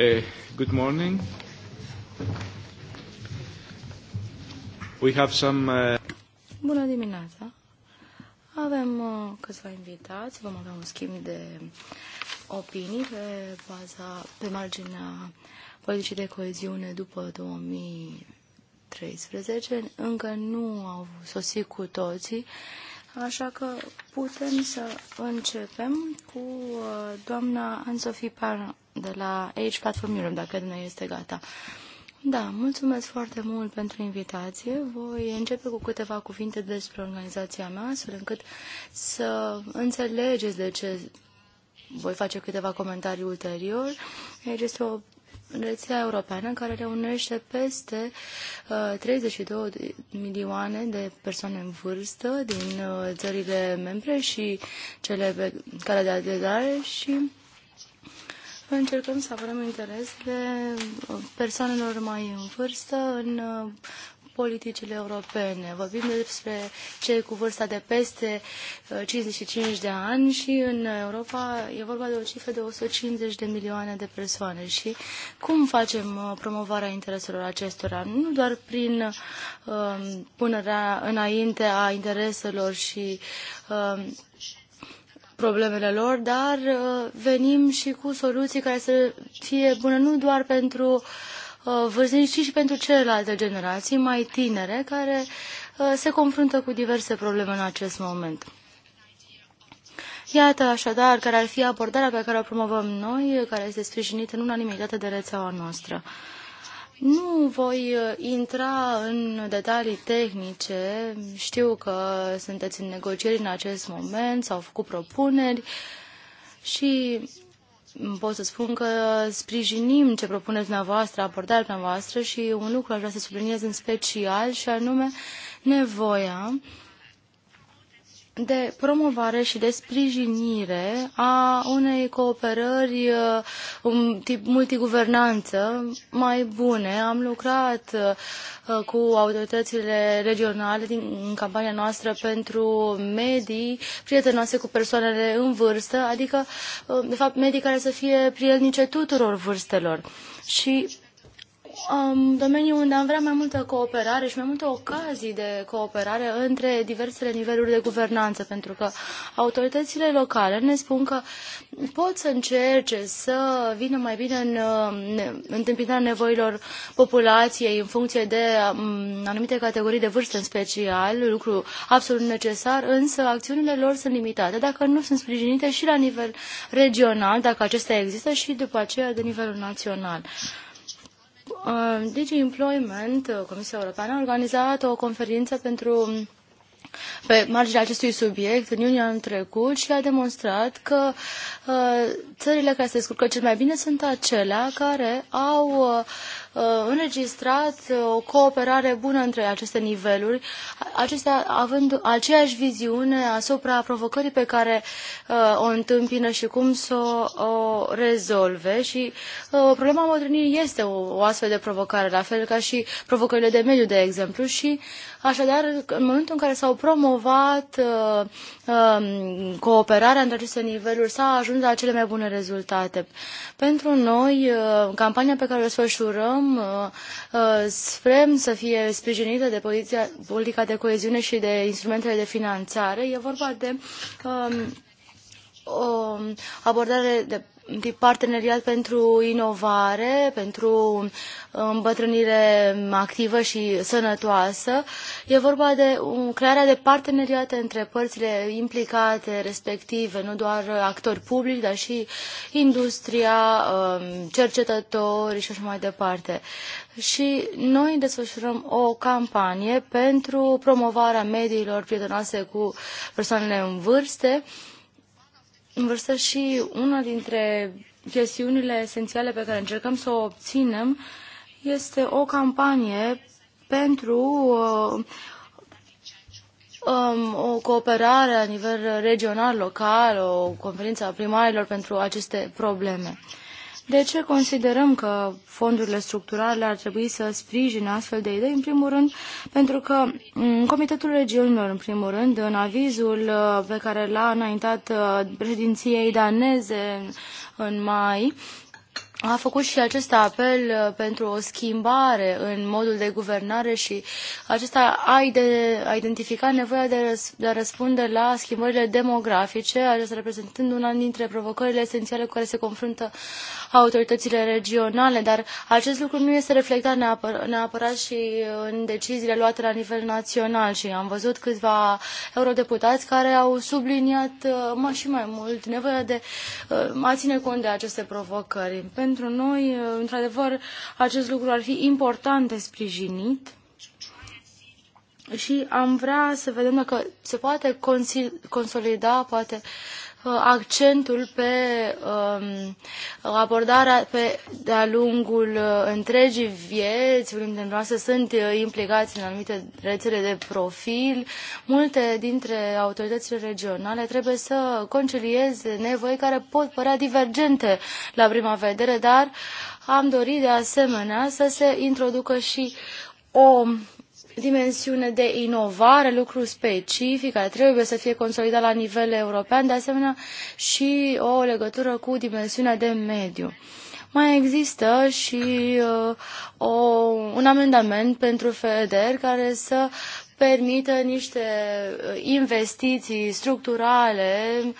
Eh, good morning. We have some, uh... Bună dimineața! Avem uh, câțiva invitați, vom avea un schimb de opinii pe, baza, pe marginea politicii de coeziune după 2013. Încă nu au sosit cu toții, așa că putem să începem cu uh, doamna Anne-Sophie de la Age Platform Europe, dacă nu este gata. Da, mulțumesc foarte mult pentru invitație. Voi începe cu câteva cuvinte despre organizația mea, astfel încât să înțelegeți de ce voi face câteva comentarii ulterior. Aici deci este o rețea europeană care reunește peste uh, 32 milioane de persoane în vârstă din uh, țările membre și cele pe care de aderare și încercăm să avem interes de uh, persoanelor mai în vârstă în uh, politicile europene. Vorbim despre cei cu vârsta de peste 55 uh, de ani și în Europa e vorba de o cifră de 150 de milioane de persoane. Și cum facem promovarea intereselor acestora? Nu doar prin uh, punerea înainte a intereselor și problemele lor, dar uh, venim și cu soluții care să fie bune nu doar pentru uh, vârstnici, ci și pentru celelalte generații mai tinere care uh, se confruntă cu diverse probleme în acest moment. Iată așadar care ar fi abordarea pe care o promovăm noi, care este sprijinită în unanimitate de rețeaua noastră. Nu voi uh, intra în detalii tehnice. Știu că sunteți în negocieri în acest moment, s-au făcut propuneri și pot să spun că sprijinim ce propuneți dumneavoastră, abordarea dumneavoastră și un lucru aș vrea să subliniez în special și anume nevoia uh, de promovare și de sprijinire a unei cooperări uh, multiguvernanță mai bune. Am lucrat uh, cu autoritățile regionale din, în campania noastră pentru medii prietenoase cu persoanele în vârstă, adică, uh, de fapt, medii care să fie prielnice tuturor vârstelor. Și um, domeniu unde am vrea mai multă cooperare și mai multe ocazii de cooperare între diversele niveluri de guvernanță, pentru că autoritățile locale ne spun că pot să încerce să vină mai bine în întâmpinarea nevoilor populației în funcție de um, anumite categorii de vârstă în special, lucru absolut necesar, însă acțiunile lor sunt limitate dacă nu sunt sprijinite și la nivel regional, dacă acestea există, și după aceea de nivelul național. Uh, DG Employment, uh, Comisia Europeană, a organizat o conferință pentru um, pe marginea acestui subiect în iunie anul trecut și a demonstrat că uh, țările care se descurcă cel mai bine sunt acelea care au Uh, înregistrat uh, o cooperare bună între aceste niveluri, acestea având aceeași viziune asupra provocării pe care uh, o întâmpină și cum să o rezolve și problema modernii este o astfel de provocare, la fel ca și provocările de mediu, de exemplu, și Așadar, în momentul în care s-au promovat uh, uh, cooperarea între aceste niveluri, s-a ajuns la cele mai bune rezultate. Pentru noi, uh, campania pe care o desfășurăm uh, uh, sperăm să fie sprijinită de poziția, politica de coeziune și de instrumentele de finanțare. E vorba de um, o abordare de de parteneriat pentru inovare, pentru îmbătrânire activă și sănătoasă. E vorba de crearea de parteneriate între părțile implicate respective, nu doar actori publici, dar și industria, um, cercetători și așa mai departe. Și noi desfășurăm o campanie pentru promovarea mediilor prietenoase cu persoanele în vârstă, vârstă și una dintre chestiunile esențiale pe care încercăm să o obținem este o campanie pentru uh, um, o cooperare la nivel regional, local, o conferință a primarilor pentru aceste probleme. Uh, de ce considerăm că fondurile structurale ar trebui să sprijină astfel de idei? În primul rând, pentru că Comitetul Regiunilor, în primul rând, în avizul uh, pe care l-a înaintat uh, președinției daneze în mai, a făcut și acest apel uh, pentru o schimbare în modul de guvernare și acesta a, ide- a identificat nevoia de, răs- de a răspunde la schimbările demografice, acesta reprezentând una dintre provocările esențiale cu care se confruntă autoritățile regionale, dar acest lucru nu este reflectat neapăr- neapărat și uh, în deciziile luate la nivel național și am văzut câțiva eurodeputați care au subliniat uh, mai și mai mult nevoia de a ține cont de aceste provocări pentru noi, uh, într-adevăr, acest lucru ar fi important de sprijinit și am vrea să vedem dacă se poate consolida, poate Uh, accentul pe um, abordarea pe, de-a lungul uh, întregii vieți, unii dintre noastre sunt uh, implicați în anumite rețele de profil. Multe dintre autoritățile regionale trebuie să concilieze nevoi care pot părea divergente la prima vedere, dar am dorit de asemenea să se introducă și o dimensiune de inovare, lucru specific care trebuie să fie consolidat la nivel european, de asemenea și o legătură cu dimensiunea de mediu. Mai există și uh, o, un amendament pentru FEDER care să permită niște uh, investiții structurale uh,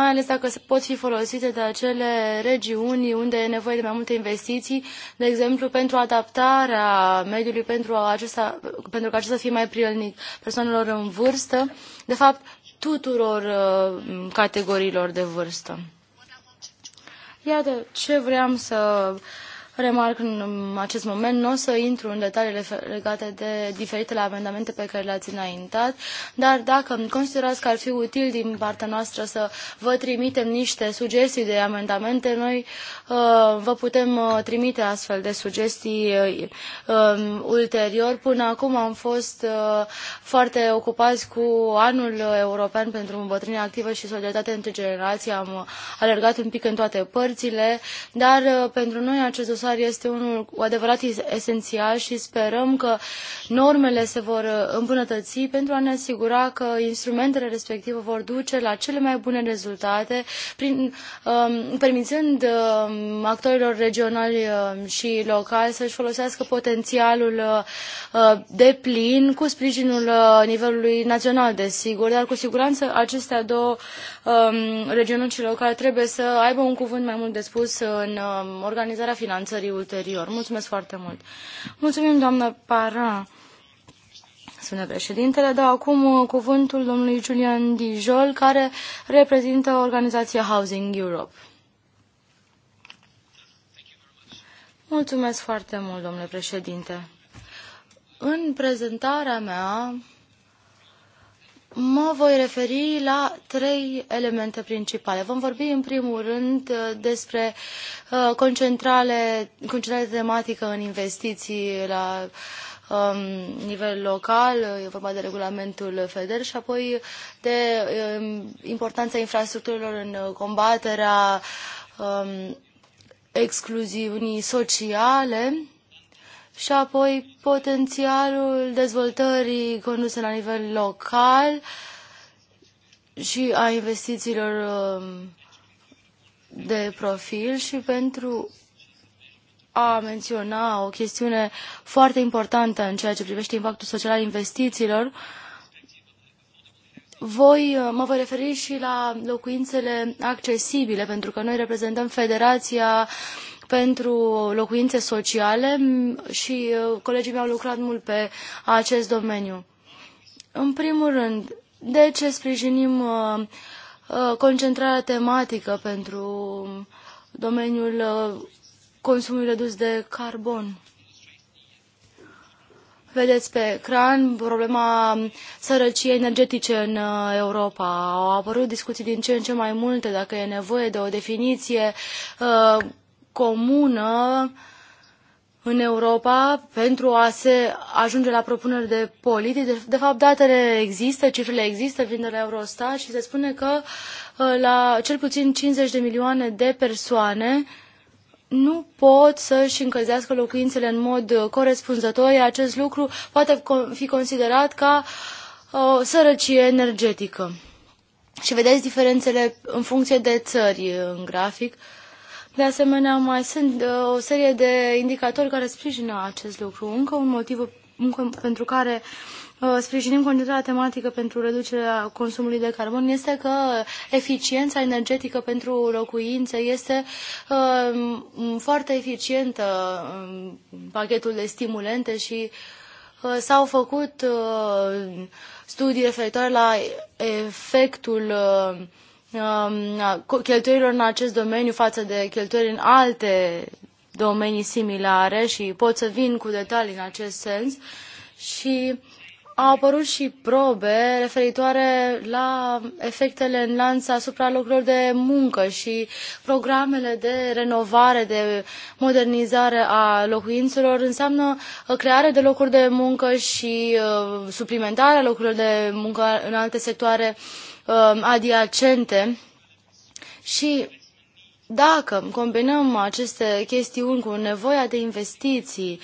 mai ales dacă pot fi folosite de acele regiuni unde e nevoie de mai multe investiții, de exemplu pentru adaptarea mediului pentru, acesta, pentru ca acesta să fie mai prielnic persoanelor în vârstă, de fapt tuturor uh, categoriilor de vârstă. Iată ce vreau să uh, remarc în acest moment. Nu o să intru în detaliile legate de diferitele amendamente pe care le-ați înaintat, dar dacă considerați că ar fi util din partea noastră să vă trimitem niște sugestii de amendamente, noi uh, vă putem uh, trimite astfel de sugestii uh, um, ulterior. Până acum am fost foarte ocupați cu anul european pentru îmbătrânire activă și solidaritate între generații. Am alergat un pic în toate părțile, dar pentru noi acest dosar necesar este unul cu adevărat esențial și sperăm că normele se vor uh, îmbunătăți pentru a ne asigura că instrumentele respective vor duce la cele mai bune rezultate, prin, um, permițând um, actorilor regionali um, și locali să-și folosească potențialul uh, uh de plin cu sprijinul uh, nivelului național, desigur, dar cu siguranță acestea două um, regiunul și trebuie să aibă un cuvânt mai mult de spus în um, organizarea finanțării ulterior. Mulțumesc foarte mult. Mulțumim, doamnă Para. Spune președintele, dau acum uh, cuvântul domnului Julian Dijol, care reprezintă organizația Housing Europe. Mulțumesc foarte mult, domnule președinte. În prezentarea mea Mă voi referi la trei elemente principale. Vom vorbi în primul rând uh, despre uh, concentrale, concentrare tematică în investiții la um, nivel local, uh, e vorba de regulamentul FEDER și apoi de um, importanța infrastructurilor în combaterea um, excluziunii sociale și apoi potențialul dezvoltării conduse la nivel local și a investițiilor um, de profil și pentru a menționa o chestiune foarte importantă în ceea ce privește impactul social al investițiilor, voi, uh, mă voi referi și la locuințele accesibile, pentru că noi reprezentăm Federația pentru locuințe sociale și uh, colegii mei au lucrat mult pe acest domeniu. În primul rând, de ce sprijinim uh, uh, concentrarea tematică pentru domeniul consumului redus de carbon? vedeți pe ecran problema um, sărăciei energetice în Europa. Au apărut discuții din ce în ce mai multe dacă e nevoie de o definiție uh, comună în Europa pentru a se ajunge la propuneri de politici. De, de fapt, datele există, cifrele există, vin de la Eurostat și se spune că ă, la cel puțin 50 de milioane de persoane nu pot să-și încălzească locuințele în mod corespunzător, iar acest lucru poate fi considerat ca o ă, sărăcie energetică. Și vedeți diferențele în funcție de țări în grafic. Uh, de asemenea, mai sunt uh, o serie de indicatori care sprijină acest lucru. Încă un motiv încă pentru care uh, sprijinim concentrarea tematică pentru reducerea consumului de carbon este că eficiența energetică pentru locuințe este uh, foarte eficientă pachetul de stimulente și uh, s-au făcut uh, studii referitoare la efectul uh, Um, cheltuielilor în acest domeniu față de cheltuieli în alte domenii similare și pot să vin cu detalii în acest sens. Și au apărut și probe referitoare la efectele în lanț asupra locurilor de muncă și programele de renovare, de modernizare a locuințelor înseamnă uh, crearea de locuri de muncă și uh, suplimentarea locurilor de muncă în alte sectoare uh, Um, adiacente și dacă combinăm aceste chestiuni cu nevoia de investiții,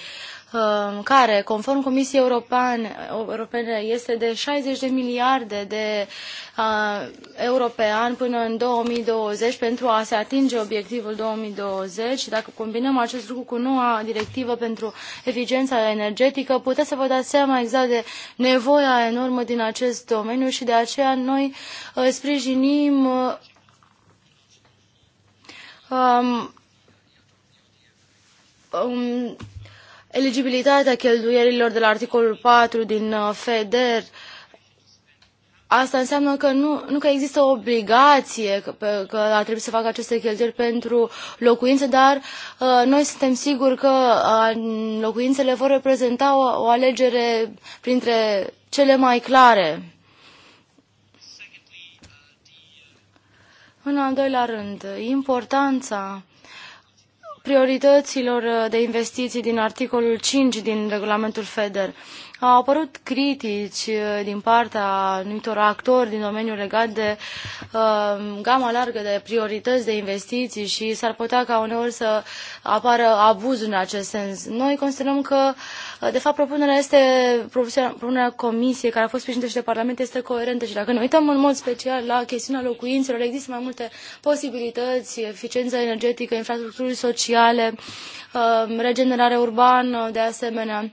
Um, care, conform Comisiei Europene, este de 60 de miliarde de uh, euro pe an până în 2020 pentru a se atinge obiectivul 2020 dacă combinăm acest lucru cu noua directivă pentru eficiența energetică, puteți să vă dați seama exact de nevoia enormă din acest domeniu și de aceea noi uh, sprijinim uh, um, um, eligibilitatea cheltuielilor de la articolul 4 din uh, FEDER, asta înseamnă că nu, nu că există obligație că, că ar trebui să facă aceste cheltuieli pentru locuințe, dar uh, noi suntem siguri că uh, locuințele vor reprezenta o, o alegere printre cele mai clare. În al doilea rând, importanța priorităților uh, de investiții din articolul 5 din regulamentul FEDER. Au apărut critici uh, din partea anumitor actori din domeniul legat de uh, gama largă de priorități de investiții și s-ar putea ca uneori să apară abuz în acest sens. Noi considerăm că, uh, de fapt, propunerea este propunerea comisiei care a fost sprijinită și de Parlament este coerentă și dacă ne uităm în mod special la chestiunea locuințelor, există mai multe posibilități, eficiența energetică, infrastructurii sociale, sociale, uh, regenerare urbană, de asemenea.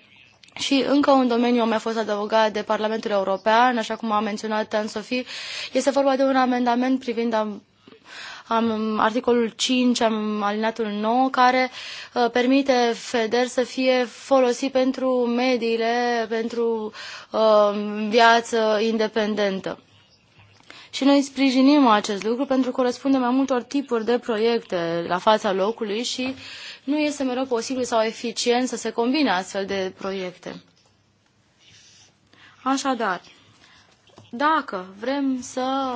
Și încă un domeniu a mai fost adăugat de Parlamentul European, așa cum a menționat anne Sofie, este vorba de un amendament privind am, articolul 5, am alinatul 9, care uh, permite FEDER să fie folosit pentru mediile, pentru uh, viață independentă. Și noi sprijinim acest lucru pentru că corespunde mai multor tipuri de proiecte la fața locului și nu este mereu posibil sau eficient să se combine astfel de proiecte. Așadar, dacă vrem să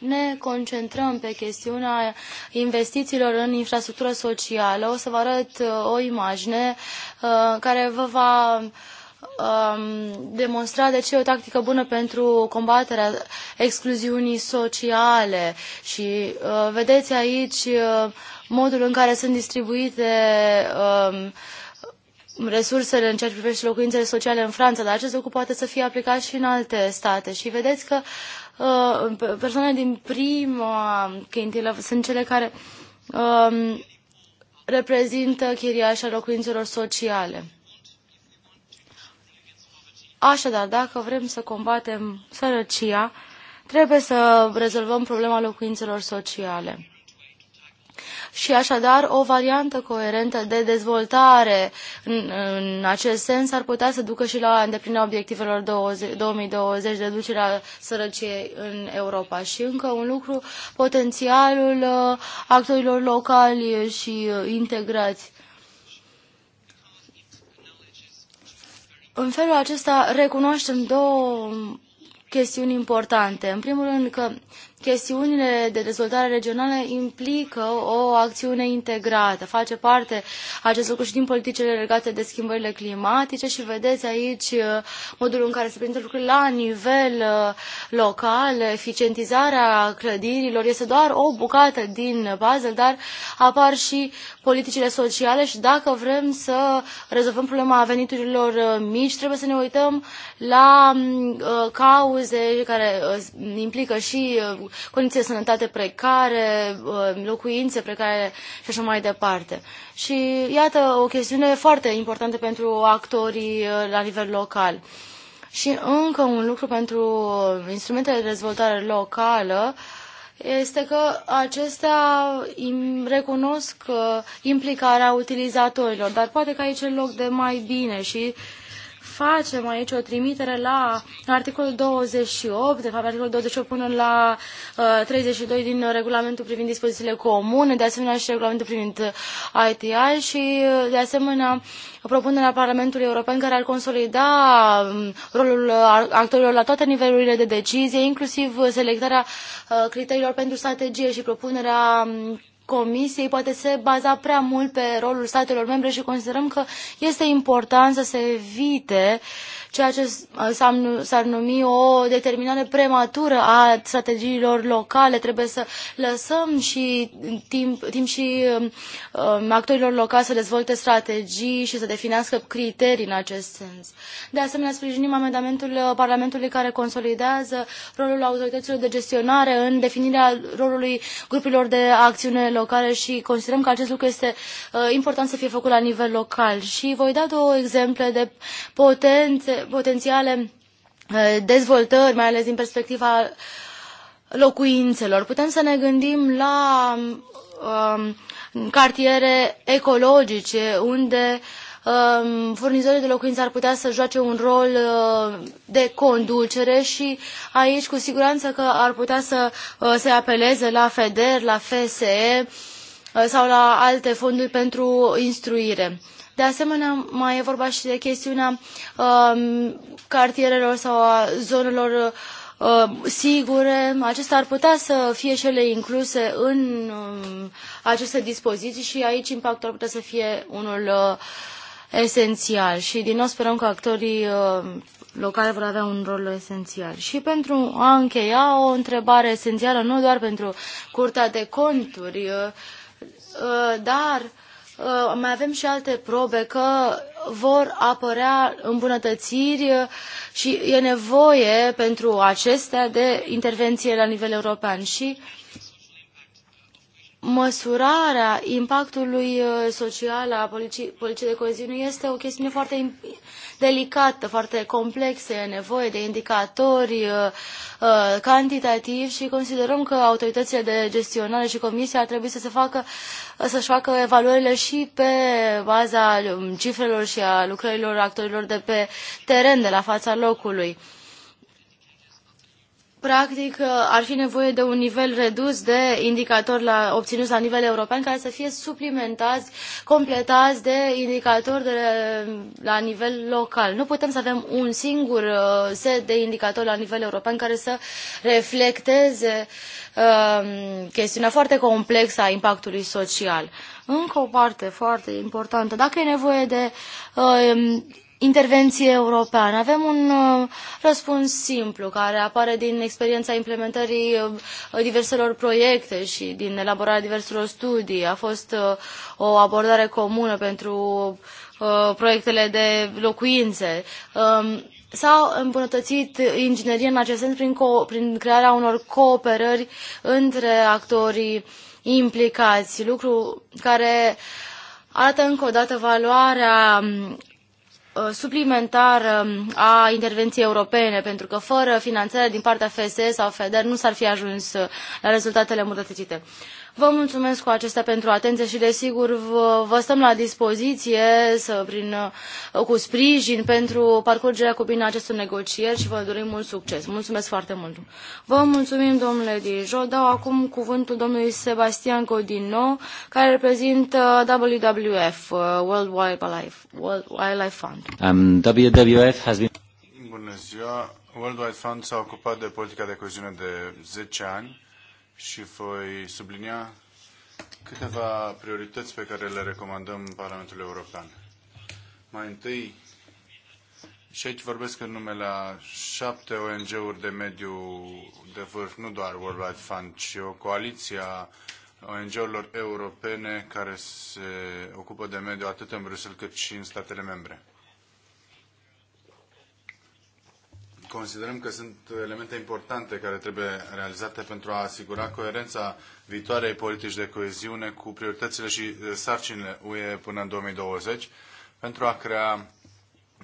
ne concentrăm pe chestiunea investițiilor în infrastructură socială, o să vă arăt uh, o imagine uh, care vă va um, demonstra de ce e o tactică bună pentru combaterea excluziunii sociale și uh, vedeți aici uh, modul în care sunt distribuite um, resursele în ceea ce privește locuințele sociale în Franța, dar acest lucru poate să fie aplicat și în alte state. Și vedeți că uh, persoanele din prima chintilă sunt cele care um, reprezintă chiriașa locuințelor sociale. Așadar, dacă vrem să combatem sărăcia, trebuie să rezolvăm problema locuințelor sociale. Și așadar, o variantă coerentă de dezvoltare în, în acest sens ar putea să ducă și la îndeplinirea obiectivelor 20, 2020 de reducerea sărăciei în Europa. Și încă un lucru, potențialul uh, actorilor locali și uh, integrați În felul acesta recunoaștem două chestiuni importante. În primul rând că chestiunile de dezvoltare regională implică o acțiune integrată. Face parte acest lucru și din politicile legate de schimbările climatice și vedeți aici uh, modul în care se prezintă lucrurile la nivel uh, local. Eficientizarea clădirilor este doar o bucată din puzzle, dar apar și politicile sociale și dacă vrem să rezolvăm problema veniturilor uh, mici, trebuie să ne uităm la mm, uh, cauze care uh, implică și condiții de sănătate precare, locuințe precare și așa mai departe. Și iată o chestiune foarte importantă pentru actorii la nivel local. Și încă un lucru pentru instrumentele de dezvoltare locală, uh, este că acestea recunosc uh, implicarea utilizatorilor, dar poate că aici e loc de mai bine și facem aici o trimitere la articolul 28, de fapt articolul 28 până la uh, 32 din regulamentul privind dispozițiile comune, de asemenea și regulamentul privind ITI uh, și uh, de asemenea propunerea Parlamentului European care ar consolida um, rolul uh, actorilor la toate nivelurile de decizie, inclusiv selectarea criteriilor pentru strategie și propunerea um, Comisiei poate se baza prea mult pe rolul statelor membre și considerăm că este important să se evite uh, ceea ce s-ar numi o determinare prematură a strategiilor locale. Trebuie să lăsăm și timp, timp și um, um, actorilor locali să dezvolte strategii și să definească criterii în acest sens. De asemenea, sprijinim amendamentul uh, Parlamentului care consolidează rolul autorităților de gestionare în definirea rolului grupurilor de acțiune locale și considerăm că acest lucru este uh, important să fie făcut la nivel local. Și voi da două exemple de potențe potențiale uh, dezvoltări, mai ales din perspectiva locuințelor. Putem să ne gândim la um, cartiere ecologice, unde um, furnizorii de locuințe ar putea să joace un rol uh, de conducere și aici cu siguranță că ar putea să uh, se apeleze la FEDER, la FSE uh, sau la alte fonduri pentru instruire de asemenea, mai e vorba și de chestiunea um, cartierelor sau a zonelor uh, sigure. Acestea ar putea să fie și ele incluse în um, aceste dispoziții și aici impactul ar putea să fie unul uh, esențial. Și din nou sperăm că actorii uh, locale vor avea un rol esențial. Și pentru a încheia o întrebare esențială, nu doar pentru Curtea de Conturi, uh, uh, dar Uh, mai avem și alte probe că vor apărea îmbunătățiri uh, și e nevoie pentru acestea de intervenție la nivel european. Și măsurarea impactului uh, social a politicii de coeziune este o chestiune foarte delicată, foarte complexă, e nevoie de indicatori uh, uh, cantitativi și considerăm că autoritățile de gestionare și comisia ar trebui să se facă, să-și facă evaluările și pe baza um, cifrelor și a lucrărilor actorilor de pe teren, de la fața locului. Uh, practic, uh, ar fi nevoie de un nivel redus de indicatori la, obținuți la nivel european, care să fie suplimentați, completați de indicatori de, la nivel local. Nu putem să avem un singur uh, set de indicatori la nivel european care să reflecteze um, chestiunea foarte complexă a impactului social. Încă o parte foarte importantă, dacă e nevoie de um, intervenție europeană. Avem un uh, răspuns simplu care apare din experiența implementării uh, diverselor proiecte și din elaborarea diverselor studii. A fost uh, o abordare comună pentru proiectele de locuințe. Um, s-a îmbunătățit ingineria în acest sens prin, prin crearea unor cooperări între actorii implicați, lucru care arată încă o dată valoarea um, Uh, suplimentar um, a intervenției europene, pentru că fără finanțare din partea FSE sau FEDER nu s-ar fi ajuns uh, la rezultatele îmbunătățite. Vă mulțumesc cu acestea pentru atenție și desigur vă, vă stăm la dispoziție să, prin, uh, cu sprijin pentru parcurgerea cu bine acestor negocieri și vă dorim mult succes. Mulțumesc foarte mult. Vă mulțumim, domnule Dijo. Dau acum cuvântul domnului Sebastian Codino care reprezintă WWF, uh, World Wildlife, World Wildlife Fund. Um, WWF has been... Bună ziua. World Wildlife Fund s-a ocupat de politica de coziune de 10 ani și voi sublinia câteva priorități pe care le recomandăm Parlamentului European. Mai întâi, și aici vorbesc în numele a șapte ONG-uri de mediu de vârf, nu doar World Wide Fund, ci o coaliție a ONG-urilor europene care se ocupă de mediu atât în Bruxelles cât și în statele membre. considerăm că sunt elemente importante care trebuie realizate pentru a asigura coerența viitoarei politici de coeziune cu prioritățile și uh, sarcinile UE până în 2020, pentru a crea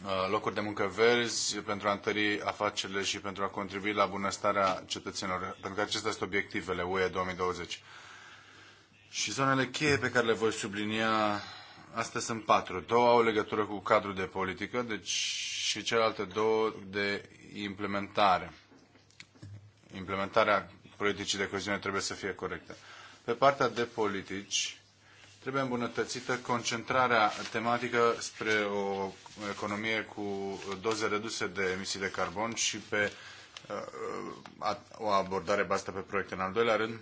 uh, locuri de muncă verzi, pentru a întări afacerile și pentru a contribui la bunăstarea cetățenilor, pentru că acestea sunt obiectivele UE 2020. Și zonele cheie pe care le voi sublinia Astea sunt patru. Două au legătură cu cadrul de politică, deci și celelalte două de implementare. Implementarea politicii de coziune trebuie să fie corectă. Pe partea de politici, trebuie îmbunătățită concentrarea tematică spre o economie cu doze reduse de emisii de carbon și pe uh, o abordare bazată pe proiecte. În al doilea rând,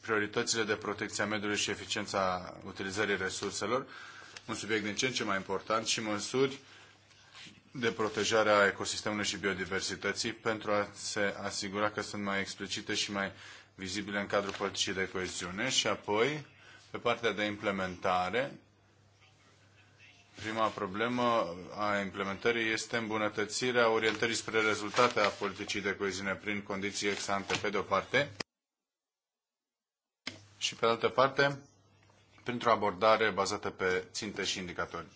prioritățile de protecție a mediului și eficiența utilizării resurselor un subiect din ce în ce mai important și măsuri de protejare a ecosistemului și biodiversității pentru a se asigura că sunt mai explicite și mai vizibile în cadrul politicii de coeziune și apoi, pe partea de implementare, prima problemă a implementării este îmbunătățirea orientării spre rezultate a politicii de coeziune prin condiții ex ante pe de o parte și pe de altă parte printr-o abordare bazată pe ținte și indicatori,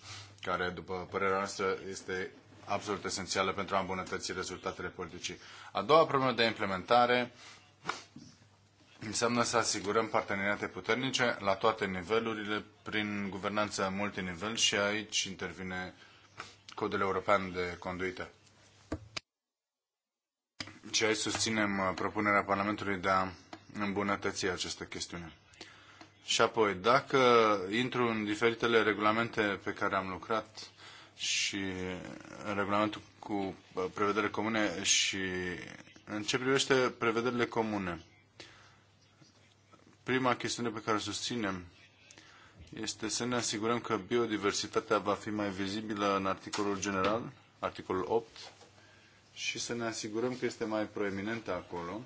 care, după părerea noastră, este absolut esențială pentru a îmbunătăți rezultatele politicii. A doua problemă de implementare înseamnă să asigurăm parteneriate puternice la toate nivelurile prin guvernanță multinivel și aici intervine codul european de conduită. Și aici susținem uh, propunerea Parlamentului de a îmbunătăți această chestiune. Și apoi, dacă intru în diferitele regulamente pe care am lucrat și în regulamentul cu prevedere comune și în ce privește prevederile comune, prima chestiune pe care o susținem este să ne asigurăm că biodiversitatea va fi mai vizibilă în articolul general, articolul 8, și să ne asigurăm că este mai proeminentă acolo,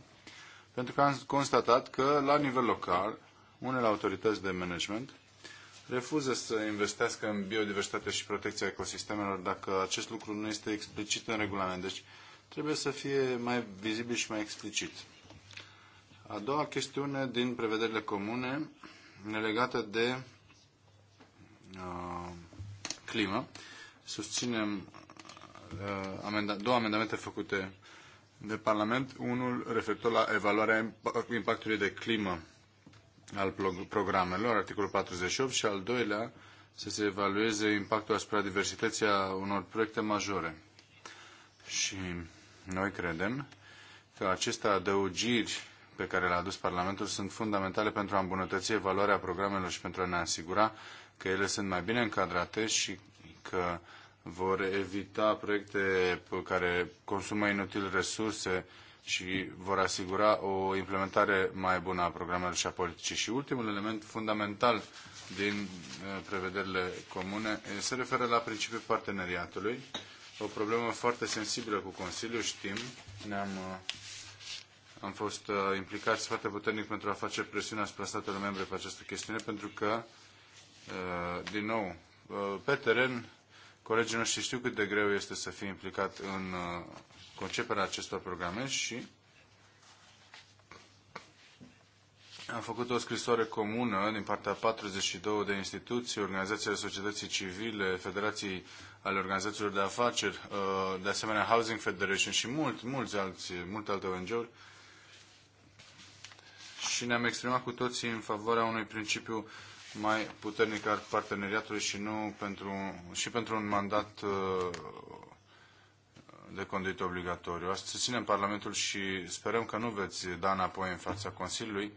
pentru că am constatat că la nivel local unele autorități de management refuză să investească în biodiversitate și protecția ecosistemelor dacă acest lucru nu este explicit în regulament. Deci trebuie să fie mai vizibil și mai explicit. A doua chestiune din prevederile comune legată de uh, climă. Susținem uh, amenda- două amendamente făcute de Parlament, unul referitor la evaluarea impactului de climă al programelor, articolul 48, și al doilea, să se evalueze impactul asupra diversității a unor proiecte majore. Și noi credem că aceste adăugiri pe care le-a adus Parlamentul sunt fundamentale pentru a îmbunătăți evaluarea programelor și pentru a ne asigura că ele sunt mai bine încadrate și că vor evita proiecte care consumă inutil resurse și vor asigura o implementare mai bună a programelor și a politicii. Și ultimul element fundamental din uh, prevederile comune eh, se referă la principiul parteneriatului, o problemă foarte sensibilă cu Consiliul, știm, ne-am uh, am fost uh, implicați foarte puternic pentru a face presiune asupra statelor membre pe această chestiune, pentru că, din nou, pe teren, colegii noștri știu cât de greu este să fii implicat în conceperea acestor programe și am făcut o scrisoare comună din partea 42 de instituții, organizațiile societății civile, federații ale organizațiilor de afaceri, uh, de asemenea Housing Federation și mult, mulți alți, multe alte ONG-uri, și ne-am exprimat cu toții în favoarea unui principiu mai puternic al parteneriatului și, nu pentru, și pentru un mandat uh, de conduit obligatoriu. Asta în Parlamentul și sperăm că nu veți da înapoi în fața Consiliului,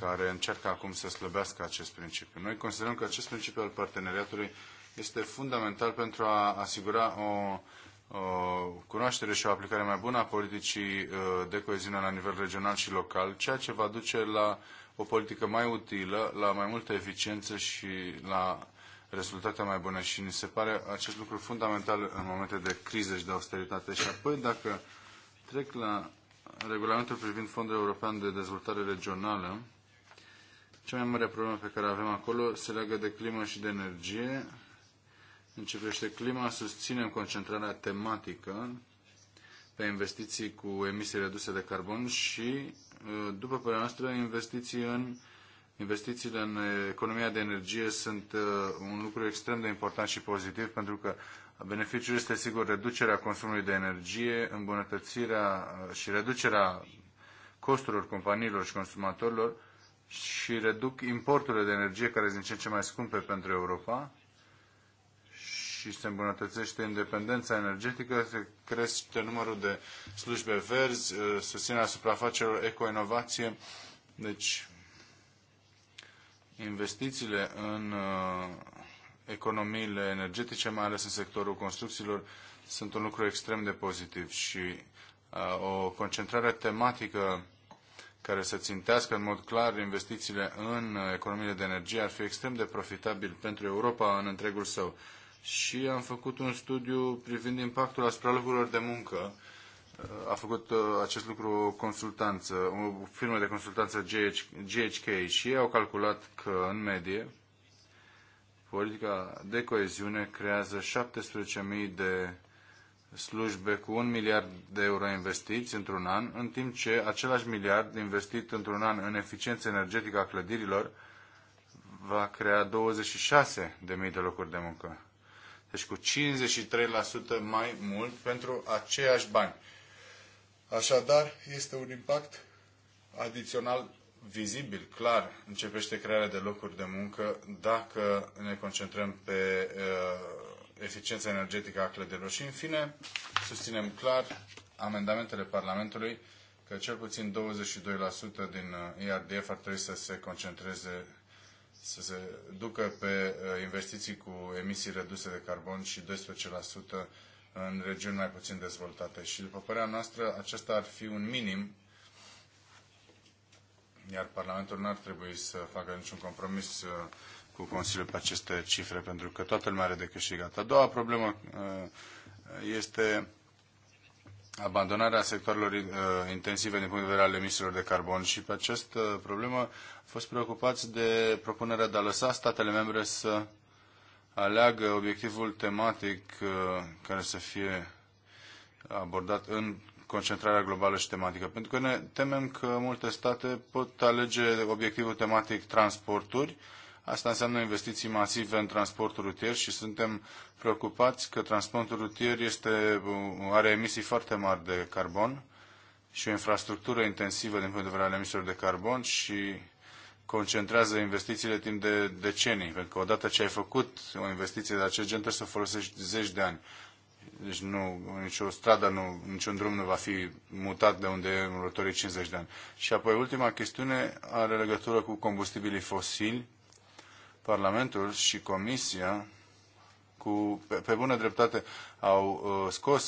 care încearcă acum să slăbească acest principiu. Noi considerăm că acest principiu al parteneriatului este fundamental pentru a asigura o, o cunoaștere și o aplicare mai bună a politicii uh, de coeziune la nivel regional și local, ceea ce va duce la o politică mai utilă, la mai multă eficiență și la rezultate mai bune și ni se pare acest lucru fundamental în momente de criză și de austeritate. Și apoi, dacă trec la regulamentul privind Fondul European de Dezvoltare Regională, cea mai mare problemă pe care avem acolo se leagă de climă și de energie. În ce privește clima, susținem concentrarea tematică pe investiții cu emisii reduse de carbon și, după părerea noastră, investiții în Investițiile în economia de energie sunt uh, un lucru extrem de important și pozitiv pentru că beneficiul este sigur reducerea consumului de energie, îmbunătățirea uh, și reducerea costurilor companiilor și consumatorilor și reduc importurile de energie care sunt ce în ce mai scumpe pentru Europa și se îmbunătățește independența energetică, se crește numărul de slujbe verzi, uh, susținerea eco ecoinovație. Deci investițiile în uh, economiile energetice, mai ales în sectorul construcțiilor, sunt un lucru extrem de pozitiv și uh, o concentrare tematică care să țintească în mod clar investițiile în economiile de energie ar fi extrem de profitabil pentru Europa în întregul său. Și am făcut un studiu privind impactul asupra locurilor de muncă a făcut uh, acest lucru consultanță, o firmă de consultanță GHK și ei au calculat că, în medie, politica de coeziune creează 17.000 de slujbe cu un miliard de euro investiți într-un an, în timp ce același miliard investit într-un an în eficiență energetică a clădirilor va crea 26.000 de locuri de muncă. Deci cu 53% mai mult pentru aceiași bani. Așadar, este un impact adițional vizibil, clar, începește crearea de locuri de muncă dacă ne concentrăm pe uh, eficiența energetică a clădirilor. Și, în fine, susținem clar amendamentele Parlamentului că cel puțin 22% din IRDF uh, ar trebui să se concentreze, să se ducă pe uh, investiții cu emisii reduse de carbon și 12% în regiuni mai puțin dezvoltate. Și, după părerea noastră, acesta ar fi un minim, iar Parlamentul nu ar trebui să facă niciun compromis uh, cu Consiliul pe aceste cifre, pentru că toată lumea are de câștigat. A doua problemă uh, este abandonarea sectoarelor uh, intensive din punct de vedere al emisiilor de carbon și pe această problemă a fost preocupați de propunerea de a lăsa statele membre să aleagă obiectivul tematic uh, care să fie abordat în concentrarea globală și tematică. Pentru că ne temem că multe state pot alege obiectivul tematic transporturi. Asta înseamnă investiții masive în transportul rutier și suntem preocupați că transportul rutier este, uh, are emisii foarte mari de carbon și o infrastructură intensivă din punct de vedere al emisiilor de carbon și concentrează investițiile timp de decenii, pentru că odată ce ai făcut o investiție de acest gen, trebuie să o folosești zeci de ani. Deci nu, nicio stradă, nu, niciun drum nu va fi mutat de unde e în următorii 50 de ani. Și apoi ultima chestiune are legătură cu combustibilii fosili. Parlamentul și Comisia cu, pe, pe bună dreptate au uh, scos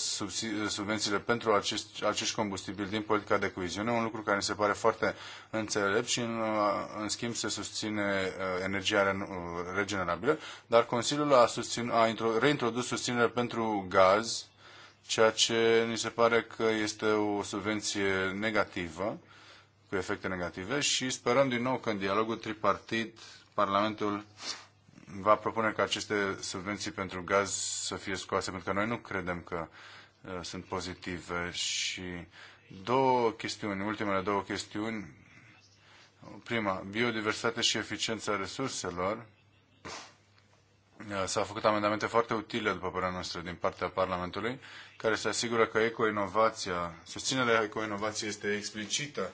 subvențiile pentru acești, acești combustibili din politica de coeziune, un lucru care mi se pare foarte înțelept și în, uh, în schimb se susține uh, energia uh, regenerabilă, dar Consiliul a, susțin, a intro, reintrodus susținere pentru gaz, ceea ce ni se pare că este o subvenție negativă, cu efecte negative și sperăm din nou că în dialogul tripartit Parlamentul va propune ca aceste subvenții pentru gaz să fie scoase, pentru că noi nu credem că uh, sunt pozitive. Și două chestiuni, ultimele două chestiuni. Prima, biodiversitate și eficiența resurselor. Uh, s-au făcut amendamente foarte utile, după părerea noastră, din partea Parlamentului, care se asigură că ecoinovația, susținerea ecoinovației este explicită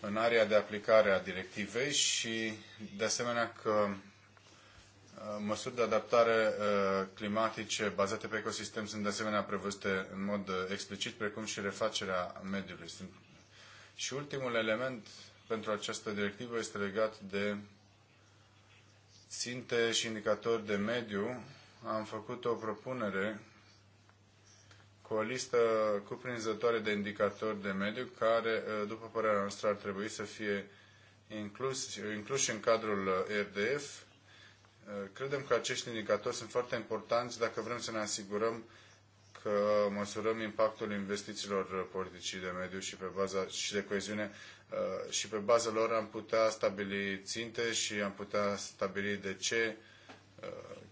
în area de aplicare a directivei și, de asemenea, că Uh, măsuri de adaptare uh, climatice bazate pe ecosistem sunt de asemenea prevăzute în mod uh, explicit, precum și refacerea mediului. Și ultimul element pentru această directivă este legat de ținte și indicatori de mediu. Am făcut o propunere cu o listă cuprinzătoare de indicatori de mediu care, după părerea noastră, ar trebui să fie inclus, incluși în cadrul RDF Eh, credem că acești indicatori sunt foarte importanți dacă vrem să ne asigurăm că măsurăm impactul investițiilor eh, politicii de mediu și, pe baza, și de coeziune eh, și pe baza lor am putea stabili ținte și am putea stabili de ce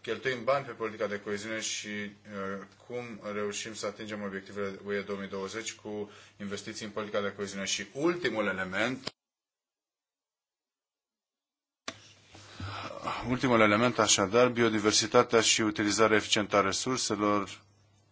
cheltuim bani pe politica de coeziune și cum reușim să atingem obiectivele UE 2020 cu investiții în politica de coeziune. Și ultimul element ultimul element, așadar, biodiversitatea și utilizarea eficientă a resurselor,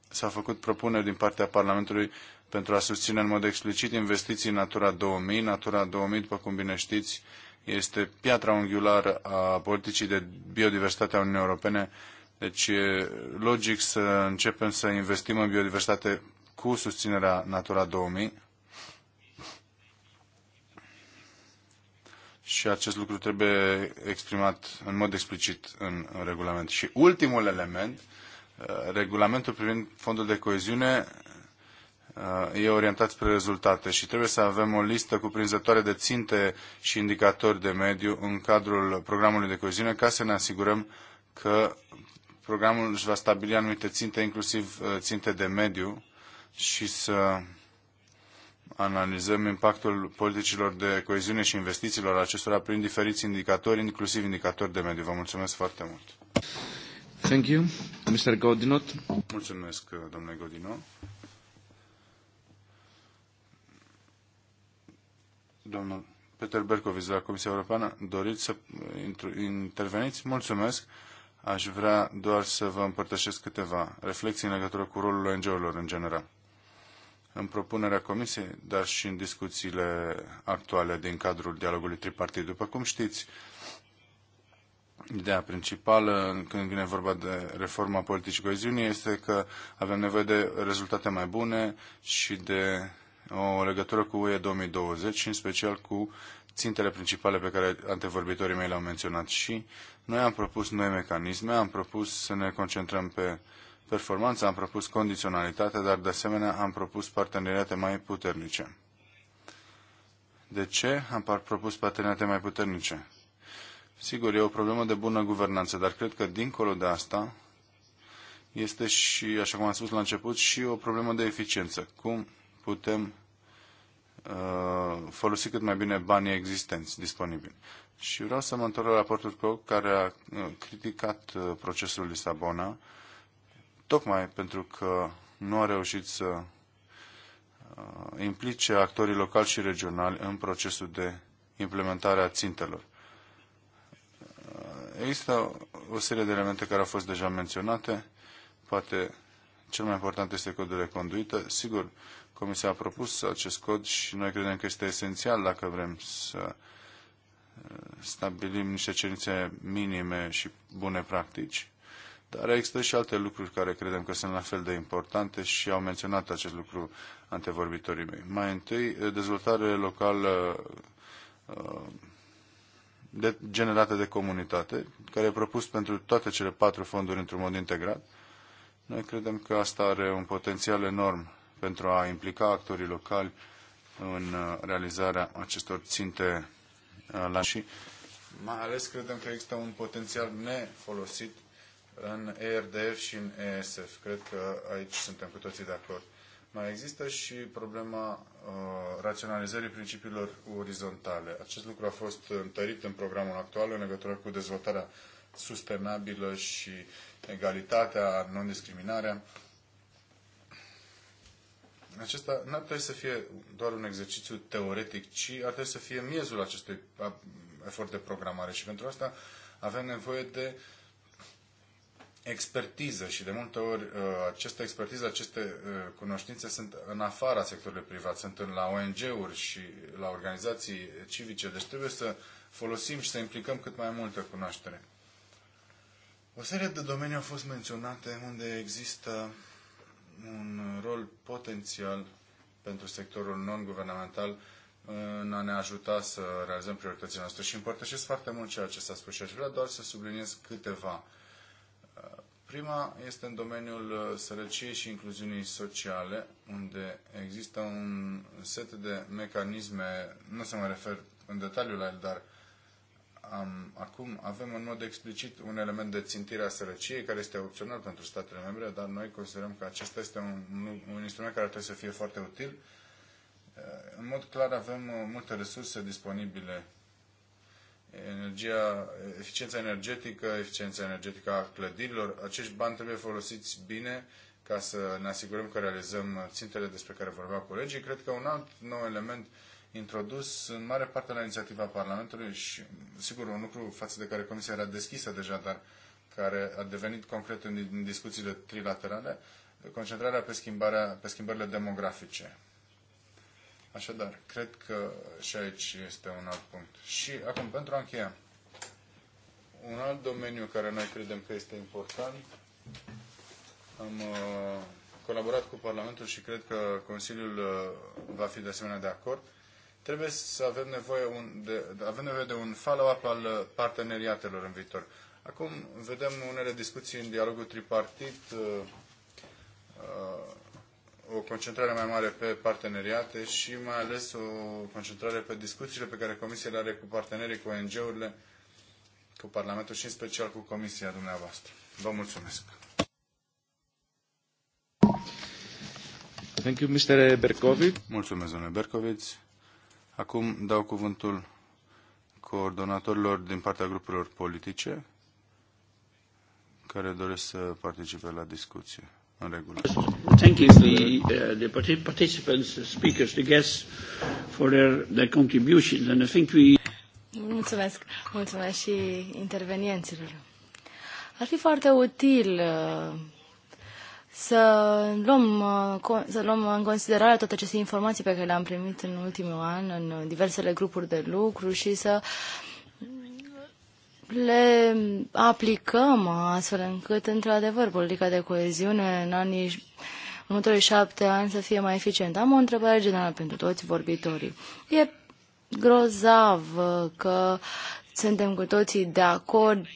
s-a făcut propuneri din partea Parlamentului pentru a susține în mod explicit investiții în Natura 2000. Natura 2000, după cum bine știți, este piatra unghiulară a politicii de biodiversitate a Uniunii Europene, deci e logic să începem să investim în biodiversitate cu susținerea Natura 2000. și acest lucru trebuie exprimat în mod explicit în, în regulament. Și ultimul element, uh, regulamentul privind fondul de coeziune uh, e orientat spre rezultate și trebuie să avem o listă cuprinzătoare de ținte și indicatori de mediu în cadrul programului de coeziune ca să ne asigurăm că programul își va stabili anumite ținte, inclusiv uh, ținte de mediu și să analizăm impactul politicilor de coeziune și investițiilor acestora prin diferiți indicatori, inclusiv indicatori de mediu. Vă mulțumesc foarte mult. Thank you, Mr. Godinot. Mulțumesc, domnule Godinot. Domnul Peter Bercovic de la Comisia Europeană, doriți să interveniți? Mulțumesc. Aș vrea doar să vă împărtășesc câteva reflexii în legătură cu rolul ONG-urilor în general în propunerea Comisiei, dar și în discuțiile actuale din cadrul dialogului tripartit. După cum știți, ideea principală când vine vorba de reforma politicii coeziunii este că avem nevoie de rezultate mai bune și de o legătură cu UE 2020 și în special cu țintele principale pe care antevorbitorii mei le-au menționat și noi am propus noi mecanisme, am propus să ne concentrăm pe performanță, am propus condiționalitate, dar de asemenea am propus parteneriate mai puternice. De ce am propus parteneriate mai puternice? Sigur, e o problemă de bună guvernanță, dar cred că dincolo de asta este și, așa cum am spus la început, și o problemă de eficiență. Cum putem uh, folosi cât mai bine banii existenți, disponibili. Și vreau să mă întorc la raportul Coc, care a uh, criticat uh, procesul Lisabona tocmai pentru că nu a reușit să uh, implice actorii locali și regionali în procesul de implementare a țintelor. Uh, există o serie de elemente care au fost deja menționate. Poate cel mai important este codul de conduită. Sigur, Comisia a propus acest cod și noi credem că este esențial dacă vrem să uh, stabilim niște cerințe minime și bune practici. Dar există și alte lucruri care credem că sunt la fel de importante și au menționat acest lucru antevorbitorii mei. Mai întâi, dezvoltare locală uh, de, generată de comunitate, care e propus pentru toate cele patru fonduri într-un mod integrat. Noi credem că asta are un potențial enorm pentru a implica actorii locali în uh, realizarea acestor ținte uh, la și mai ales credem că există un potențial nefolosit în ERDF și în ESF. Cred că aici suntem cu toții de acord. Mai există și problema uh, raționalizării principiilor orizontale. Acest lucru a fost întărit în programul actual în legătură cu dezvoltarea sustenabilă și egalitatea, non-discriminarea. Acesta nu ar trebui să fie doar un exercițiu teoretic, ci ar trebui să fie miezul acestui uh, efort de programare și pentru asta avem nevoie de uh, expertiză și de multe ori uh, această expertiză, aceste uh, cunoștințe sunt în afara sectorului privat, sunt în la ONG-uri și la organizații civice, deci trebuie să folosim și să implicăm cât mai multă cunoaștere. O serie de domenii au fost menționate unde există un rol potențial pentru sectorul non-guvernamental în a ne ajuta să realizăm prioritățile noastre și împărtășesc foarte mult ceea ce s-a spus și aș vrea doar să subliniez câteva uh, Prima este în domeniul uh, sărăciei și incluziunii sociale, unde există un set de mecanisme, nu se mai refer în detaliu la el, dar am, acum avem în mod explicit un element de țintire a sărăciei, care este opțional pentru statele membre, dar noi considerăm că acesta este un, un instrument care trebuie să fie foarte util. Uh, în mod clar avem uh, multe resurse disponibile energia, eficiența energetică, eficiența energetică a clădirilor. Acești bani trebuie folosiți bine ca să ne asigurăm că realizăm țintele despre care vorbea colegii. Cred că un alt nou element introdus în mare parte la inițiativa Parlamentului și, sigur, un lucru față de care Comisia era deschisă deja, dar care a devenit concret în discuțiile trilaterale, concentrarea pe, schimbarea, pe schimbările demografice. Așadar, cred că și aici este un alt punct. Și acum, pentru a încheia, un alt domeniu care noi credem că este important, am uh, colaborat cu Parlamentul și cred că Consiliul uh, va fi de asemenea de acord, trebuie să avem nevoie, un, de, avem nevoie de un follow-up al uh, parteneriatelor în viitor. Acum vedem unele discuții în dialogul tripartit uh, uh, o concentrare mai mare pe parteneriate și mai ales o concentrare pe discuțiile pe care Comisia le are cu partenerii, cu ONG-urile, cu Parlamentul și în special cu Comisia dumneavoastră. Vă mulțumesc! Thank you, Mr. Berkovic. Mulțumesc, domnule Berkovic. Acum dau cuvântul coordonatorilor din partea grupurilor politice care doresc să participe la discuție în regulă. Thank you the, uh, the participants, the speakers, the guests for their, their contributions and I think we... Mulțumesc, mulțumesc și intervenienților. Ar fi foarte util uh, să luăm, uh, să luăm în considerare toate aceste informații pe care le-am primit în ultimul an în diversele grupuri de lucru și să le aplicăm astfel încât, într-adevăr, politica de coeziune în anii următorii șapte ani să fie mai eficientă. Am o întrebare generală pentru toți vorbitorii. E grozav că suntem cu toții de acord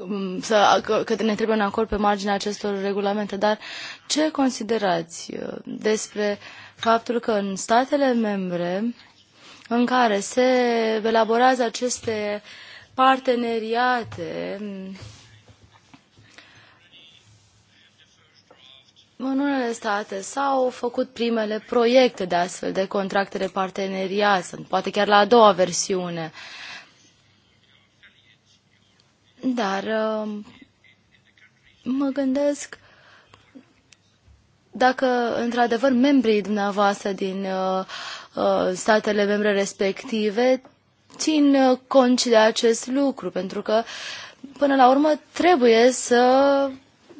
um, să, că, ne trebuie un acord pe marginea acestor regulamente, dar ce considerați uh, despre faptul că în statele membre în care se elaborează aceste parteneriate În unele state s-au făcut primele proiecte de astfel de contracte de parteneriat, sunt poate chiar la a doua versiune. Dar um, mă gândesc dacă într-adevăr membrii dumneavoastră din uh, Uh, statele membre respective țin uh, cont de acest lucru, pentru că până la urmă trebuie să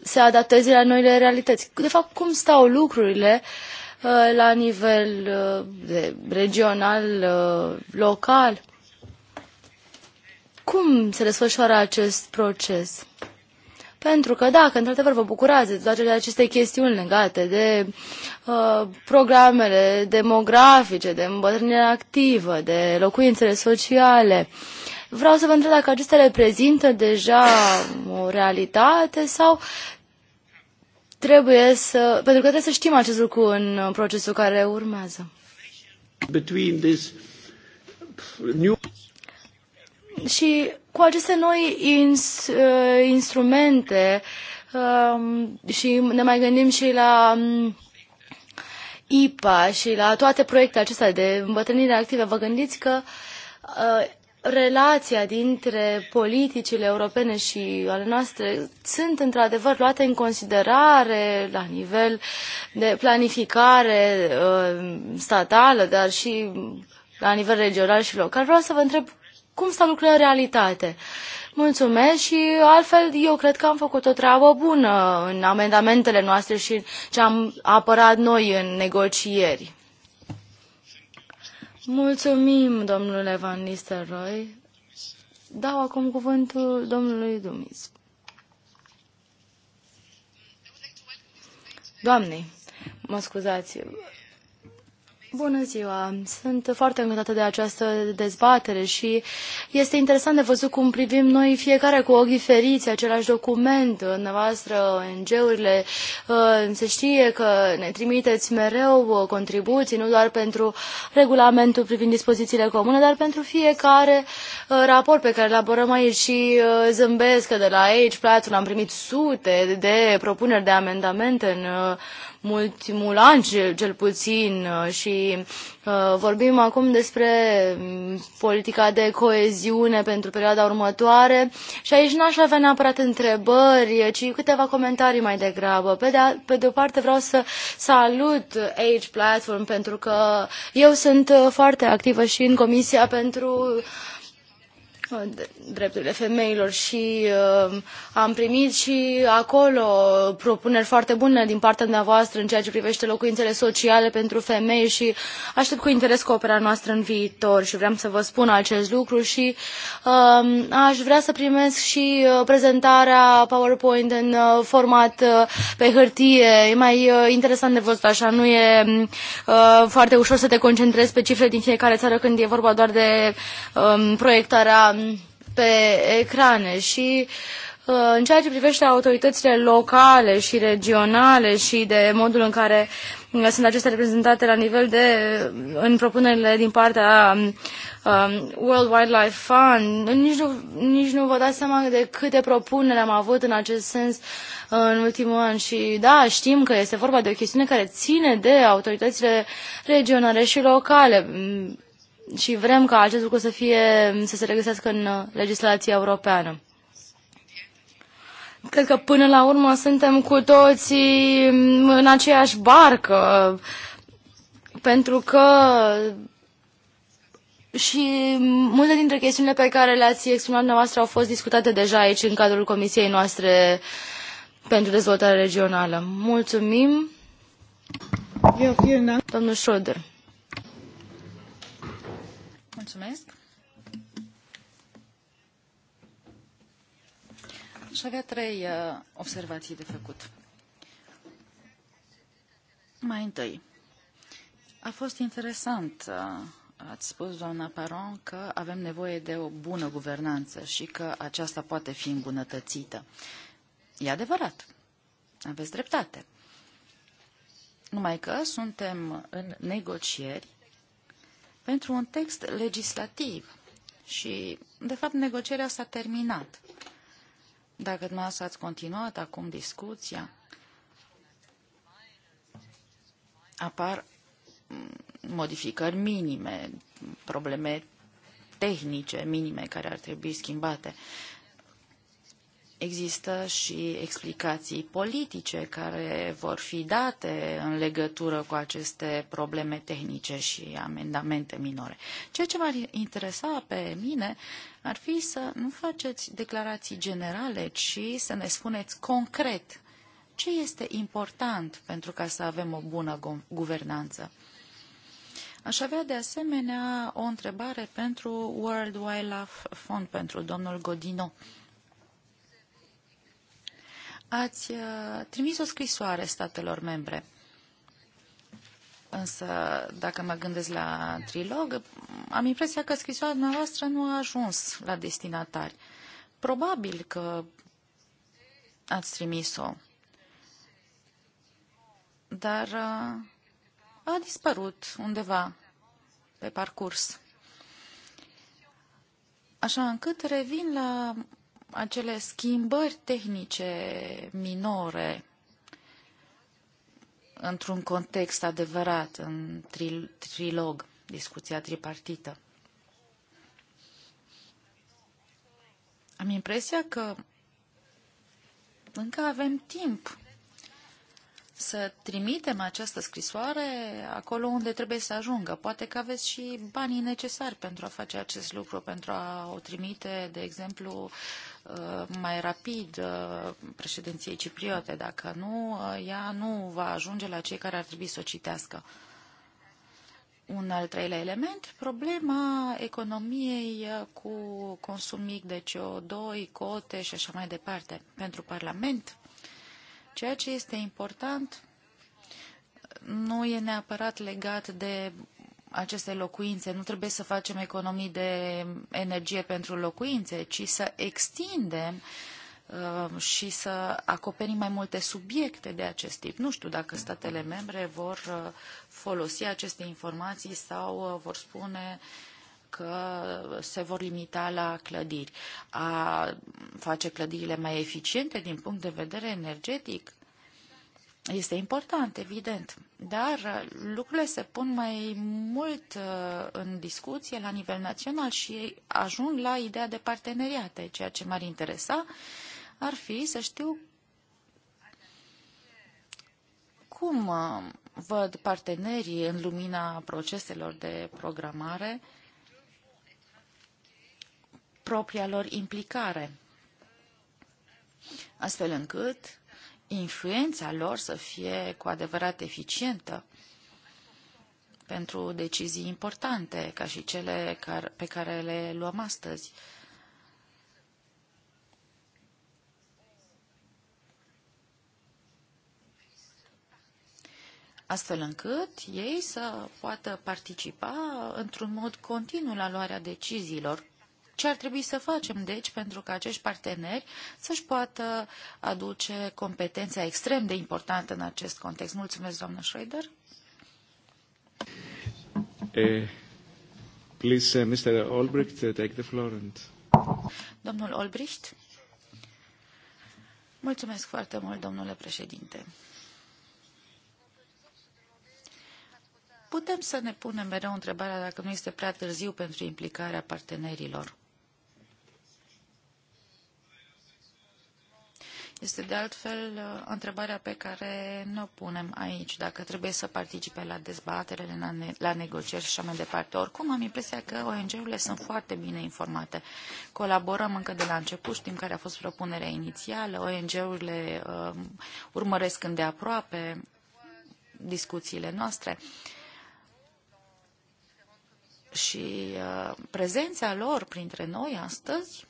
se adapteze la noile realități. De fapt, cum stau lucrurile uh, la nivel regional, local? Cum se desfășoară acest proces? Pentru că, dacă într-adevăr vă bucurați de toate aceste chestiuni legate de Uh, programele demografice, de îmbătrânire activă, de locuințele sociale. Vreau să vă întreb dacă acestea reprezintă deja o realitate sau trebuie să... pentru că trebuie să știm acest lucru în procesul care urmează. Between this new... Și cu aceste noi ins, uh, instrumente um, și ne mai gândim și la um, IPA și la toate proiectele acestea de îmbătrânire activă, vă gândiți că uh, relația dintre politicile europene și ale noastre sunt într-adevăr luate în considerare la nivel de planificare uh, statală, dar și la nivel regional și local. Vreau să vă întreb cum stau lucrurile în realitate. Mulțumesc și altfel eu cred că am făcut o treabă bună în amendamentele noastre și ce am apărat noi în negocieri. Mulțumim, domnule Van Nistelrooy. Dau acum cuvântul domnului Dumis. Doamne, mă scuzați, Bună ziua! Sunt foarte încântată de această dezbatere și este interesant de văzut cum privim noi fiecare cu ochi diferiți același document. voastră, în geurile. Uh, se știe că ne trimiteți mereu uh, contribuții, nu doar pentru regulamentul privind dispozițiile comune, dar pentru fiecare uh, raport pe care îl elaborăm aici și zâmbesc că de la aici, plațul, am primit sute de propuneri de amendamente în ultimul an cel, cel puțin uh, și uh, vorbim acum despre mm, politica de coeziune pentru perioada următoare și aici n-aș avea neapărat întrebări, ci câteva comentarii mai degrabă. Pe de, a, pe de o parte vreau să salut Age Platform pentru că eu sunt uh, foarte activă și în Comisia pentru drepturile femeilor și uh, am primit și acolo propuneri foarte bune din partea dumneavoastră în ceea ce privește locuințele sociale pentru femei și aștept cu interes coopera noastră în viitor și vreau să vă spun acest lucru și um, aș vrea să primesc și uh, prezentarea PowerPoint în uh, format pe hârtie. E mai interesant de văzut așa, nu e foarte ușor să te concentrezi pe cifre din fiecare țară când e vorba doar de um, proiectarea pe ecrane și uh, în ceea ce privește autoritățile locale și regionale și de modul în care uh, sunt acestea reprezentate la nivel de, uh, în propunerile din partea um, um, World Wildlife Fund. Nici nu, nici nu vă dați seama de câte propuneri am avut în acest sens în ultimul an și da, știm că este vorba de o chestiune care ține de autoritățile regionale și locale mm, și vrem ca acest lucru să, fie, să se regăsească în uh, legislația europeană. Cred că până la urmă suntem cu toții în aceeași barcă, pentru că și multe dintre chestiunile pe care le-ați exprimat dumneavoastră au fost discutate deja aici în cadrul Comisiei noastre pentru dezvoltare regională. Mulțumim. Eu, da. Domnul Schroeder. Mulțumesc. Aș avea trei uh, observații de făcut. Mai întâi, a fost interesant, uh, ați spus, doamna Paron, că avem nevoie de o bună guvernanță și că aceasta poate fi îmbunătățită. E adevărat. Aveți dreptate. Numai că suntem în negocieri pentru un text legislativ și, de fapt, negocierea s-a terminat. Dacă dumneavoastră ați continuat acum discuția, apar mm, modificări minime, probleme tehnice minime care ar trebui schimbate există și explicații politice care vor fi date în legătură cu aceste probleme tehnice și amendamente minore. Ceea ce m-ar interesa pe mine ar fi să nu faceți declarații generale, ci să ne spuneți concret ce este important pentru ca să avem o bună guvernanță. Aș avea de asemenea o întrebare pentru World Wildlife Fund, pentru domnul Godino ați uh, trimis o scrisoare statelor membre. Însă, dacă mă gândesc la trilog, am impresia că scrisoarea noastră nu a ajuns la destinatari. Probabil că ați trimis-o, dar uh, a dispărut undeva pe parcurs. Așa încât revin la acele schimbări tehnice minore într-un context adevărat, în tri trilog, discuția tripartită. Am impresia că încă avem timp să trimitem această scrisoare acolo unde trebuie să ajungă. Poate că aveți și banii necesari pentru a face acest lucru, pentru a o trimite, de exemplu, uh, mai rapid uh, președinției cipriote. Dacă nu, uh, ea nu va ajunge la cei care ar trebui să o citească. Un al treilea element, problema economiei cu consum mic de CO2, cote și așa mai departe. Pentru Parlament, Ceea ce este important nu e neapărat legat de aceste locuințe. Nu trebuie să facem economii de energie pentru locuințe, ci să extindem uh, și să acoperim mai multe subiecte de acest tip. Nu știu dacă statele membre vor uh, folosi aceste informații sau uh, vor spune uh, că se vor limita la clădiri. A face clădirile mai eficiente din punct de vedere energetic este important, evident, dar lucrurile se pun mai mult uh, în discuție la nivel național și ajung la ideea de parteneriate. Ceea ce m-ar interesa ar fi să știu cum uh, văd partenerii în lumina proceselor de programare uh, propria lor implicare, astfel încât influența lor să fie cu adevărat eficientă pentru decizii importante, ca și cele pe care le luăm astăzi. astfel încât ei să poată participa într-un mod continuu la luarea deciziilor. Ce ar trebui să facem, deci, pentru ca acești parteneri să-și poată aduce competența extrem de importantă în acest context? Mulțumesc, doamnă Schroeder. Uh, eh, please, uh, eh, Mr. Olbricht, uh, take the floor. And... Domnul Olbricht. Mulțumesc foarte mult, domnule președinte. Putem să ne punem mereu întrebarea dacă nu este prea târziu pentru implicarea partenerilor. Este de altfel uh, întrebarea pe care nu o punem aici, dacă trebuie să participe la dezbaterele, la, ne- la negocieri și așa mai departe. Oricum am impresia că ONG-urile sunt foarte bine informate. Colaborăm încă de la început, știm care a fost propunerea inițială, ONG-urile uh, urmăresc îndeaproape discuțiile noastre. Uh, și prezența lor printre noi astăzi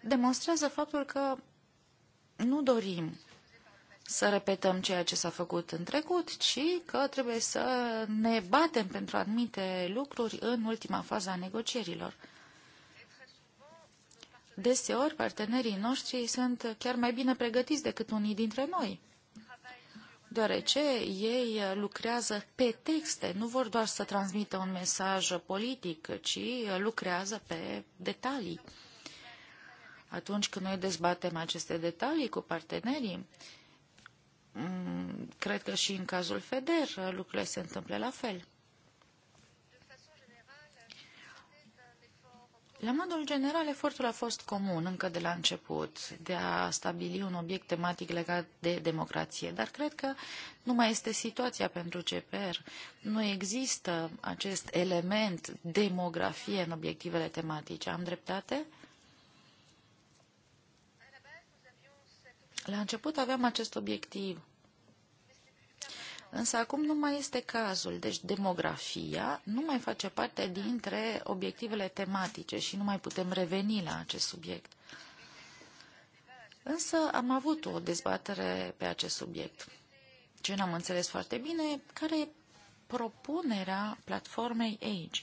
demonstrează faptul că nu dorim să repetăm ceea ce s-a făcut în trecut, ci că trebuie să ne batem pentru anumite lucruri în ultima fază a negocierilor. Deseori, partenerii noștri sunt chiar mai bine pregătiți decât unii dintre noi, deoarece ei lucrează pe texte, nu vor doar să transmită un mesaj politic, ci lucrează pe detalii atunci când noi dezbatem aceste detalii cu partenerii, mm, cred că și în cazul FEDER lucrurile se întâmplă la fel. La modul general, efortul a fost comun încă de la început de a stabili un obiect tematic legat de democrație, dar cred că nu mai este situația pentru CPR. Nu există acest element demografie în obiectivele tematice. Am dreptate? La început aveam acest obiectiv. Însă acum nu mai este cazul, deci demografia nu mai face parte dintre obiectivele tematice și nu mai putem reveni la acest subiect. Însă am avut o dezbatere pe acest subiect. Ce n-am înțeles foarte bine, care e propunerea platformei Age.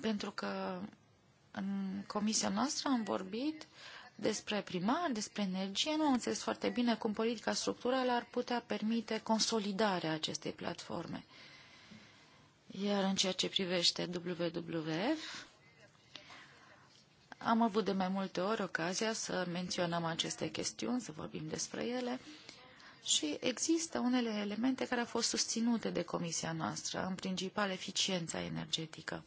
Pentru că în comisia noastră am vorbit despre primar, despre energie. Nu am înțeles foarte bine cum politica structurală ar putea permite consolidarea acestei platforme. Iar în ceea ce privește WWF, am avut de mai multe ori ocazia să menționăm aceste chestiuni, să vorbim despre ele și există unele elemente care au fost susținute de comisia noastră, în principal eficiența energetică.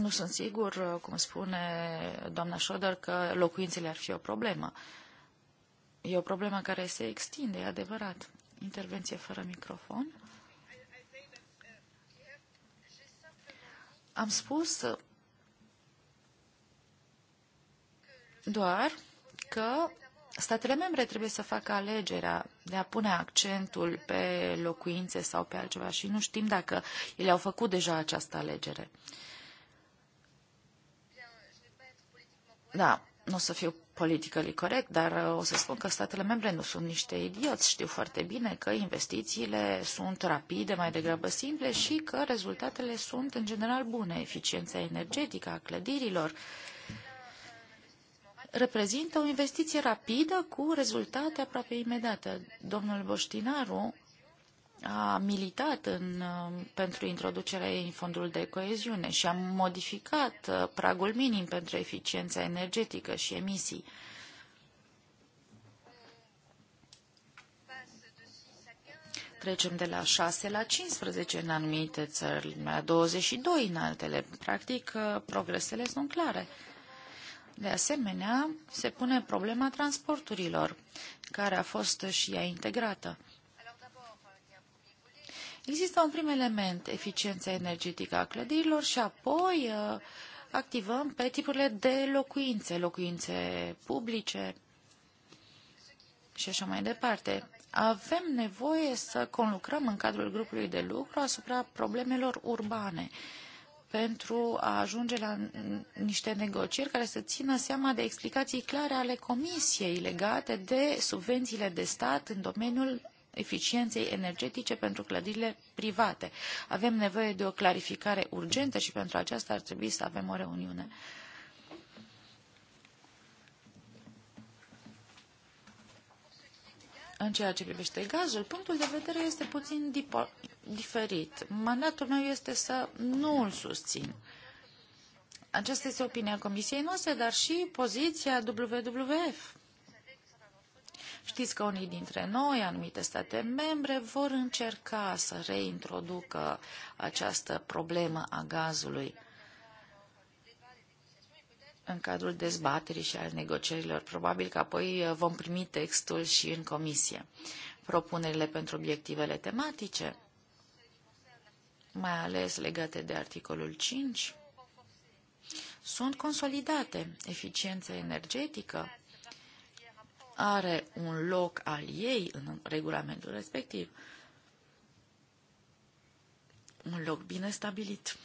Nu sunt sigur, uh, cum spune doamna Șodor, că locuințele ar fi o problemă. E o problemă care se extinde, e adevărat. Intervenție fără microfon. Am spus doar că statele membre trebuie să facă alegerea de a pune accentul pe locuințe sau pe altceva și nu știm dacă ele au făcut deja această alegere. Uh, Da, nu o să fiu politically corect, dar uh, o să spun că statele membre nu sunt niște idioți. Știu foarte bine că investițiile sunt rapide, mai degrabă simple și că rezultatele sunt în general bune. Eficiența energetică a clădirilor reprezintă o investiție rapidă cu rezultate aproape imediate. Domnul Boștinaru a militat în, uh, pentru introducerea ei în fondul de coeziune și a modificat uh, pragul minim pentru eficiența energetică și emisii. Trecem de la 6 la 15 în anumite țări, la 22 în altele. Practic, uh, progresele sunt clare. De asemenea, se pune problema transporturilor, care a fost și ea integrată. Există un prim element, eficiența energetică a clădirilor și apoi uh, activăm pe tipurile de locuințe, locuințe publice și așa mai departe. Avem nevoie să conlucrăm în cadrul grupului de lucru asupra problemelor urbane pentru a ajunge la niște negocieri care să țină seama de explicații clare ale Comisiei legate de subvențiile de stat în domeniul eficienței energetice pentru clădirile private. Avem nevoie de o clarificare urgentă și pentru aceasta ar trebui să avem o reuniune. În ceea ce privește gazul, punctul de vedere este puțin diferit. Mandatul meu este să nu îl susțin. Aceasta este opinia Comisiei noastre, dar și poziția WWF. Știți că unii dintre noi, anumite state membre, vor încerca să reintroducă această problemă a gazului în cadrul dezbaterii și al negocierilor. Probabil că apoi uh, vom primi textul și în comisie. Propunerile pentru obiectivele tematice, mai ales legate de articolul 5, sunt consolidate. Eficiența energetică, are un loc al ei în regulamentul respectiv, un loc bine stabilit.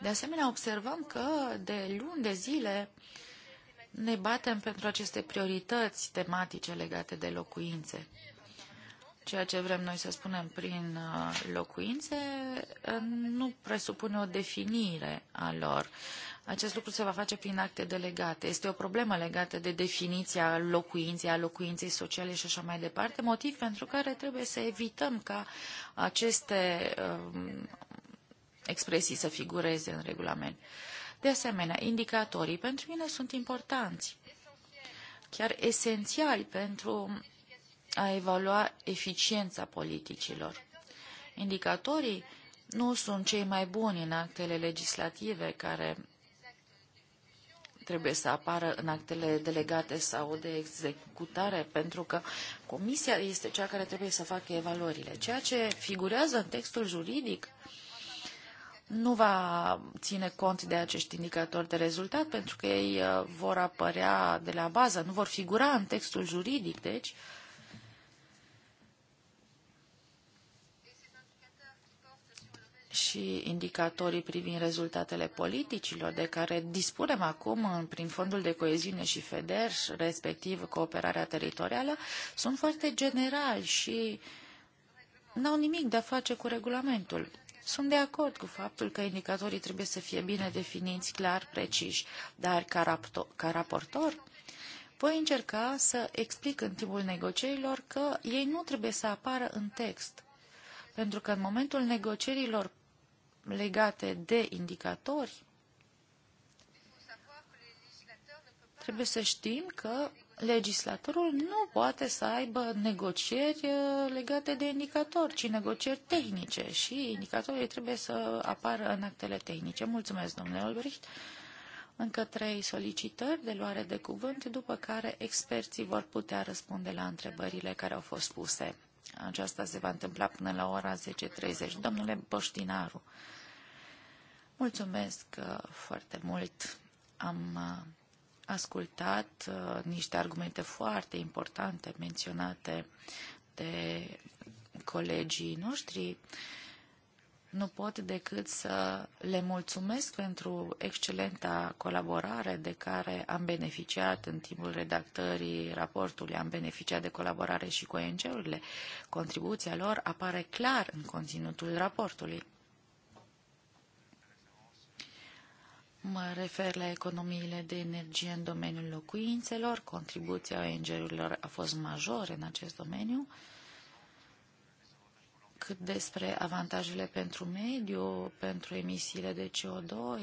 De asemenea, observăm că de luni de zile ne batem pentru aceste priorități tematice legate de locuințe. Ceea ce vrem noi să spunem prin uh, locuințe uh, nu presupune o definire a lor. Acest lucru se va face prin acte delegate. Este o problemă legată de definiția locuinței, a locuinței sociale și așa mai departe, motiv pentru care trebuie să evităm ca aceste um, expresii să figureze în regulament. De asemenea, indicatorii pentru mine sunt importanți, chiar esențiali pentru a evalua eficiența politicilor. Indicatorii nu sunt cei mai buni în actele legislative care trebuie să apară în actele delegate sau de executare, pentru că comisia este cea care trebuie să facă evaluările. Ceea ce figurează în textul juridic nu va ține cont de acești indicatori de rezultat, pentru că ei uh, vor apărea de la bază, nu vor figura în textul juridic, deci, și indicatorii privind rezultatele politicilor de care dispunem acum prin Fondul de Coeziune și FEDER, respectiv cooperarea teritorială, sunt foarte generali și n-au nimic de a face cu regulamentul. Sunt de acord cu faptul că indicatorii trebuie să fie bine definiți, clar, preciși, dar ca, rapto- ca raportor voi încerca să explic în timpul negocierilor că ei nu trebuie să apară în text, pentru că în momentul negocierilor legate de indicatori, trebuie să știm că legislatorul nu poate să aibă negocieri uh, legate de indicatori, ci negocieri tehnice și indicatorii trebuie să apară în actele tehnice. Mulțumesc, domnule Olbricht. Încă trei solicitări de luare de cuvânt, după care experții vor putea răspunde la întrebările care au fost puse. Aceasta se va întâmpla până la ora 10.30. Domnule Boștinaru. Mulțumesc uh, foarte mult. Am uh, ascultat uh, niște argumente foarte importante menționate de colegii noștri. Nu pot decât să le mulțumesc pentru excelenta colaborare de care am beneficiat în timpul redactării raportului. Am beneficiat de colaborare și cu ONG-urile. Contribuția lor apare clar în conținutul raportului. Mă refer la economiile de energie în domeniul locuințelor. Contribuția ONG-urilor a fost majoră în acest domeniu. Cât despre avantajele pentru mediu, pentru emisiile de CO2,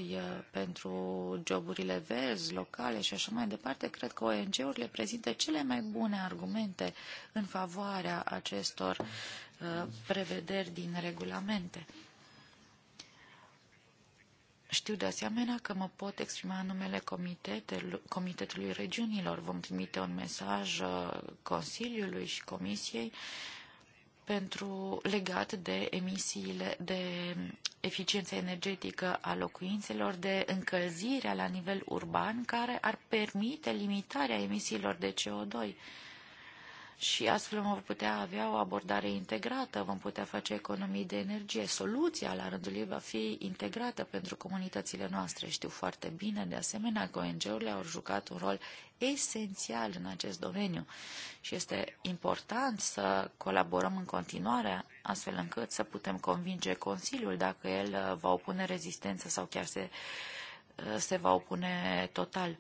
pentru joburile verzi, locale și așa mai departe, cred că ONG-urile prezintă cele mai bune argumente în favoarea acestor uh, prevederi din regulamente. Știu de asemenea că mă pot exprima în numele Comitetului Regiunilor. Vom trimite un mesaj uh, Consiliului și Comisiei pentru legat de emisiile de eficiență energetică a locuințelor, de încălzirea la nivel urban, care ar permite limitarea emisiilor de CO2 și astfel vom putea avea o abordare integrată, vom putea face economii de energie. Soluția, la rândul ei, va fi integrată pentru comunitățile noastre. Știu foarte bine, de asemenea, că ONG-urile au jucat un rol esențial în acest domeniu și este important să colaborăm în continuare, astfel încât să putem convinge Consiliul dacă el uh, va opune rezistență sau chiar se, uh, se va opune total.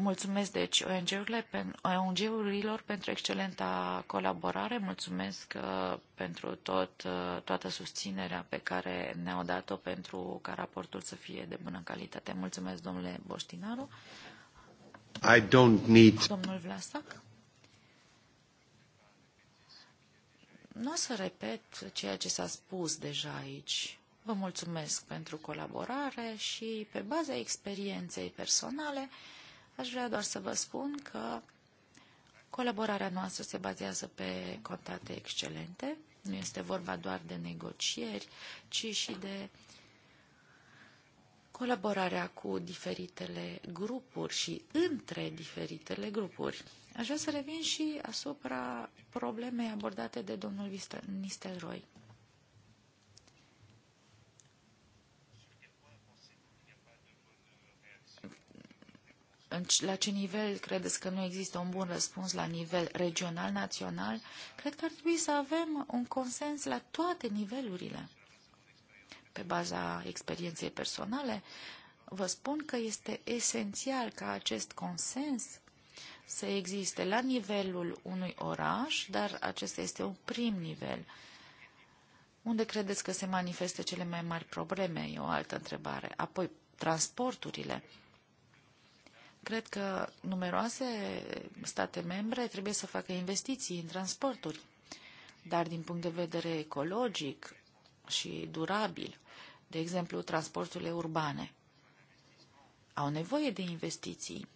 Mulțumesc, deci, ONG-urilor pentru excelenta colaborare, mulțumesc uh, pentru tot, uh, toată susținerea pe care ne-au dat-o pentru ca raportul să fie de bună calitate. Mulțumesc, domnule Boștinaru. I don't need... Domnul Vlasac. Nu o să repet ceea ce s-a spus deja aici. Vă mulțumesc pentru colaborare și pe baza experienței personale, Aș vrea doar să vă spun că colaborarea noastră se bazează pe contacte excelente. Nu este vorba doar de negocieri, ci și de colaborarea cu diferitele grupuri și între diferitele grupuri. Aș vrea să revin și asupra problemei abordate de domnul Nistelrooy. la ce nivel credeți că nu există un bun răspuns la nivel regional, național, cred că ar trebui să avem un consens la toate nivelurile. Pe baza experienței personale, vă spun că este esențial ca acest consens să existe la nivelul unui oraș, dar acesta este un prim nivel. Unde credeți că se manifestă cele mai mari probleme? E o altă întrebare. Apoi, transporturile Cred că numeroase state membre trebuie să facă investiții în transporturi, dar din punct de vedere ecologic și durabil, de exemplu, transporturile urbane, au nevoie de investiții,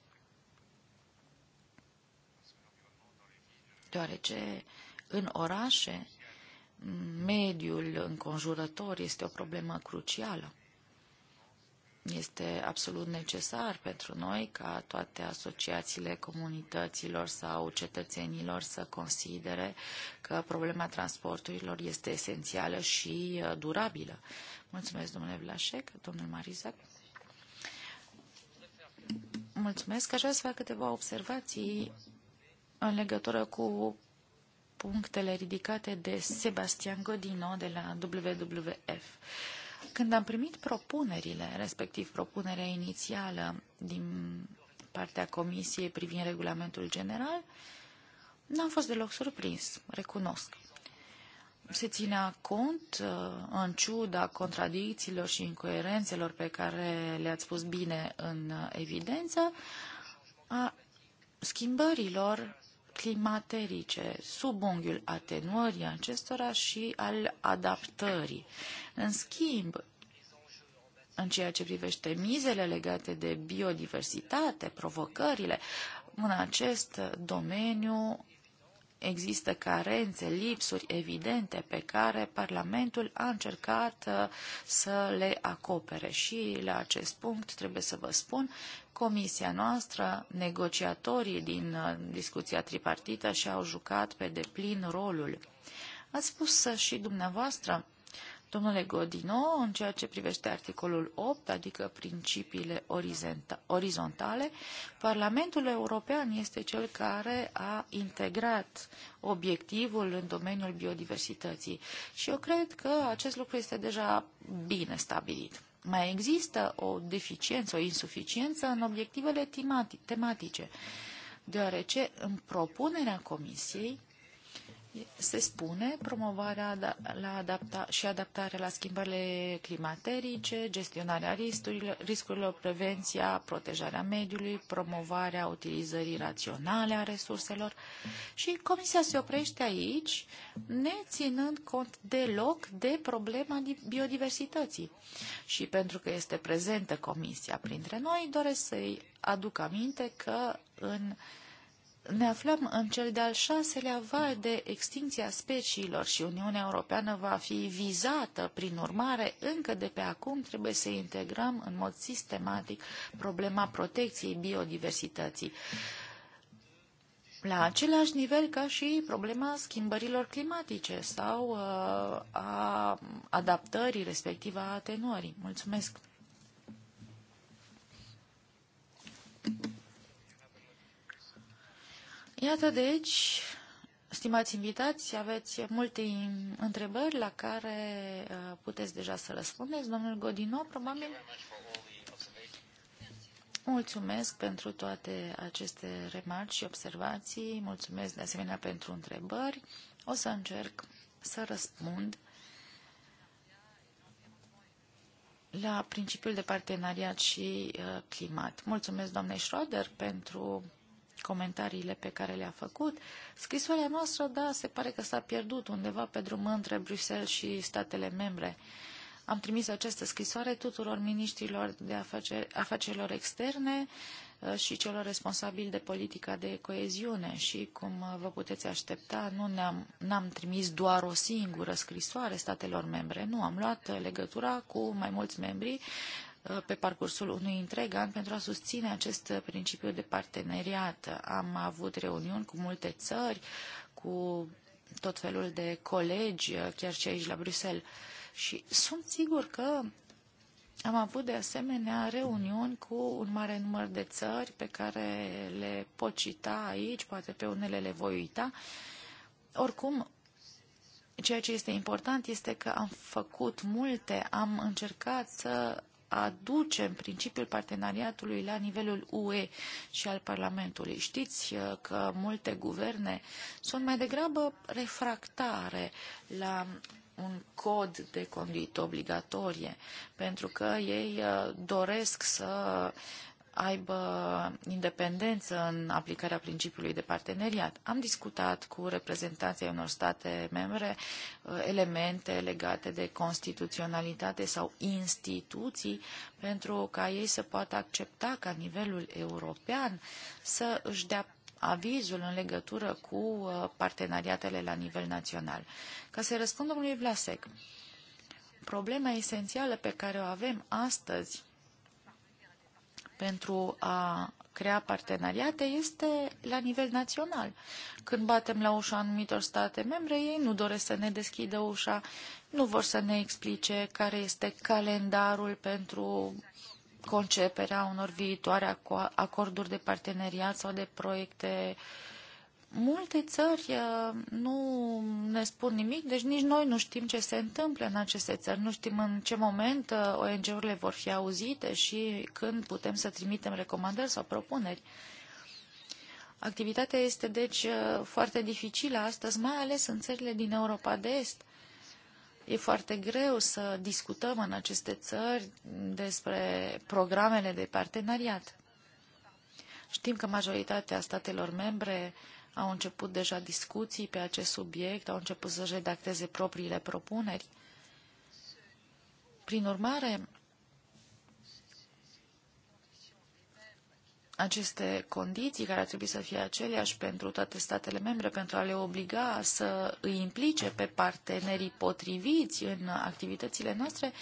deoarece în orașe mediul înconjurător este o problemă crucială. Este absolut necesar pentru noi ca toate asociațiile comunităților sau cetățenilor să considere că problema transporturilor este esențială și uh, durabilă. Mulțumesc, domnule Vlașec, domnul Marizac. Mulțumesc. Aș vrea să fac câteva observații în legătură cu punctele ridicate de Sebastian Godino de la WWF. Când am primit propunerile, respectiv propunerea inițială din partea Comisiei privind regulamentul general, n-am fost deloc surprins, recunosc. Se ținea cont, uh, în ciuda contradicțiilor și incoerențelor pe care le-ați spus bine în evidență, a schimbărilor climaterice, sub unghiul atenuării acestora și al adaptării. În schimb, în ceea ce privește mizele legate de biodiversitate, provocările, în acest domeniu există carențe, lipsuri evidente pe care Parlamentul a încercat uh, să le acopere. Și la acest punct trebuie să vă spun, comisia noastră, negociatorii din uh, discuția tripartită și-au jucat pe deplin rolul. Ați spus și dumneavoastră Domnule Godino, în ceea ce privește articolul 8, adică principiile orizontale, Parlamentul European este cel care a integrat obiectivul în domeniul biodiversității și eu cred că acest lucru este deja bine stabilit. Mai există o deficiență, o insuficiență în obiectivele tematice, deoarece în propunerea Comisiei se spune promovarea da, la adapta și adaptarea la schimbările climaterice, gestionarea riscurilor, riscurilor, prevenția, protejarea mediului, promovarea utilizării raționale a resurselor. Și Comisia se oprește aici, ne ținând cont deloc de problema biodiversității. Și pentru că este prezentă Comisia printre noi, doresc să-i aduc aminte că în ne aflăm în cel de-al șaselea val de extinție a speciilor și Uniunea Europeană va fi vizată. Prin urmare, încă de pe acum trebuie să integrăm în mod sistematic problema protecției biodiversității. La același nivel ca și problema schimbărilor climatice sau uh, a adaptării, respectiv a atenuării. Mulțumesc! Iată, deci, stimați invitați, aveți multe întrebări la care uh, puteți deja să răspundeți. Domnul Godino, probabil. Mulțumesc pentru toate aceste remarci și observații. Mulțumesc de asemenea pentru întrebări. O să încerc să răspund la principiul de parteneriat și uh, climat. Mulțumesc, doamne Schroeder, pentru comentariile pe care le-a făcut. Scrisoarea noastră, da, se pare că s-a pierdut undeva pe drum între Bruxelles și statele membre. Am trimis această scrisoare tuturor miniștrilor de afaceri, afacerilor externe uh, și celor responsabili de politica de coeziune și, cum uh, vă puteți aștepta, nu ne-am, n-am trimis doar o singură scrisoare statelor membre, nu, am luat uh, legătura cu mai mulți membri Uh, pe parcursul unui întreg an pentru a susține acest principiu de parteneriat. Am avut reuniuni cu multe țări, cu tot felul de colegi, uh, chiar și aici la Bruxelles. Și sunt sigur că am avut de asemenea reuniuni cu un mare număr de țări pe care le pot cita aici, poate pe unele le voi uita. Oricum, ceea ce este important este că am făcut multe, am încercat să aducem principiul parteneriatului la nivelul UE și al Parlamentului. Știți uh, că multe guverne sunt mai degrabă refractare la un cod de conduită obligatorie, pentru că ei uh, doresc să aibă independență în aplicarea principiului de parteneriat. Am discutat cu reprezentanții unor state membre uh, elemente legate de constituționalitate sau instituții pentru ca ei să poată accepta ca nivelul european să își dea avizul în legătură cu uh, parteneriatele la nivel național. Ca să răspund domnului Vlasec, problema esențială pe care o avem astăzi pentru a crea parteneriate este la nivel național. Când batem la ușa anumitor state membre, ei nu doresc să ne deschidă ușa, nu vor să ne explice care este calendarul pentru conceperea unor viitoare acorduri de parteneriat sau de proiecte uh, Multe țări uh, nu ne spun nimic, deci nici noi nu știm ce se întâmplă în aceste țări, nu știm în ce moment uh, ONG-urile vor fi auzite și când putem să trimitem recomandări sau propuneri. Activitatea este deci uh, foarte dificilă astăzi, mai ales în țările din Europa de Est. E foarte greu să discutăm în aceste țări despre programele de parteneriat. Știm că majoritatea statelor membre uh, au început deja discuții pe acest subiect, au început să redacteze propriile propuneri. Prin urmare, aceste condiții care ar trebui să fie aceleași pentru toate statele membre, pentru a le obliga să îi implice pe partenerii potriviți în activitățile noastre,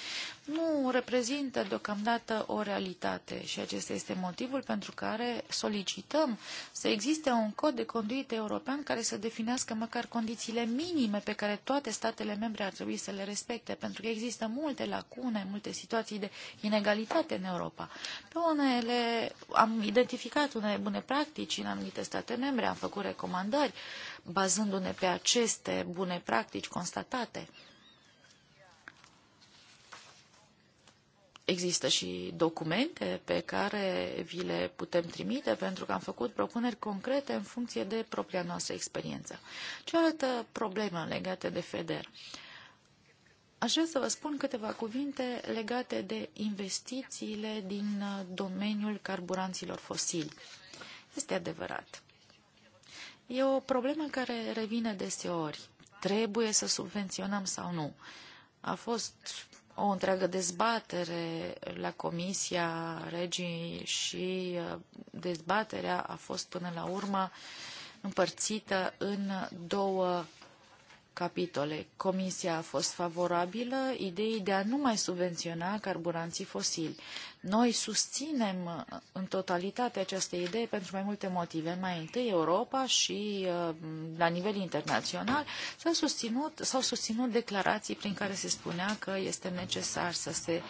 nu reprezintă deocamdată o realitate și acesta este motivul pentru care solicităm să existe un cod de conduită european care să definească măcar condițiile minime pe care toate statele membre ar trebui să le respecte, pentru că există multe lacune, multe situații de inegalitate în Europa. Pe unele am identificat identificat unele bune practici în anumite state membre, am făcut recomandări bazându-ne pe aceste bune practici constatate. Există și documente pe care vi le putem trimite pentru că am făcut propuneri concrete în funcție de propria noastră experiență. Ce problemă problema de FEDER? Uh, Aș vrea să vă spun câteva cuvinte legate de investițiile din uh, domeniul carburanților fosili. Este adevărat. E o problemă care revine deseori. Trebuie să subvenționăm sau nu? A fost o întreagă dezbatere la Comisia Regii și uh, dezbaterea a fost până la urmă împărțită în două capitole. Comisia a fost favorabilă ideii de a nu mai subvenționa carburanții fosili. Noi susținem în totalitate această idee pentru mai multe motive. Mai întâi, Europa și uh, la nivel internațional s-au susținut, s-au susținut declarații prin care se spunea că este necesar să se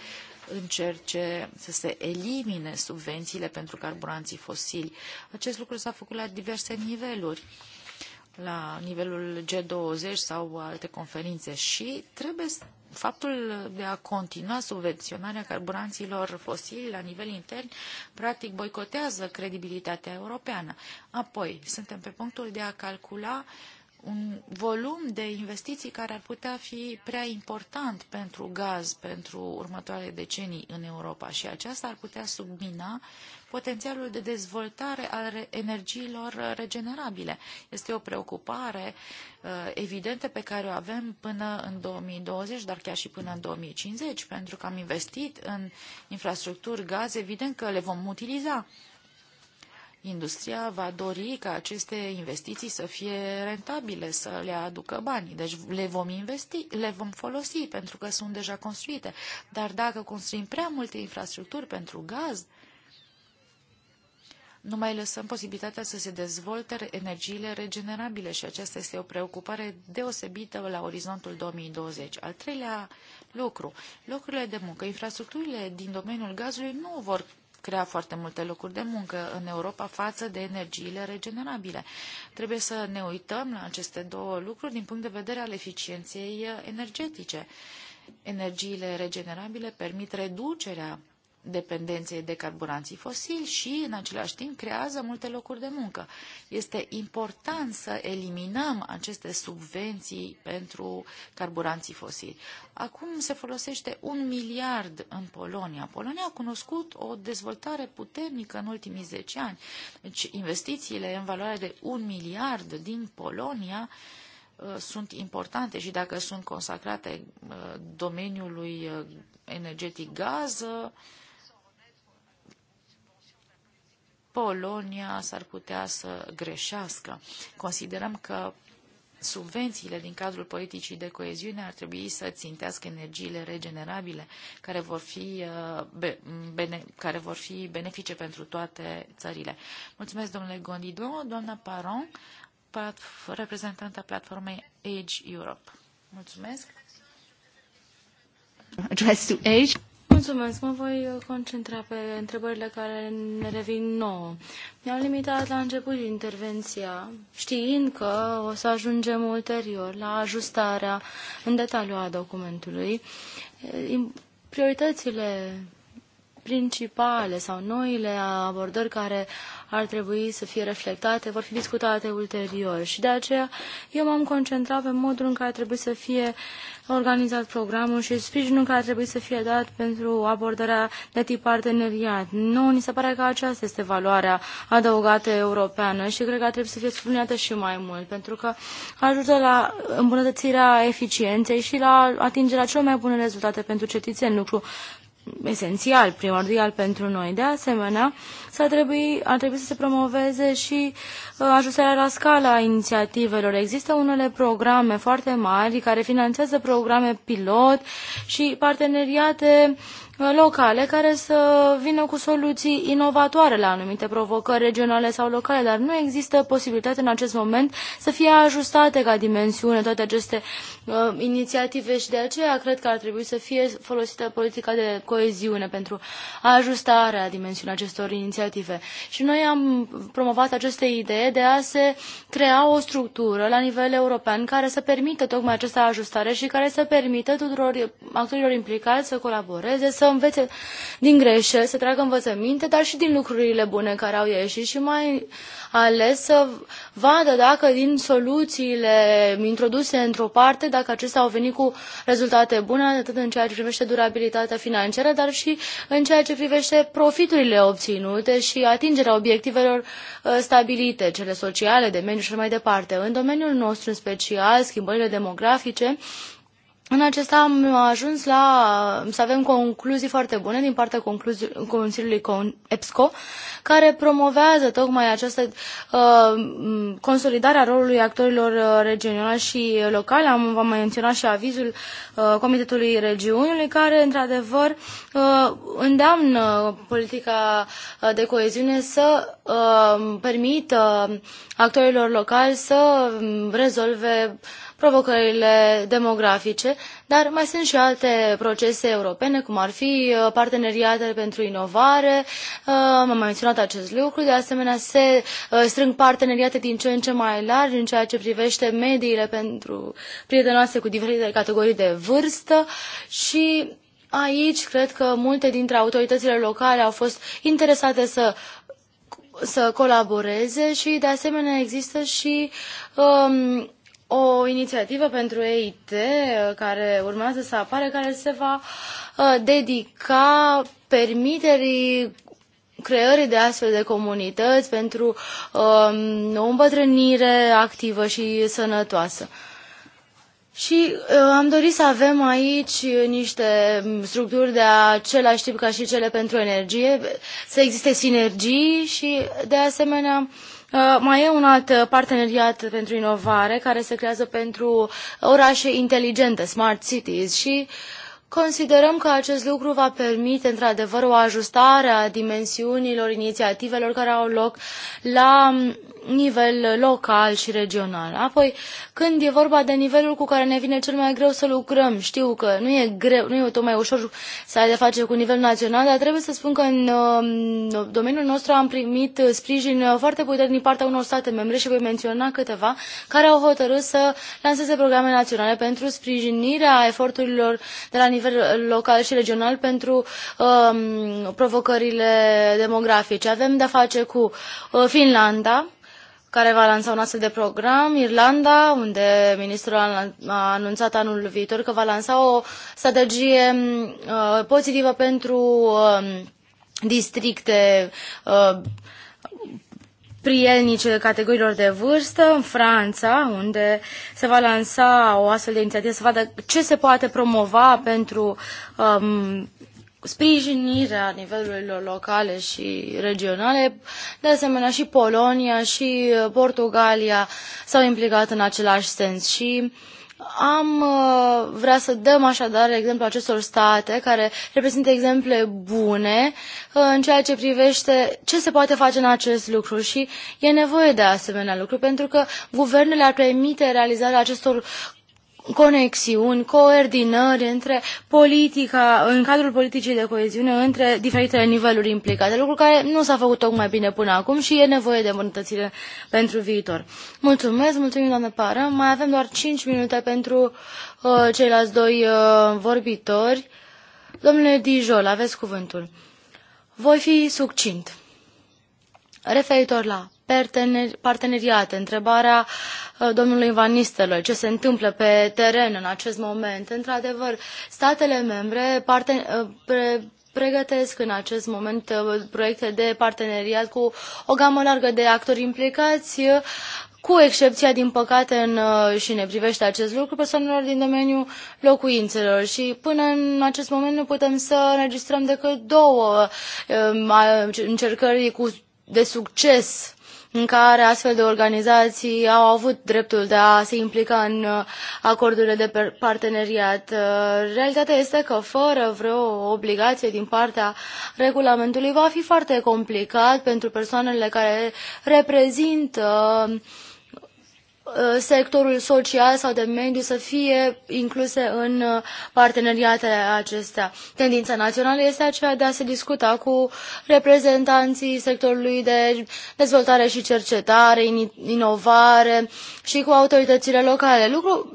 încerce să se elimine subvențiile pentru carburanții fosili. Acest lucru s-a făcut la diverse niveluri. Uh, la nivelul G20 sau alte conferințe și trebuie faptul de a continua subvenționarea carburanților fosili la nivel intern, practic boicotează credibilitatea europeană. Apoi, suntem pe punctul de a calcula un volum de investiții care ar putea fi prea important pentru gaz pentru următoarele decenii în Europa și aceasta ar putea submina uh, potențialul de dezvoltare al energiilor uh, regenerabile. Este o preocupare uh, evidentă pe care o avem până în 2020, dar chiar și până în 2050, pentru că am investit în infrastructuri gaz, evident că le vom utiliza industria va dori ca aceste investiții să fie rentabile, să le aducă banii. Deci le vom investi, le vom folosi pentru că sunt deja construite. Dar dacă construim prea multe infrastructuri pentru gaz, nu mai lăsăm posibilitatea să se dezvolte energiile regenerabile și aceasta este o preocupare deosebită la orizontul 2020. Al treilea lucru, locurile de muncă, infrastructurile din domeniul gazului nu vor crea foarte multe locuri de muncă în Europa față de energiile regenerabile. Trebuie să ne uităm la aceste două lucruri din punct de vedere al eficienței energetice. Energiile regenerabile permit reducerea dependenței de carburanții fosili și, în același timp, creează multe locuri de muncă. Este important să eliminăm aceste subvenții pentru carburanții fosili. Acum se folosește un miliard în Polonia. Polonia a cunoscut o dezvoltare puternică în ultimii 10 ani. Deci investițiile în valoare de un miliard din Polonia uh, sunt importante și dacă sunt consacrate uh, domeniului uh, energetic gaz, Polonia s-ar putea să greșească. Considerăm că subvențiile din cadrul politicii de coeziune ar trebui să țintească energiile regenerabile care vor fi, uh, bene, care vor fi benefice pentru toate țările. Mulțumesc, domnule Gondido. doamna Paron, reprezentanta platformei Age Europe. Mulțumesc. Address to age. Mulțumesc, mă voi concentra pe întrebările care ne revin nouă. Mi-am limitat la început intervenția, știind că o să ajungem ulterior la ajustarea în detaliu a documentului. Prioritățile principale sau noile abordări care ar trebui să fie reflectate vor fi discutate ulterior și de aceea eu m-am concentrat pe modul în care trebuie să fie organizat programul și sprijinul care trebuie să fie dat pentru abordarea de tip parteneriat. Nu, ni se pare că aceasta este valoarea adăugată europeană și cred că trebuie să fie subliniată și mai mult, pentru că ajută la îmbunătățirea eficienței și la atingerea celor mai bune rezultate pentru cetățeni, lucru esențial, primordial pentru noi. De asemenea, s-a trebui, ar trebui să se promoveze și uh, ajustarea la scala a inițiativelor. Există unele programe foarte mari care finanțează programe pilot și parteneriate uh, locale care să vină cu soluții inovatoare la anumite provocări regionale sau locale, dar nu există posibilitate în acest moment să fie ajustate ca dimensiune toate aceste uh, inițiative și de aceea cred că ar trebui să fie folosită politica de coeziune pentru ajustarea dimensiunii acestor inițiative. Și noi am promovat aceste idee de a se crea o structură la nivel european care să permită tocmai această ajustare și care să permită tuturor actorilor implicați să colaboreze, să învețe din greșeli, să tragă învățăminte, dar și din lucrurile bune care au ieșit și mai ales să vadă dacă din soluțiile introduse într-o parte, dacă acestea au venit cu rezultate bune, atât în ceea ce privește durabilitatea financiară, dar și în ceea ce privește profiturile obținute și atingerea obiectivelor uh, stabilite, cele sociale, de mediu și mai departe. În domeniul nostru, în special, schimbările demografice, în acesta am ajuns la să avem concluzii foarte bune din partea Consiliului EPSCO, care promovează tocmai această uh, consolidare a rolului actorilor uh, regionali și locali. Am v-am menționat și avizul uh, Comitetului Regiunilor, care, într-adevăr, uh, îndeamnă politica uh, de coeziune să uh, permită actorilor locali să rezolve uh, provocările demografice, dar mai sunt și alte procese europene, cum ar fi uh, parteneriatele pentru inovare, uh, am menționat acest lucru, de asemenea se uh, strâng parteneriate din ce în ce mai largi în ceea ce privește mediile pentru prietenoase cu diferite categorii de vârstă și aici cred că multe dintre autoritățile locale au fost interesate să să colaboreze și de asemenea există și um, o inițiativă pentru EIT care urmează să apare, care se va uh, dedica permiterii creării de astfel de comunități pentru um, o îmbătrânire activă și sănătoasă. Și uh, am dorit să avem aici niște structuri de același tip ca și cele pentru energie, să existe sinergii și, de asemenea, uh, Uh, mai e un alt uh, parteneriat pentru inovare care se creează pentru orașe inteligente, smart cities și Considerăm că acest lucru va permite, într-adevăr, o ajustare a dimensiunilor inițiativelor care au loc la um, nivel local și regional. Apoi, când e vorba de nivelul cu care ne vine cel mai greu să lucrăm, știu că nu e greu, nu e tot mai ușor să ai de face cu nivel național, dar trebuie să spun că în uh, domeniul nostru am primit sprijin foarte puternic din partea unor state membre și voi menționa câteva care au hotărât să lanseze programe naționale pentru sprijinirea eforturilor de la nivel local și regional pentru um, provocările demografice. Avem de-a face cu uh, Finlanda, care va lansa un astfel de program, Irlanda, unde ministrul a anunțat anul viitor că va lansa o strategie uh, pozitivă pentru uh, districte uh, prielnice categoriilor de vârstă, în Franța, unde se va lansa o astfel de inițiativă să vadă ce se poate promova pentru um, sprijinirea nivelurilor locale și regionale. De asemenea, și Polonia și uh, Portugalia s-au implicat în același sens și am uh, vrea să dăm așadar exemplu acestor state care reprezintă exemple bune uh, în ceea ce privește ce se poate face în acest lucru și e nevoie de asemenea lucru pentru că guvernele ar permite realizarea acestor conexiuni, coordinări între politica, în cadrul politicii de coeziune, între diferitele niveluri implicate, lucru care nu s-a făcut tocmai bine până acum și e nevoie de îmbunătățire pentru viitor. Mulțumesc, mulțumim, doamnă Pară. Mai avem doar 5 minute pentru uh, ceilalți doi uh, vorbitori. Domnule Dijol, aveți cuvântul. Voi fi succint. Referitor la parteneriate. Întrebarea uh, domnului Van Nistelrooy, ce se întâmplă pe teren în acest moment. Într-adevăr, statele membre uh, pre, pregătesc în acest moment uh, proiecte de parteneriat cu o gamă largă de actori implicați, cu excepția, din păcate, în, și ne privește acest lucru, persoanelor din domeniul locuințelor. Și până în acest moment nu putem să înregistrăm decât două încercări cu, de succes în care astfel de organizații au avut dreptul de a se implica în uh, acordurile de parteneriat. Uh, realitatea este că fără vreo obligație din partea regulamentului va fi foarte complicat pentru persoanele care reprezintă uh, Uh, sectorul social sau de mediu să fie incluse în uh, parteneriatele acestea. Tendința națională este aceea de a se discuta cu reprezentanții sectorului de dezvoltare și cercetare, inovare și cu autoritățile locale. Lucru,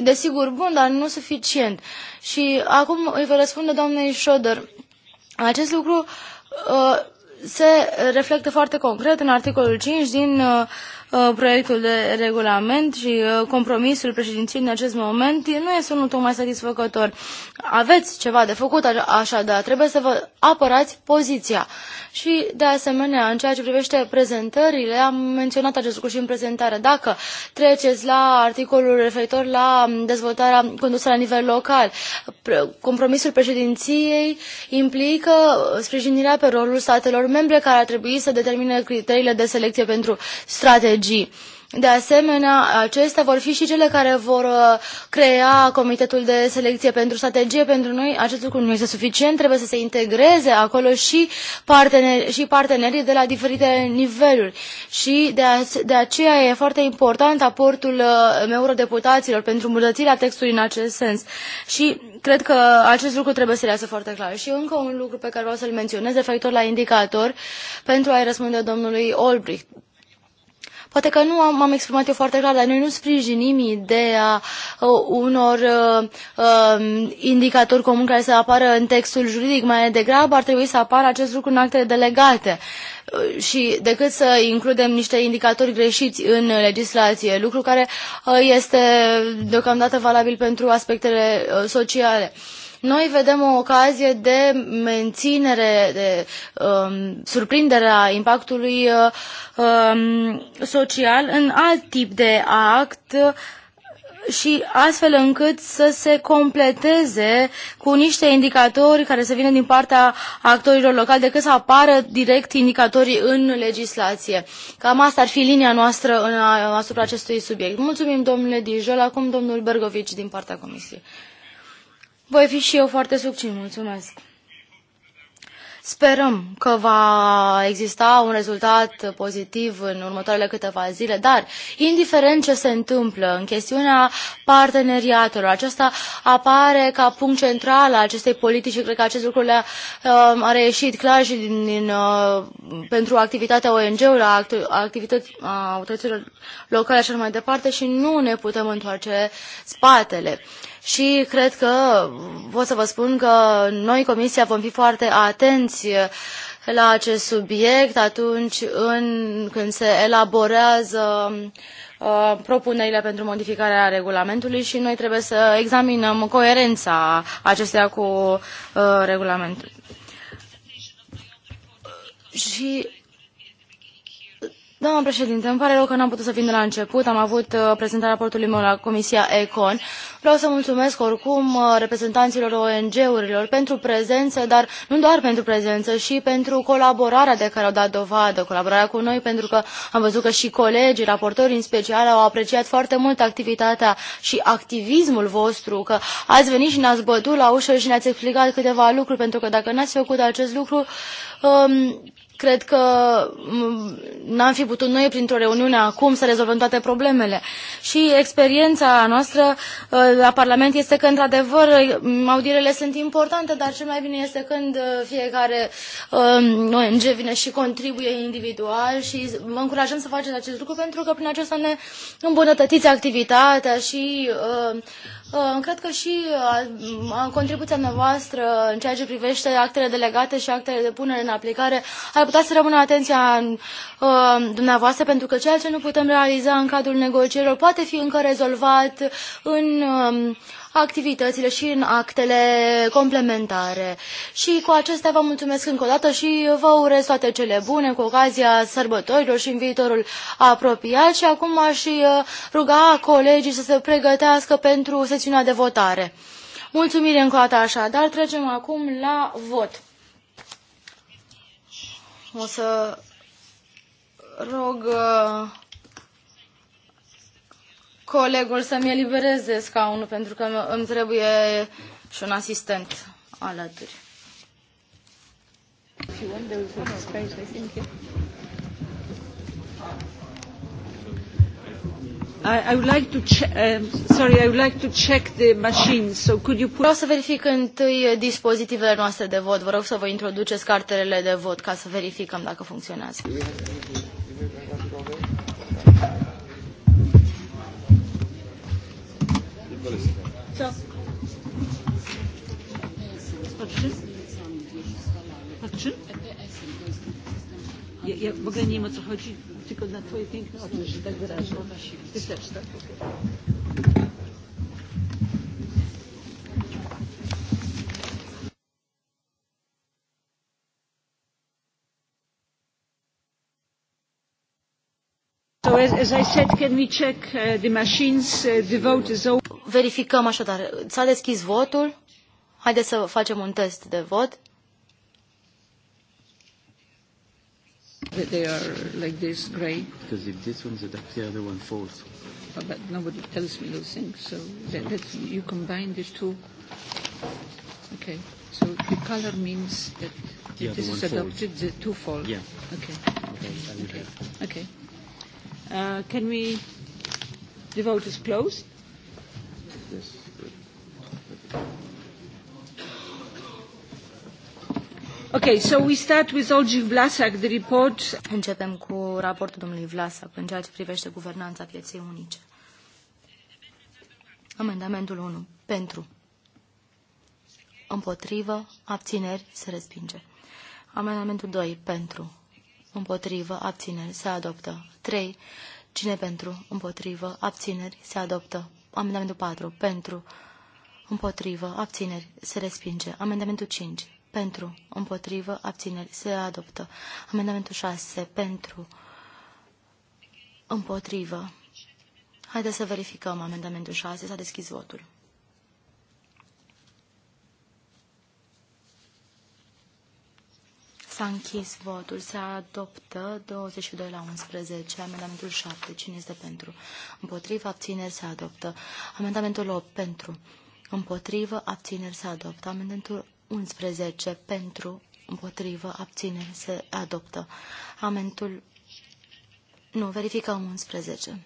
desigur, bun, dar nu suficient. Și acum îi vă răspunde doamnei Șodor. Acest lucru uh, se reflectă foarte concret în articolul 5 din uh, Uh, proiectul de regulament și uh, compromisul președinției în acest moment nu este unul tocmai satisfăcător. Aveți ceva de făcut, așadar, trebuie să vă apărați poziția. Și, de asemenea, în ceea ce privește prezentările, am menționat acest lucru și în prezentare. Dacă treceți la articolul referitor la dezvoltarea condusă la nivel local, compromisul președinției implică sprijinirea pe rolul statelor membre care ar trebui să determine criteriile de selecție pentru strategii strategii. De asemenea, acestea vor fi și cele care vor uh, crea comitetul de selecție pentru strategie. Pentru noi acest lucru nu este suficient, trebuie să se integreze acolo și, parteneri, și partenerii de la diferite niveluri. Și de, a, de aceea e foarte important aportul uh, eurodeputaților pentru îmbunătățirea textului în acest sens. Și cred că acest lucru trebuie să iasă foarte clar. Și încă un lucru pe care vreau să-l menționez referitor la indicator pentru a-i răspunde domnului Olbricht Poate că nu m-am exprimat eu foarte clar, dar noi nu sprijinim ideea uh, unor uh, um, indicatori comuni care să apară în textul juridic. Mai degrabă ar trebui să apară acest lucru în actele delegate uh, și decât să includem niște indicatori greșiți în legislație, lucru care uh, este deocamdată valabil pentru aspectele sociale. Uh, noi vedem o ocazie de menținere, de um, surprindere a impactului uh, um, social în alt tip de act și astfel încât să se completeze cu niște indicatori care să vină din partea actorilor locali decât să apară direct indicatorii în legislație. Cam asta ar fi linia noastră în, asupra acestui subiect. Mulțumim, domnule Dijol. Acum, domnul Bergovici, din partea Comisiei. Voi fi și eu foarte succint, mulțumesc. Sperăm că va exista un rezultat pozitiv în următoarele câteva zile, dar indiferent ce se întâmplă în chestiunea parteneriatelor, acesta apare ca punct central al acestei politici și cred că acest lucru le-a um, a reieșit clar și din, din, uh, pentru activitatea ONG-ului, a activității a autorităților locale și așa mai departe și nu ne putem întoarce spatele și cred că pot să vă spun că noi, Comisia, vom fi foarte atenți eh, la acest subiect atunci în, când se elaborează uh, propunerile pentru modificarea regulamentului și noi trebuie să examinăm coerența acesteia cu uh, regulamentul. Și Doamna președinte, îmi pare rău că n-am putut să vin de la început. Am avut uh, prezentarea raportului meu la Comisia Econ. Vreau să mulțumesc oricum uh, reprezentanților ONG-urilor pentru prezență, dar nu doar pentru prezență, și pentru colaborarea de care au dat dovadă, colaborarea cu noi, pentru că am văzut că și colegii, raportori în special, au apreciat foarte mult activitatea și activismul vostru, că ați venit și ne-ați bătut la ușă și ne-ați explicat câteva lucruri, pentru că dacă n-ați făcut acest lucru, um, Cred că n-am fi putut noi, printr-o reuniune acum, să rezolvăm toate problemele. Și experiența noastră uh, la Parlament este că, într-adevăr, audierele sunt importante, dar cel mai bine este când uh, fiecare um, ONG vine și contribuie individual și vă încurajăm să faceți acest lucru pentru că prin acesta ne îmbunătățiți activitatea și uh, Cred că și uh, contribuția noastră în ceea ce privește actele delegate și actele de punere în aplicare ar putea să rămână atenția uh, dumneavoastră, pentru că ceea ce nu putem realiza în cadrul negocierilor poate fi încă rezolvat în um, activitățile și în actele complementare. Și cu acestea vă mulțumesc încă o dată și vă urez toate cele bune cu ocazia sărbătorilor și în viitorul apropiat și acum aș uh, ruga colegii să se pregătească pentru sesiunea de votare. Mulțumire încă o dată dar trecem acum la vot. O să rog uh, colegul să-mi elibereze scaunul pentru că îmi trebuie și un asistent alături. I, I would like to check, um, sorry, I would like to check the machine, so could you put... Vreau să verific întâi dispozitivele noastre de vot. Vă rog să vă introduceți cartelele de vot ca să verificăm dacă funcționează. Co? Patrzy? Patrzy? Ja, ja w ogóle nie wiem o co chodzi, tylko na twoje piękne So, as, as I said, can we check uh, the machines? Uh, the vote is open. Verificăm așadar. S-a deschis votul. Haideți să facem un test de vot. They are like this, gray. Because if this one's adopted, the other one falls. Oh, but nobody tells me those things. So that, that's, you combine these two. Okay. So the color means that the this is adopted, falls. the two fall. Yeah. Okay. Okay. Okay. okay. Uh, can we? The vote is closed. Yes. Okay, so we start with Olgi Vlasak, the report. Începem cu raportul domnului Vlasak în ceea ce privește guvernanța pieței unice. Amendamentul 1. Pentru. Împotrivă. Abțineri. Se respinge. Amendamentul 2. Pentru împotrivă, abțineri, se adoptă. 3. Cine pentru, împotrivă, abțineri, se adoptă. Amendamentul 4. Pentru, împotrivă, abțineri, se respinge. Amendamentul 5. Pentru, împotrivă, abțineri, se adoptă. Amendamentul 6. Pentru, împotrivă. Haideți să verificăm amendamentul 6. S-a deschis votul. S-a închis votul. Se adoptă 22 la 11. Amendamentul 7. Cine este pentru? Împotrivă. Abțineri. Se adoptă. Amendamentul 8. Pentru. Împotrivă. Abțineri. Se adoptă. Amendamentul 11. Pentru. Împotrivă. Abțineri. Se adoptă. Amendamentul... Nu, verificăm 11.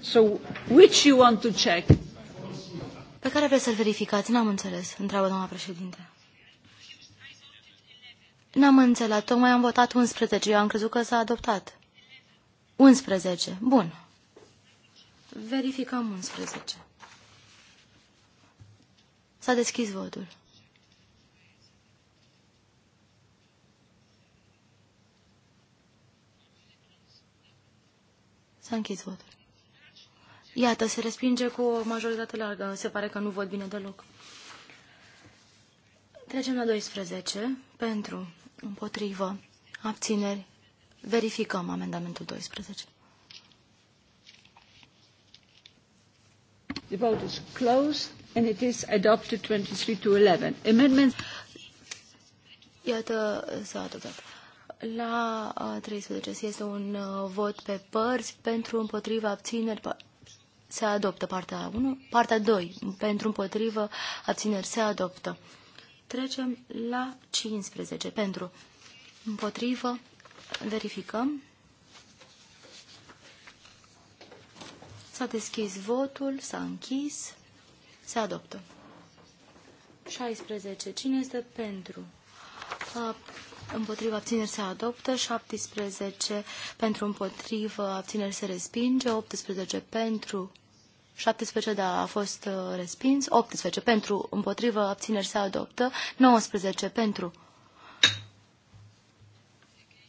So, which you want to check? Pe care vreți să-l verificați? N-am înțeles, întreabă doamna președinte. N-am înțeles, tocmai am votat 11, eu am crezut că s-a adoptat. 11, bun. Verificăm 11. S-a deschis votul. S-a închis votul. Iată, se respinge cu o majoritate largă. Se pare că nu văd bine deloc. Trecem la 12. Pentru, împotrivă, abțineri. Verificăm amendamentul 12. The vote is closed and it is adopted 23 to 11. Amendments... Iată, s-a adoptat. La 13 este un uh, vot pe părți pentru împotriva abțineri se adoptă partea 1, partea 2, pentru împotrivă, abțineri, se adoptă. Trecem la 15, pentru împotrivă, verificăm. S-a deschis votul, s-a închis, se adoptă. 16. Cine este pentru? A, împotriva abțineri se adoptă, 17 pentru împotrivă abțineri se respinge, 18 pentru 17 da, a fost uh, respins, 18 pentru, împotrivă, abțineri se adoptă, 19 pentru,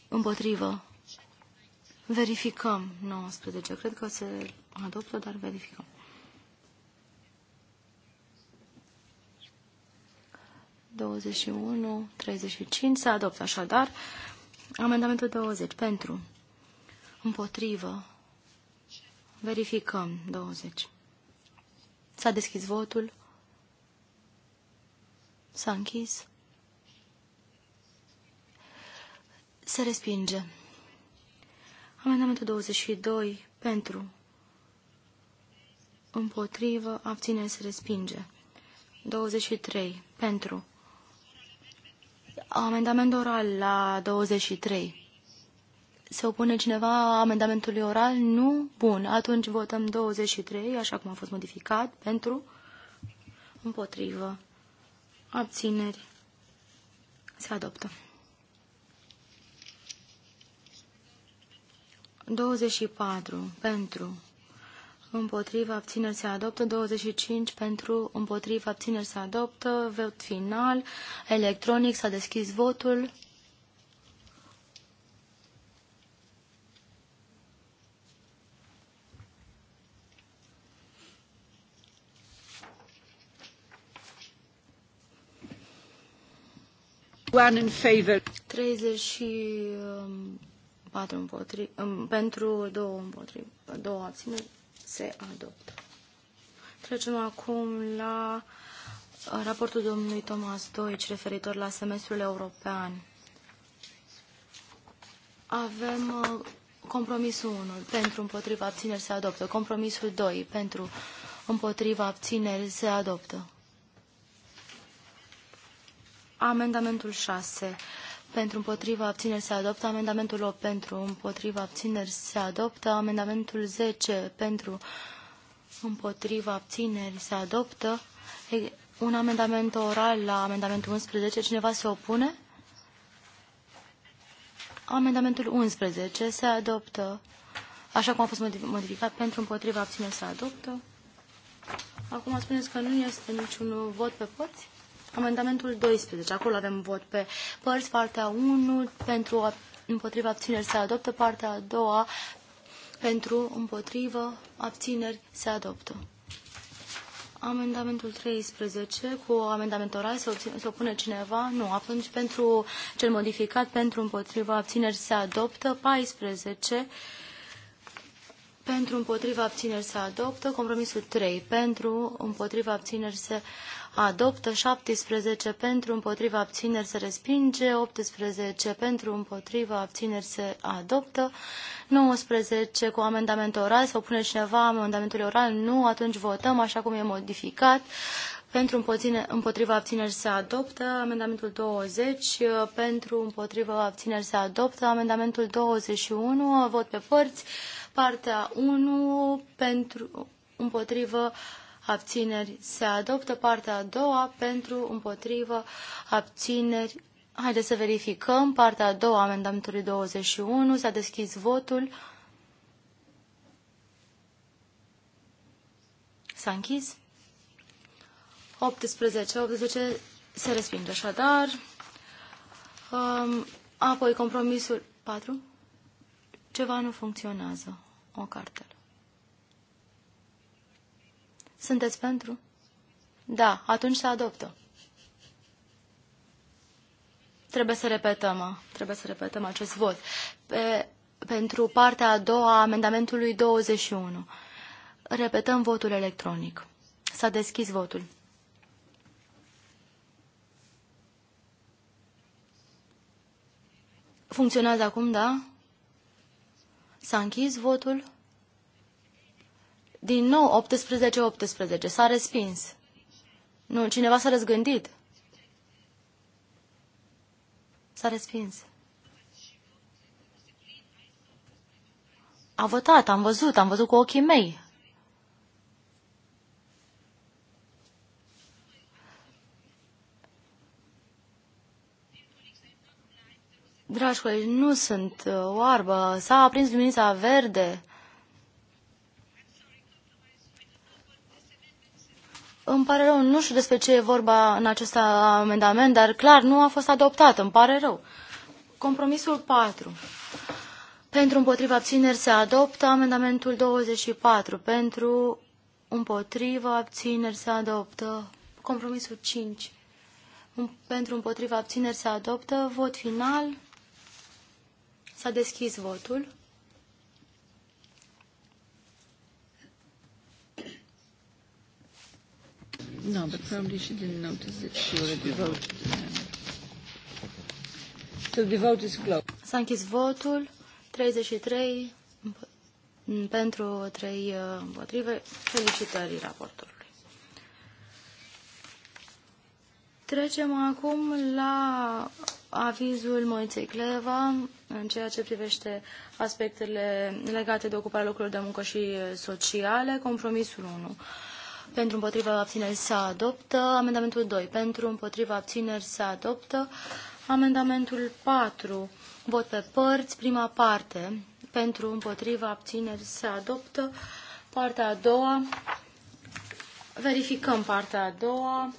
împotrivă. Verificăm 19, cred că se adoptă, dar verificăm. Douăzeci unu, treizeci se adoptă așadar. Amendamentul 20, pentru, împotrivă, Verificăm 20. S-a deschis votul. S-a închis. Se respinge. Amendamentul 22 pentru împotrivă, abține, se respinge. 23 pentru amendament oral la 23. Se opune cineva amendamentului oral? Nu? Bun. Atunci votăm 23, așa cum a fost modificat, pentru, împotrivă, abțineri. Se adoptă. 24 pentru, împotriva abțineri se adoptă, 25 pentru, împotriva abțineri se adoptă, vot final, electronic, s-a deschis votul. One in favor. 34 împotri, pentru, 2 împotriva, 2 abțineri se adoptă. Trecem acum la raportul domnului Thomas Deutsch referitor la semestrul european. Avem uh, compromisul 1 pentru împotriva abțineri se adoptă, compromisul 2 pentru împotriva abțineri se adoptă. Amendamentul 6 pentru împotriva abțineri se adoptă, amendamentul 8 pentru împotriva abțineri se adoptă, amendamentul 10 pentru împotriva abțineri se adoptă, un amendament oral la amendamentul 11, cineva se opune? Amendamentul 11 se adoptă, așa cum a fost modificat, pentru împotriva abțineri se adoptă. Acum spuneți că nu este niciun vot pe părți? Amendamentul 12, acolo avem vot pe părți, partea 1, pentru împotriva abțineri se adoptă, partea a doua, pentru împotriva abțineri se adoptă. Amendamentul 13, cu amendament oral, se, obține, se opune cineva? Nu. Atunci, pentru cel modificat, pentru împotriva abțineri se adoptă. 14, pentru împotriva abțineri se adoptă. Compromisul 3, pentru împotriva abțineri se adoptă adoptă, 17 pentru, împotriva abțineri se respinge, 18 pentru, împotriva abțineri se adoptă, 19 cu amendament oral, sau pune cineva amendamentul oral, nu, atunci votăm așa cum e modificat. Pentru împotriva abțineri se adoptă amendamentul 20, uh, pentru împotriva abțineri se adoptă amendamentul 21, uh, vot pe părți, partea 1, pentru împotrivă abțineri, se adoptă. Partea a doua, pentru, împotrivă, abțineri. Haideți să verificăm. Partea a doua, amendamentului 21, s-a deschis votul. S-a închis. 18, 18 se respinge așadar. Um, apoi compromisul 4. Ceva nu funcționează. O cartelă. Sunteți pentru? Da, atunci să adoptă. Trebuie să repetăm, trebuie să repetăm acest vot. Pe, pentru partea a doua a amendamentului 21. Repetăm votul electronic. S-a deschis votul. Funcționează acum, da? S-a închis votul. Din nou, 18-18. S-a respins. Nu, cineva s-a răzgândit. S-a respins. A votat, am văzut, am văzut cu ochii mei. Dragi colegi, nu sunt uh, oarbă. S-a aprins luminița verde. Îmi pare rău, nu știu despre ce e vorba în acest amendament, dar clar nu a fost adoptat, îmi pare rău. Compromisul 4. Pentru împotriva abțineri se adoptă amendamentul 24. Pentru împotriva abțineri se adoptă compromisul 5. Pentru împotriva abțineri se adoptă vot final. S-a deschis votul. No, but probably she didn't notice that she already voted. So the vote is closed. S-a închis votul. 33 pentru, 3 uh, împotrive. Felicitări raportorului. Trecem acum la avizul Moiței Cleva în ceea ce privește aspectele legate de ocuparea locurilor de muncă și sociale, compromisul 1. Pentru împotriva abțineri se adoptă. Amendamentul 2. Pentru împotriva abțineri se adoptă. Amendamentul 4. Vot pe părți. Prima parte. Pentru împotriva abțineri se adoptă. Partea a doua. Verificăm partea a doua.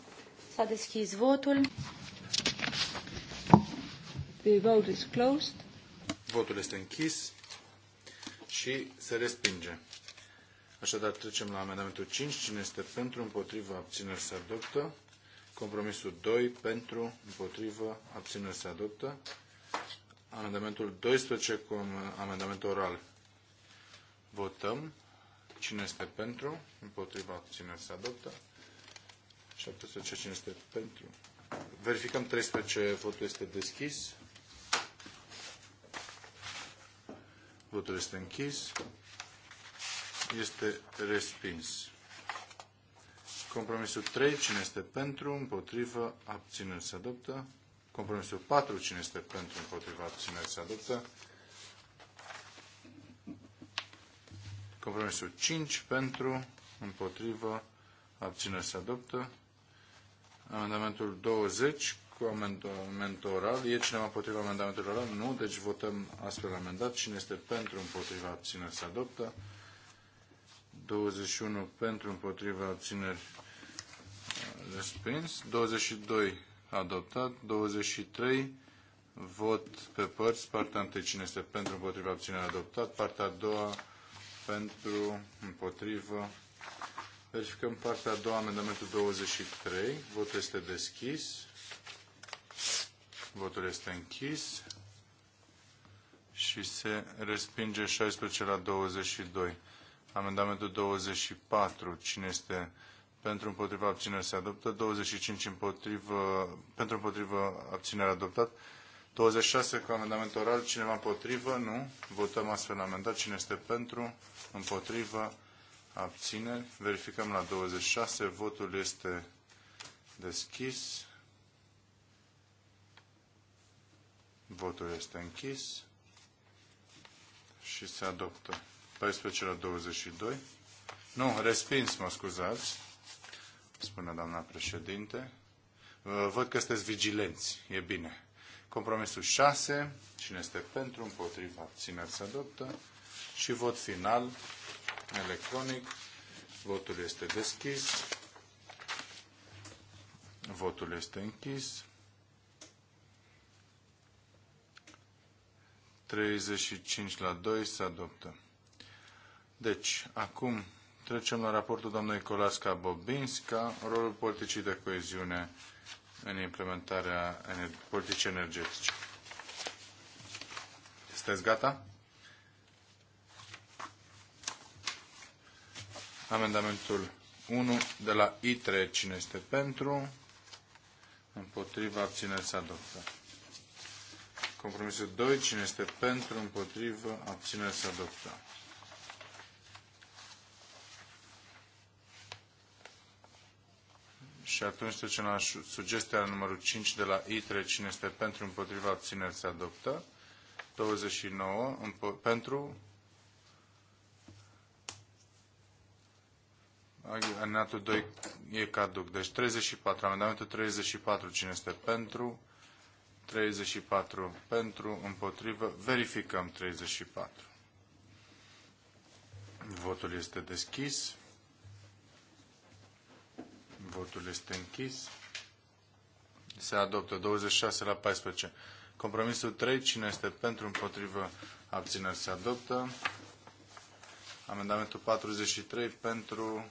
S-a deschis votul. The vote is closed. Votul este închis și se respinge. Așadar, trecem la amendamentul 5. Cine este pentru, împotrivă, abțineri se adoptă. Compromisul 2, pentru, împotrivă, abțineri se adoptă. Amendamentul 12 cu amendament oral. Votăm. Cine este pentru? Împotriva abțineri se adoptă. 17. Cine este pentru? Verificăm 13. Votul este deschis. Votul este închis este respins. Compromisul 3, cine este pentru, împotrivă, abțineri se adoptă. Compromisul 4, cine este pentru, împotrivă, abțineri se adoptă. Compromisul 5, pentru, împotrivă, abțineri se adoptă. Amendamentul 20, cu amendament oral. E cineva împotriva amendamentului oral? Nu. Deci votăm astfel amendat. Cine este pentru, împotriva, abțineri se adoptă. 21 pentru împotriva abțineri respins, 22 adoptat, 23 vot pe părți, partea întâi cine este pentru împotriva abținere adoptat, partea a doua pentru împotrivă. Verificăm partea a doua, amendamentul 23, votul este deschis, votul este închis și se respinge 16 la 22. Amendamentul 24. Cine este pentru împotriva abținere se adoptă. 25 împotrivă, pentru împotrivă abținere adoptat. 26 cu amendament oral. Cineva împotrivă? Nu. Votăm astfel amendat. Cine este pentru? Împotrivă? Abțineri. Verificăm la 26. Votul este deschis. Votul este închis și se adoptă. 14 la 22. Nu, respins, mă scuzați, spune doamna președinte. Văd că sunteți vigilenți, e bine. Compromisul 6, cine este pentru, împotriva, țineți, să adoptă. Și vot final, electronic. Votul este deschis. Votul este închis. 35 la 2 se adoptă. Deci, acum trecem la raportul doamnei Colasca Bobinska, rolul politicii de coeziune în implementarea ener- politicii energetice. Sunteți gata? Amendamentul 1 de la I3. Cine este pentru? Împotriva abțineri se adoptă. Compromisul 2. Cine este pentru? Împotrivă abțineri se adoptă. Și atunci trecem la sugestia numărul 5 de la ITRE, cine este pentru, împotriva, abțineri, se adoptă. 29, împo- pentru, Alineatul 2 e caduc. Deci 34, amendamentul 34, cine este pentru? 34 pentru, împotrivă. Verificăm 34. Votul este deschis. Votul este închis. Se adoptă 26 la 14. Compromisul 3. Cine este pentru, împotrivă, abțineri se adoptă. Amendamentul 43 pentru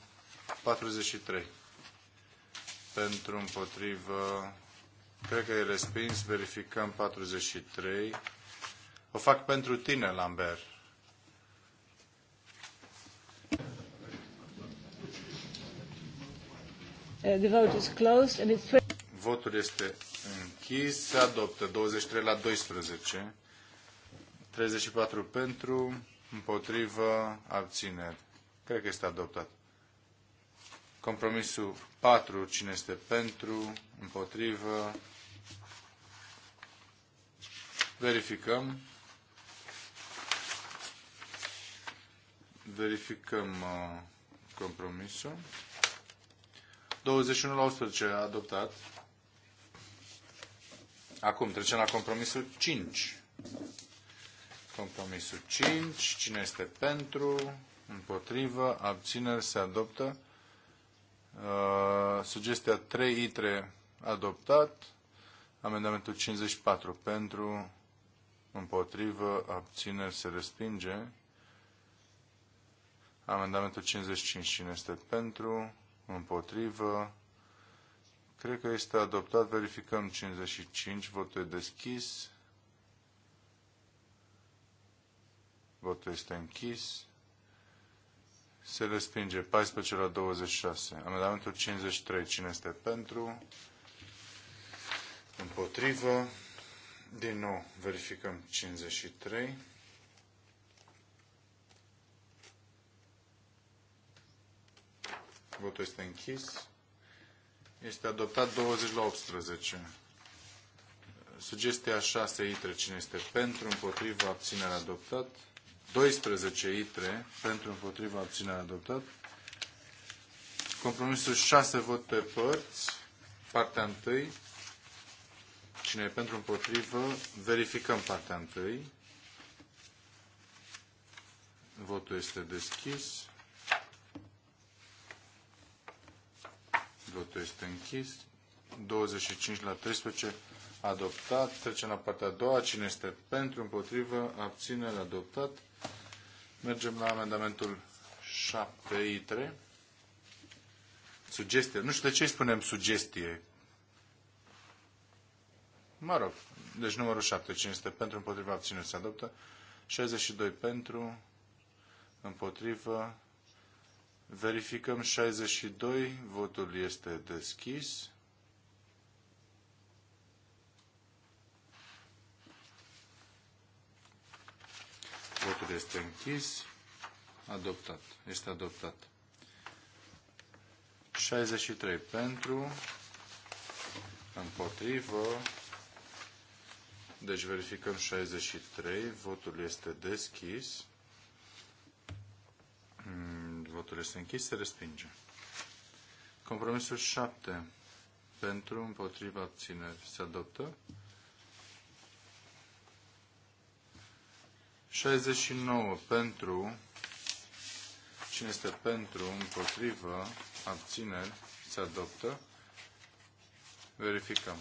43. Pentru împotrivă, cred că e respins, verificăm 43. O fac pentru tine, Lambert. Uh, the vote is closed and it's... Votul este închis. Se adoptă 23 la 12. 34 pentru, împotrivă, abțineri. Cred că este adoptat. Compromisul 4, cine este pentru, împotrivă. Verificăm. Verificăm uh, compromisul. 21 la 11 adoptat. Acum trecem la compromisul 5. Compromisul 5. Cine este pentru? Împotrivă? Abțineri? Se adoptă. Uh, sugestia 3 itre adoptat. Amendamentul 54 pentru, împotrivă, abțineri se respinge. Amendamentul 55 cine este pentru, împotrivă, cred că este adoptat, verificăm 55, votul e deschis, votul este închis, se respinge 14 la 26. Amendamentul 53, cine este pentru? Împotrivă. Din nou, verificăm 53. votul este închis. Este adoptat 20 la 18. Sugestia 6 ITRE, cine este pentru, împotriva, abținere adoptat. 12 ITRE, pentru, împotriva, abținere adoptat. Compromisul 6 vot pe părți, partea 1. Cine e pentru, împotrivă, verificăm partea 1. Votul este deschis. Votul este închis. 25 la 13 adoptat. Trecem la partea a doua. Cine este pentru, împotrivă, abține, adoptat. Mergem la amendamentul 7 I3. Sugestie. Nu știu de ce îi spunem sugestie. Mă rog. Deci numărul 7. Cine este pentru, împotrivă, abține, se adoptă. 62 pentru, împotrivă, Verificăm 62, votul este deschis. Votul este închis. Adoptat. Este adoptat. 63 pentru, împotrivă. Deci verificăm 63, votul este deschis. Votul este închis, se respinge. Compromisul 7. Pentru, împotriva, abțineri, se adoptă. 69. Pentru, cine este pentru, împotriva, abțineri, se adoptă. Verificăm.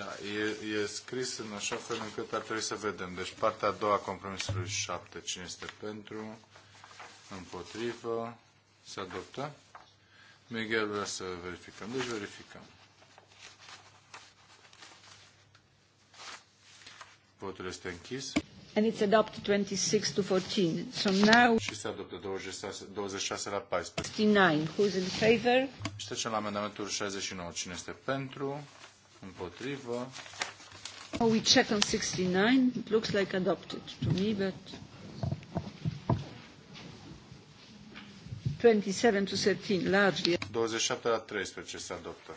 Da, e, e scris în așa fel încât ar trebui să vedem. Deci partea a doua a compromisului 7. Cine este pentru? Împotrivă? Se adoptă? Miguel vrea să verificăm. Deci verificăm. Votul este închis. And it's adopted 26 to 14. So now... Și se adoptă 26, 26 la 14. 69. Who's in favor? Și trecem la amendamentul 69. Cine este pentru? Împotrivă. Oh, we check on 69. It looks like adopted to me, but... 27 to 13, largely. 27 la 13 se adoptă.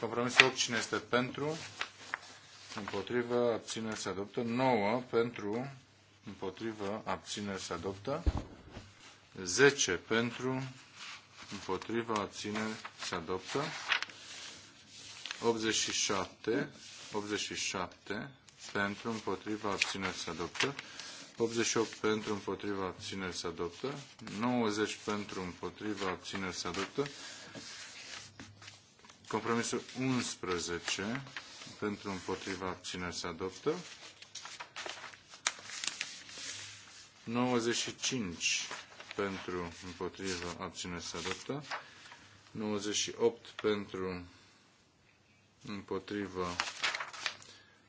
Compromisul 8, cine este pentru? Împotrivă, abține, se adoptă. 9 pentru, împotrivă, abține, se adoptă. 10 pentru, împotrivă, abține, se adoptă. 87, 87 pentru, împotriva, abțineri se adoptă. 88 pentru, împotriva, abțineri se adoptă. 90 pentru, împotriva, abțineri se adoptă. Compromisul 11 pentru, împotriva, abțineri se adoptă. 95 pentru, împotriva, abțineri se adoptă. 98 pentru, împotrivă,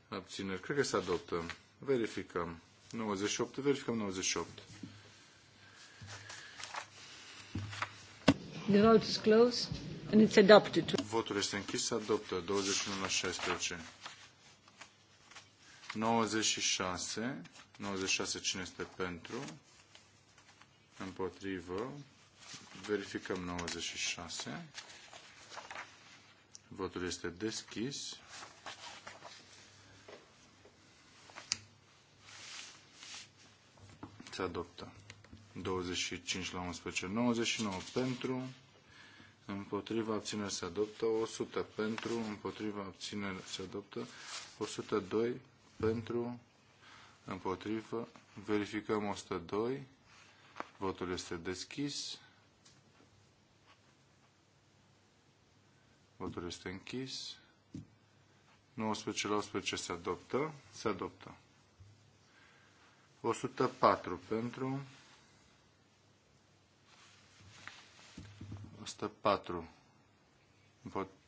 abțineri. Cred că se adoptă. Verificăm. 98, verificăm 98. The vote is closed and it's adopted. Votul este închis, se adoptă 21 la 16. 96, 96 cine este pentru, împotrivă, verificăm 96. Votul este deschis. Se adoptă. 25 la 11, 99 pentru, împotriva abțineri se adoptă, 100 pentru, împotriva abțineri se adoptă, 102 pentru, împotriva, verificăm 102, votul este deschis. Votul este închis. 19 la 18 se adoptă. Se adoptă. 104 pentru. 104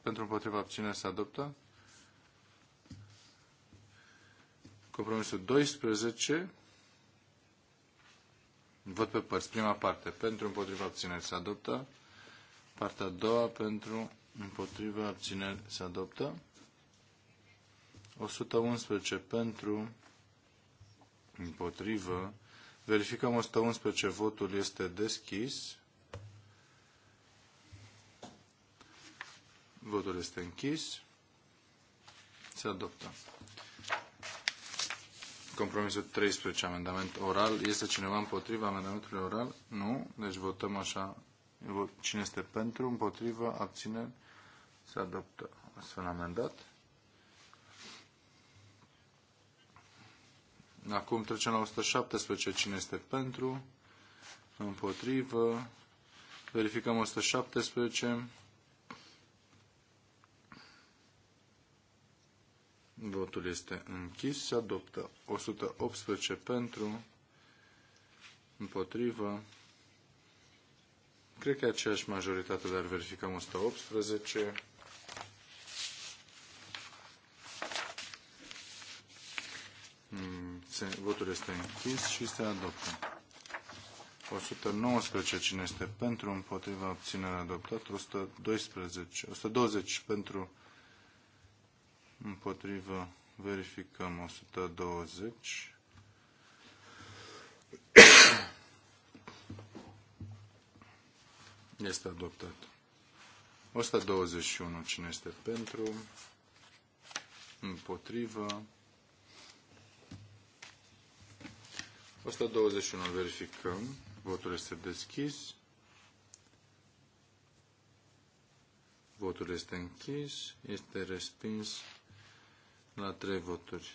pentru împotriva abținere se adoptă. Compromisul 12. Vot pe părți. Prima parte pentru împotriva abținere se adoptă. Partea a doua pentru împotriva abțineri se adoptă. 111 pentru, împotrivă. Verificăm 111, votul este deschis. Votul este închis. Se adoptă. Compromisul 13, amendament oral. Este cineva împotriva amendamentului oral? Nu. Deci votăm așa. Cine este pentru, împotrivă, abțineri? se adoptă astfel amendat. Acum trecem la 117. Cine este pentru? Împotrivă. Verificăm 117. Votul este închis. Se adoptă 118 pentru, împotrivă. Cred că e aceeași majoritate, dar verificăm 118. Se, votul este închis și se adoptă. 119 cine este pentru, împotriva abținere adoptat, 112, 120 pentru, împotriva, verificăm 120. Este adoptat. 121 cine este pentru, împotriva, 121 verificăm. Votul este deschis. Votul este închis. Este respins la 3 voturi.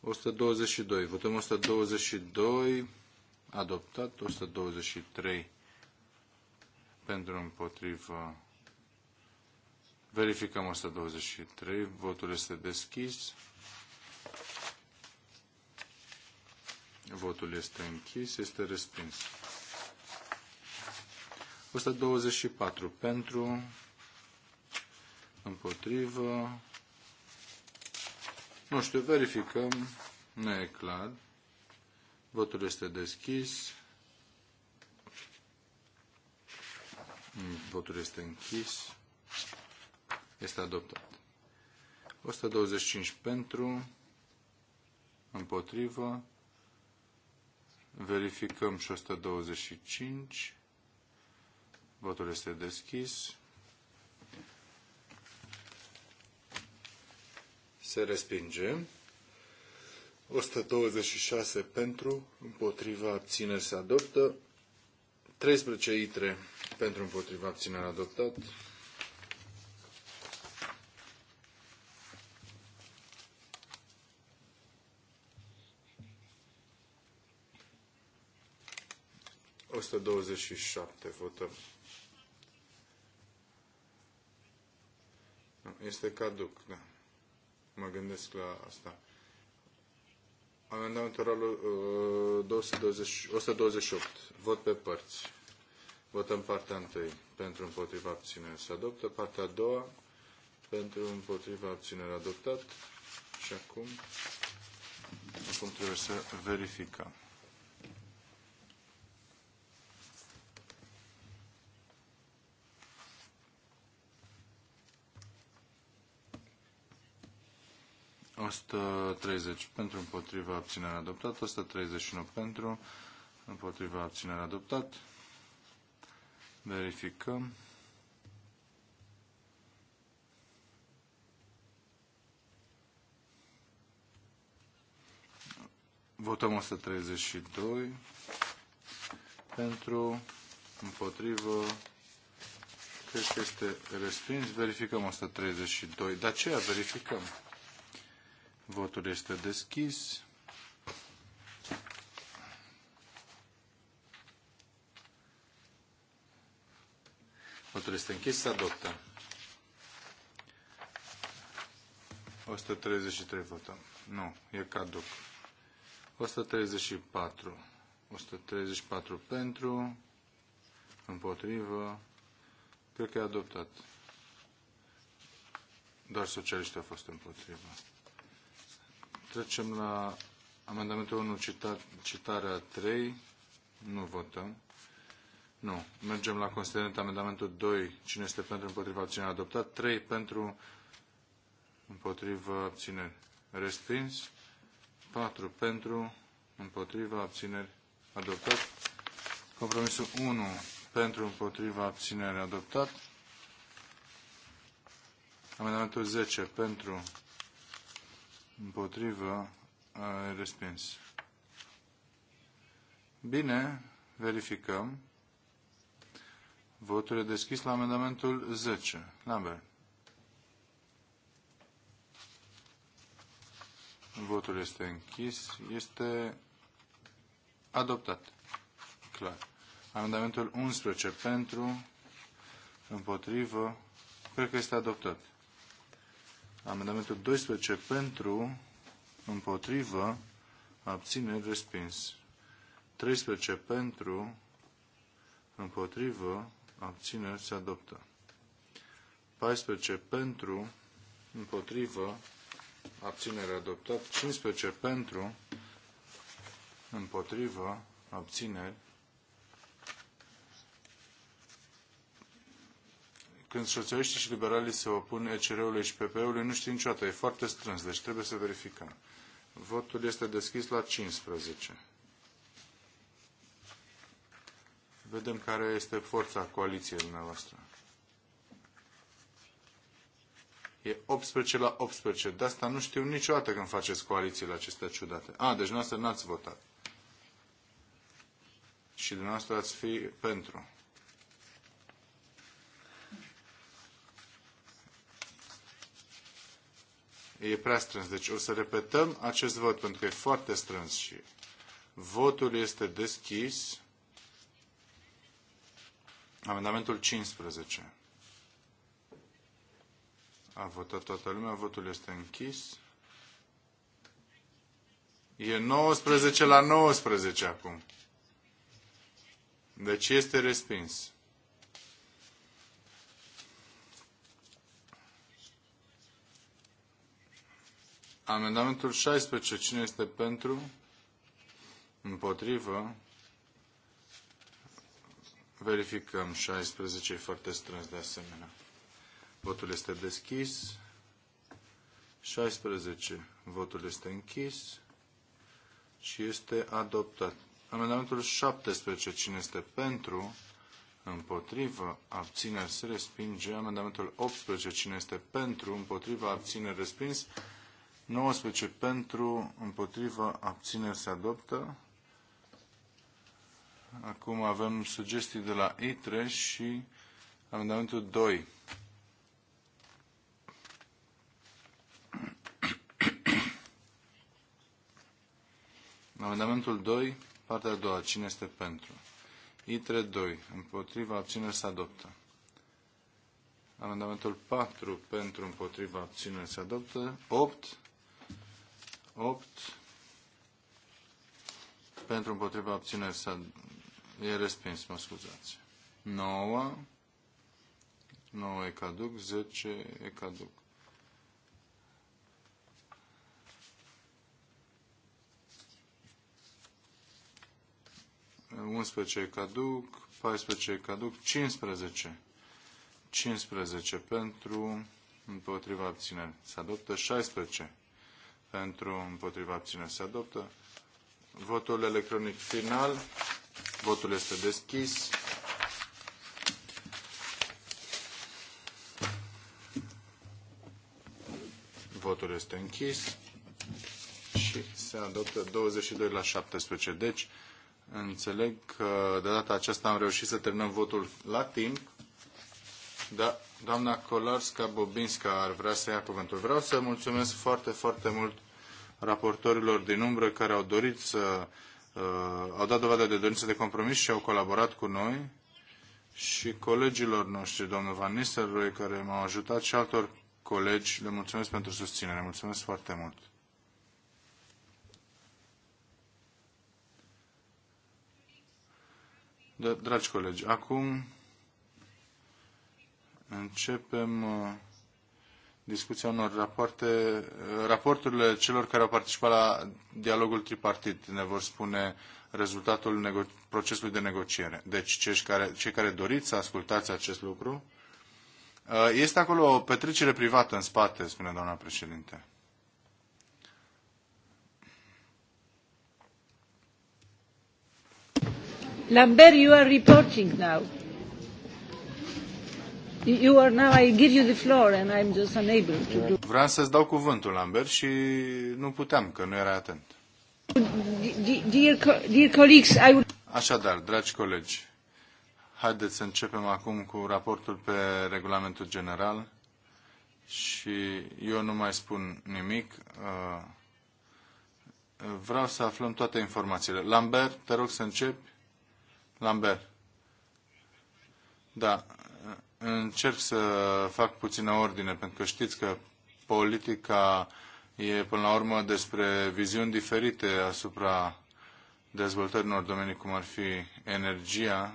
122. Votăm 122. Adoptat. 123 pentru împotrivă. Verificăm 123. Votul este deschis. Votul este închis, este respins. 124 pentru, împotrivă, nu știu, verificăm, nu e clar. Votul este deschis. Votul este închis. Este adoptat. 125 pentru, împotrivă, Verificăm și 125. Votul este deschis. Se respinge. 126 pentru, împotriva abțineri se adoptă. 13 itre pentru împotriva abținere adoptat. 127 votăm. Este caduc, da. Mă gândesc la asta. Amendamentul uh, 220, 128. Vot pe părți. Votăm partea întâi pentru împotriva abținere se adoptă, partea a doua pentru împotriva abținere adoptat și acum, acum trebuie să verificăm. 130 pentru, împotriva abținerea adoptat, 131 pentru, împotriva abținerea adoptat. Verificăm. Votăm 132 pentru, împotrivă, cred că este respins. Verificăm 132. Dar ce verificăm? Votul este deschis. Votul este închis. Se adoptă. 133 votăm. Nu, e caduc. 134. 134 pentru, împotrivă. Cred că e adoptat. Doar socialiștii au fost împotrivă. Trecem la amendamentul 1, cita, citarea 3. Nu votăm. Nu. Mergem la considerent amendamentul 2. Cine este pentru împotriva abținere adoptat? 3 pentru împotriva abțineri respins. 4 pentru împotriva abțineri adoptat. Compromisul 1 pentru împotriva abținere adoptat. Amendamentul 10 pentru împotrivă, respins. Bine, verificăm. Votul e deschis la amendamentul 10. Lambert. Votul este închis. Este adoptat. Clar. Amendamentul 11 pentru, împotrivă, cred că este adoptat. Amendamentul 12 pentru, împotrivă, abțineri, respins. 13 pentru, împotrivă, abțineri, se adoptă. 14 pentru, împotrivă, abținere adoptat. 15 pentru, împotrivă, abțineri, când socialiștii și liberalii se opun ECR-ului și PP-ului, nu știu niciodată. E foarte strâns, deci trebuie să verificăm. Votul este deschis la 15. Vedem care este forța coaliției dumneavoastră. E 18 la 18. De asta nu știu niciodată când faceți coalițiile acestea ciudate. A, deci dumneavoastră n-ați votat. Și dumneavoastră ați fi pentru. E prea strâns. Deci o să repetăm acest vot pentru că e foarte strâns și votul este deschis. Amendamentul 15. A votat toată lumea, votul este închis. E 19 la 19 acum. Deci este respins. Amendamentul 16. Cine este pentru? Împotrivă? Verificăm 16, e foarte strâns de asemenea. Votul este deschis. 16. Votul este închis. Și este adoptat. Amendamentul 17. Cine este pentru? Împotrivă, abține, se respinge. Amendamentul 18. Cine este pentru? Împotrivă, abține, respins. 19 pentru, împotrivă, abțineri se adoptă. Acum avem sugestii de la I3 și amendamentul 2. Amendamentul 2, partea a doua. Cine este pentru? I3, 2. Împotriva abțineri se adoptă. Amendamentul 4 pentru împotriva abțineri se adoptă. 8 8 pentru împotriva abțineri s-a... e respins, mă scuzați. 9 9 e caduc, 10 e caduc. Unsprezece e caduc, 14 e caduc, 15. 15 pentru, împotriva abțineri. Se adoptă 16 pentru, împotriva, abținerea se adoptă. Votul electronic final. Votul este deschis. Votul este închis și se adoptă 22 la 17. Deci, înțeleg că de data aceasta am reușit să terminăm votul la timp, dar Doamna Kolarska-Bobinska ar vrea să ia cuvântul. Vreau să mulțumesc foarte, foarte mult raportorilor din umbră care au dorit să uh, au dat dovadă de dorință de compromis și au colaborat cu noi și colegilor noștri, domnul Van Nistelrooy, care m-au ajutat și altor colegi, le mulțumesc pentru susținere. Mulțumesc foarte mult. Da, dragi colegi, acum Începem uh, discuția unor rapoarte. Uh, raporturile celor care au participat la dialogul tripartit ne vor spune rezultatul procesului de negociere. Deci cei care, cei care doriți să ascultați acest lucru, uh, este acolo o petrecere privată în spate, spune doamna președinte. Lambert, you are reporting now. You are now, I give you the floor and I'm just unable to do. Vreau să-ți dau cuvântul, Lambert, și nu puteam, că nu era atent. Dear, dear colleagues, I would... Așadar, dragi colegi, haideți să începem acum cu raportul pe regulamentul general și eu nu mai spun nimic. Uh, vreau să aflăm toate informațiile. Lambert, te rog să începi. Lambert. Da, încerc să fac puțină ordine, pentru că știți că politica e până la urmă despre viziuni diferite asupra dezvoltării unor domenii, cum ar fi energia.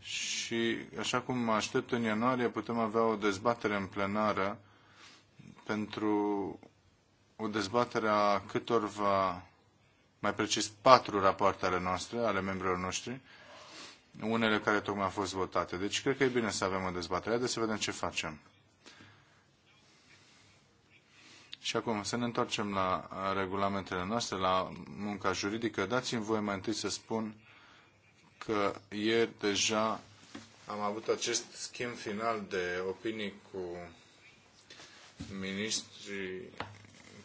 Și așa cum mă aștept în ianuarie, putem avea o dezbatere în plenară pentru o dezbatere a câtorva, mai precis patru rapoarte ale noastre, ale membrilor noștri, unele care tocmai au fost votate. Deci cred că e bine să avem o dezbatere. Haideți să vedem ce facem. Și acum să ne întoarcem la uh, regulamentele noastre, la munca juridică. Dați-mi voi mai întâi să spun că ieri deja am avut acest schimb final de opinii cu ministrii,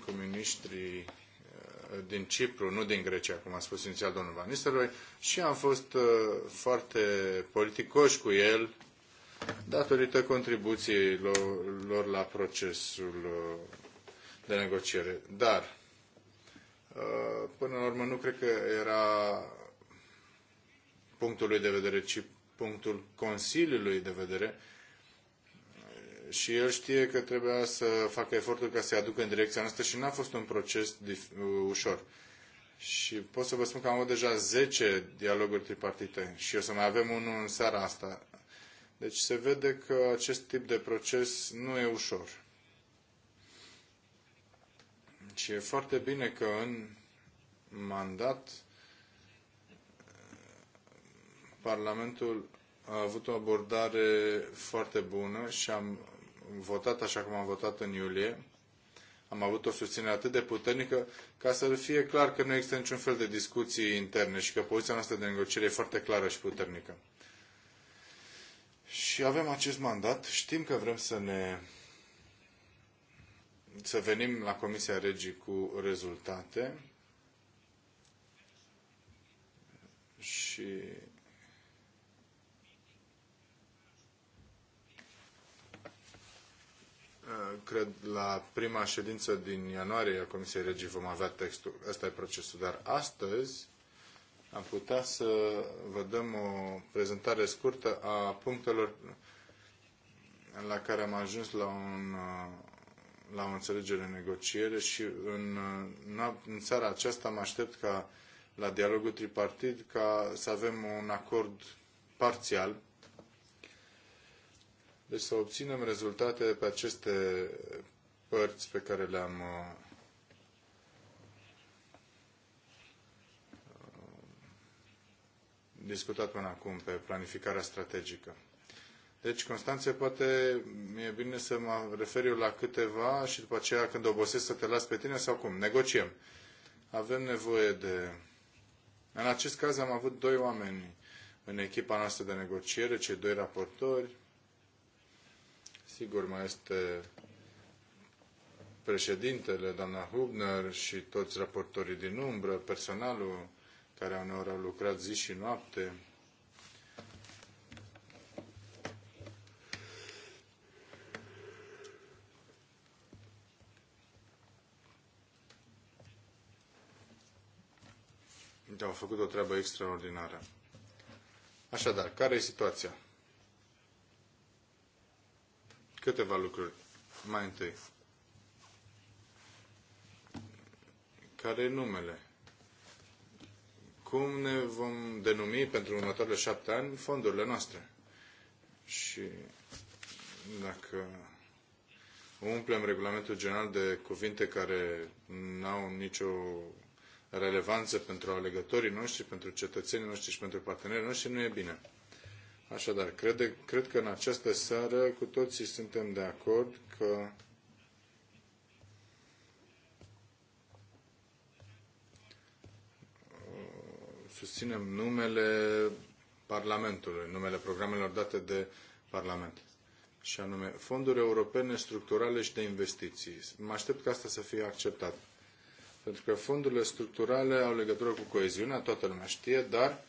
cu ministrii din Cipru, nu din Grecia, cum a spus inițial domnul Van Nistelrooy, și am fost uh, foarte politicoși cu el datorită contribuției lor la procesul uh, de negociere. Dar, uh, până la urmă, nu cred că era punctul lui de vedere, ci punctul Consiliului de vedere și el știe că trebuia să facă efortul ca să-i aducă în direcția noastră și n-a fost un proces ușor. Și pot să vă spun că am avut deja 10 dialoguri tripartite și o să mai avem unul în seara asta. Deci se vede că acest tip de proces nu e ușor. Și e foarte bine că în mandat Parlamentul a avut o abordare foarte bună și am votat așa cum am votat în iulie, am avut o susținere atât de puternică ca să fie clar că nu există niciun fel de discuții interne și că poziția noastră de negociere e foarte clară și puternică. Și avem acest mandat, știm că vrem să ne să venim la Comisia Regii cu rezultate și Eh, cred, la prima ședință din ianuarie a Comisiei Regii vom avea textul. Asta e procesul. Dar astăzi am putea să vă dăm o prezentare scurtă a punctelor la care am ajuns la, un, eh, la o înțelegere negociere și în, eh, în țara aceasta mă aștept ca la dialogul tripartit ca să avem un acord parțial deci să obținem rezultate pe aceste părți pe care le-am uh, discutat până acum pe planificarea strategică. Deci, Constanțe, poate mi e bine să mă refer eu la câteva și după aceea, când obosesc, să te las pe tine sau cum? Negociem. Avem nevoie de... În acest caz am avut doi oameni în echipa noastră de negociere, cei doi raportori, Sigur, mai este președintele, doamna Hubner și toți raportorii din umbră, personalul care uneori au lucrat zi și noapte. Au făcut o treabă extraordinară. Așadar, care e situația? câteva lucruri. Mai întâi. Care e numele? Cum ne vom denumi pentru următoarele șapte ani fondurile noastre? Și dacă umplem regulamentul general de cuvinte care n-au nicio relevanță pentru alegătorii noștri, pentru cetățenii noștri și pentru partenerii noștri, nu e bine. Așadar, crede, cred că în această seară cu toții suntem de acord că susținem numele Parlamentului, numele programelor date de Parlament. Și anume, fonduri europene structurale și de investiții. Mă aștept ca asta să fie acceptat. Pentru că fondurile structurale au legătură cu coeziunea, toată lumea știe, dar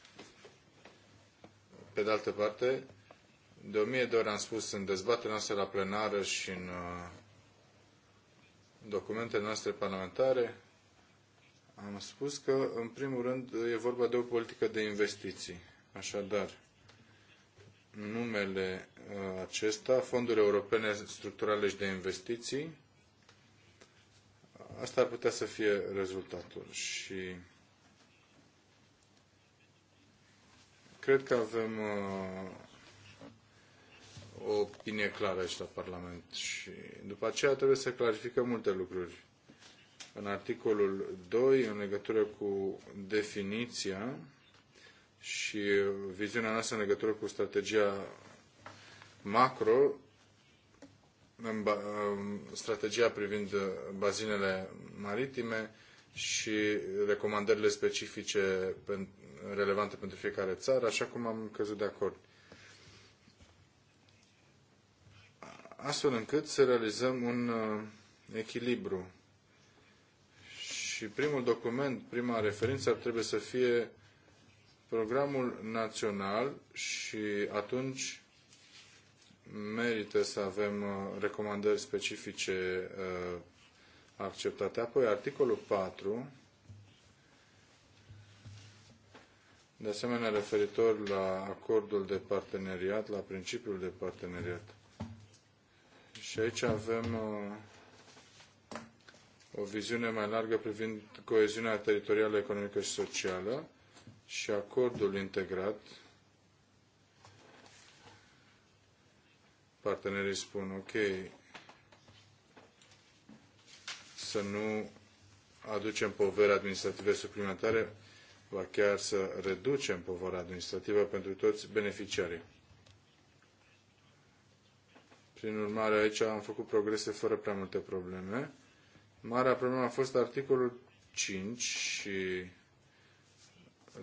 pe de altă parte, de o mie de ori am spus în dezbaterea noastră la plenară și în uh, documentele noastre parlamentare, am spus că, în primul rând, e vorba de o politică de investiții. Așadar, numele uh, acesta, Fonduri Europene Structurale și de Investiții, asta ar putea să fie rezultatul. Și Cred că avem uh, o opinie clară aici la Parlament și după aceea trebuie să clarificăm multe lucruri. În articolul 2, în legătură cu definiția și viziunea noastră în legătură cu strategia macro, strategia privind bazinele maritime și recomandările specifice pentru relevante pentru fiecare țară, așa cum am căzut de acord. Astfel încât să realizăm un uh, echilibru. Și primul document, prima referință ar trebui să fie programul național și atunci merită să avem uh, recomandări specifice uh, acceptate. Apoi, articolul 4 de asemenea referitor la acordul de parteneriat, la principiul de parteneriat. Și aici avem uh, o viziune mai largă privind coeziunea teritorială, economică și socială și acordul integrat. Partenerii spun, ok, să nu aducem povere administrative suplimentare va chiar să reducem povara administrativă pentru toți beneficiarii. Prin urmare, aici am făcut progrese fără prea multe probleme. Marea problemă a fost articolul 5 și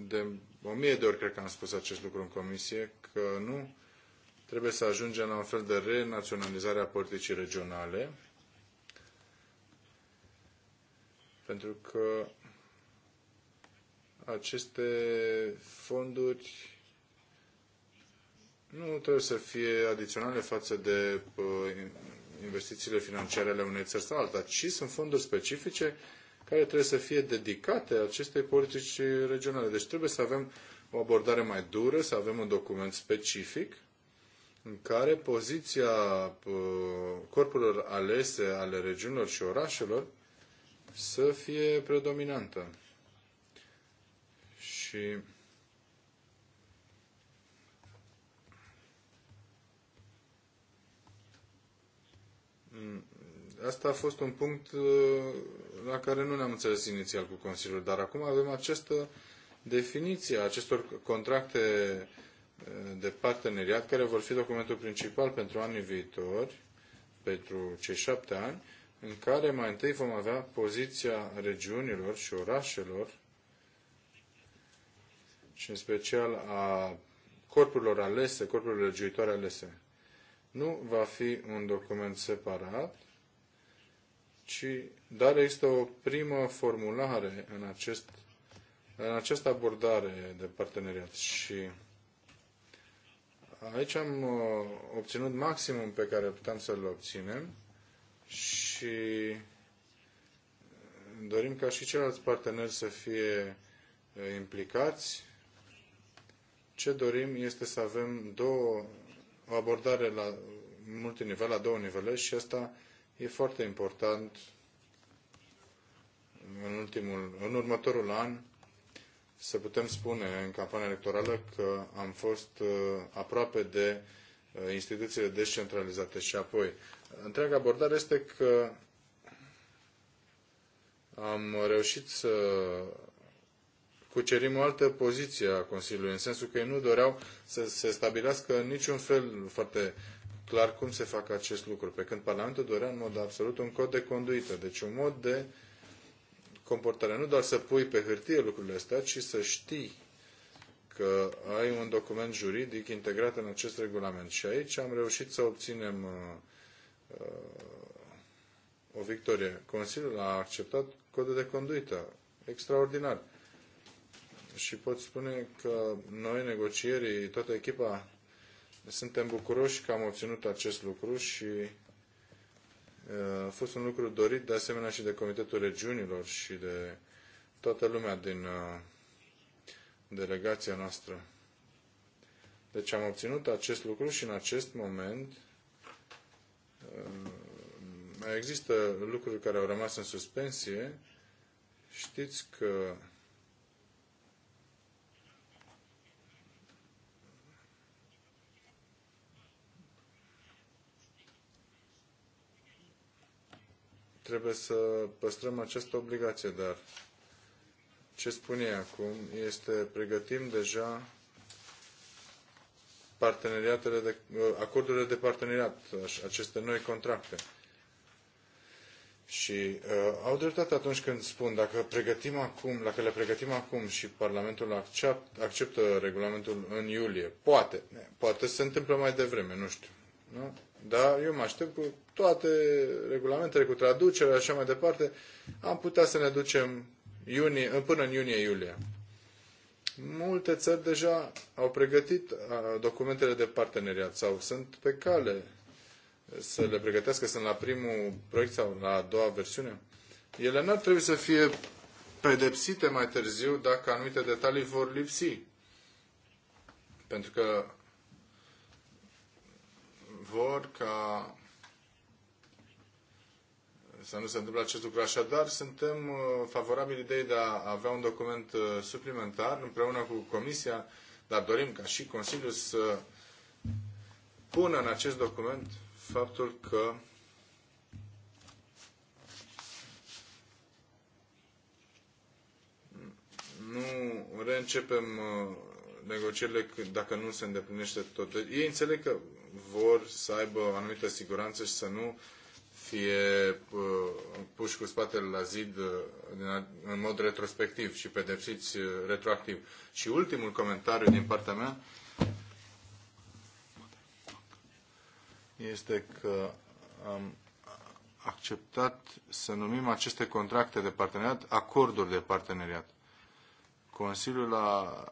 de o mie de ori cred că am spus acest lucru în comisie, că nu trebuie să ajungem la un fel de renaționalizare a politicii regionale, pentru că aceste fonduri nu trebuie să fie adiționale față de uh, investițiile financiare ale unei țări sau alta, ci sunt fonduri specifice care trebuie să fie dedicate acestei politici regionale. Deci trebuie să avem o abordare mai dură, să avem un document specific în care poziția uh, corpurilor alese ale regiunilor și orașelor să fie predominantă și mm, Asta a fost un punct uh, la care nu ne-am înțeles inițial cu Consiliul, dar acum avem această definiție a acestor contracte uh, de parteneriat, care vor fi documentul principal pentru anii viitori, pentru cei șapte ani, în care mai întâi vom avea poziția regiunilor și orașelor și în special a corpurilor alese, corpurilor legiuitoare alese. Nu va fi un document separat, ci, dar există o primă formulare în, acest, în această abordare de parteneriat și aici am uh, obținut maximum pe care puteam să-l obținem și dorim ca și ceilalți parteneri să fie uh, implicați ce dorim este să avem două, o abordare la multinivel, la două nivele și asta e foarte important în, ultimul, în următorul an să putem spune în campania electorală că am fost uh, aproape de uh, instituțiile descentralizate și apoi. Întreaga abordare este că am reușit să cucerim o altă poziție a Consiliului, în sensul că ei nu doreau să se stabilească în niciun fel foarte clar cum se fac acest lucru, pe când Parlamentul dorea în mod absolut un cod de conduită, deci un mod de comportare. Nu doar să pui pe hârtie lucrurile astea, ci să știi că ai un document juridic integrat în acest regulament. Și aici am reușit să obținem uh, uh o victorie. Consiliul a acceptat codul de conduită. Extraordinar și pot spune că noi, negocierii, toată echipa, suntem bucuroși că am obținut acest lucru și a fost un lucru dorit de asemenea și de Comitetul Regiunilor și de toată lumea din delegația noastră. Deci am obținut acest lucru și în acest moment există lucruri care au rămas în suspensie. Știți că trebuie să păstrăm această obligație, dar ce spune ei acum este pregătim deja parteneriatele de, acordurile de parteneriat, aceste noi contracte. Și uh, au dreptate atunci când spun, dacă, pregătim acum, dacă le pregătim acum și Parlamentul accept, acceptă regulamentul în iulie, poate, poate se întâmplă mai devreme, nu știu. Nu? Da? Eu mă aștept cu toate regulamentele, cu traducerea și așa mai departe. Am putea să ne ducem iunie, până în iunie-iulie. Multe țări deja au pregătit documentele de parteneriat sau sunt pe cale să le pregătească, sunt la primul proiect sau la a doua versiune. Ele n-ar trebui să fie pedepsite mai târziu dacă anumite detalii vor lipsi. Pentru că vor ca să nu se întâmple acest lucru. Așadar, suntem uh, favorabili ideii de a avea un document uh, suplimentar împreună cu Comisia, dar dorim ca și Consiliul să pună în acest document faptul că nu reîncepem uh, negocierile dacă nu se îndeplinește tot. Ei înțeleg că vor să aibă o anumită siguranță și să nu fie uh, puși cu spatele la zid uh, în mod retrospectiv și pedepsiți uh, retroactiv. Și ultimul comentariu din partea mea este că am acceptat să numim aceste contracte de parteneriat acorduri de parteneriat. Consiliul a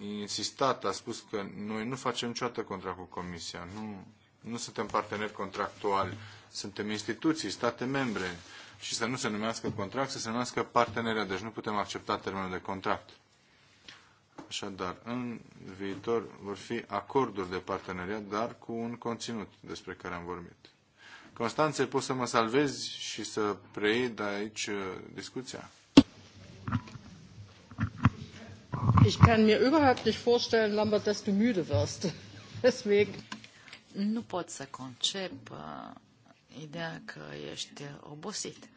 insistat, a spus că noi nu facem niciodată contract cu Comisia, nu, nu suntem parteneri contractuali, suntem instituții, state membre și să nu se numească contract, să se numească parteneria, deci nu putem accepta termenul de contract. Așadar, în viitor vor fi acorduri de parteneriat, dar cu un conținut despre care am vorbit. Constanțe, poți să mă salvezi și să preiei de aici uh, discuția? Ich kann mir überhaupt nicht vorstellen, Lambert, dass du müde wirst. Deswegen. Nu pot să concep uh, ideea că ești obosit.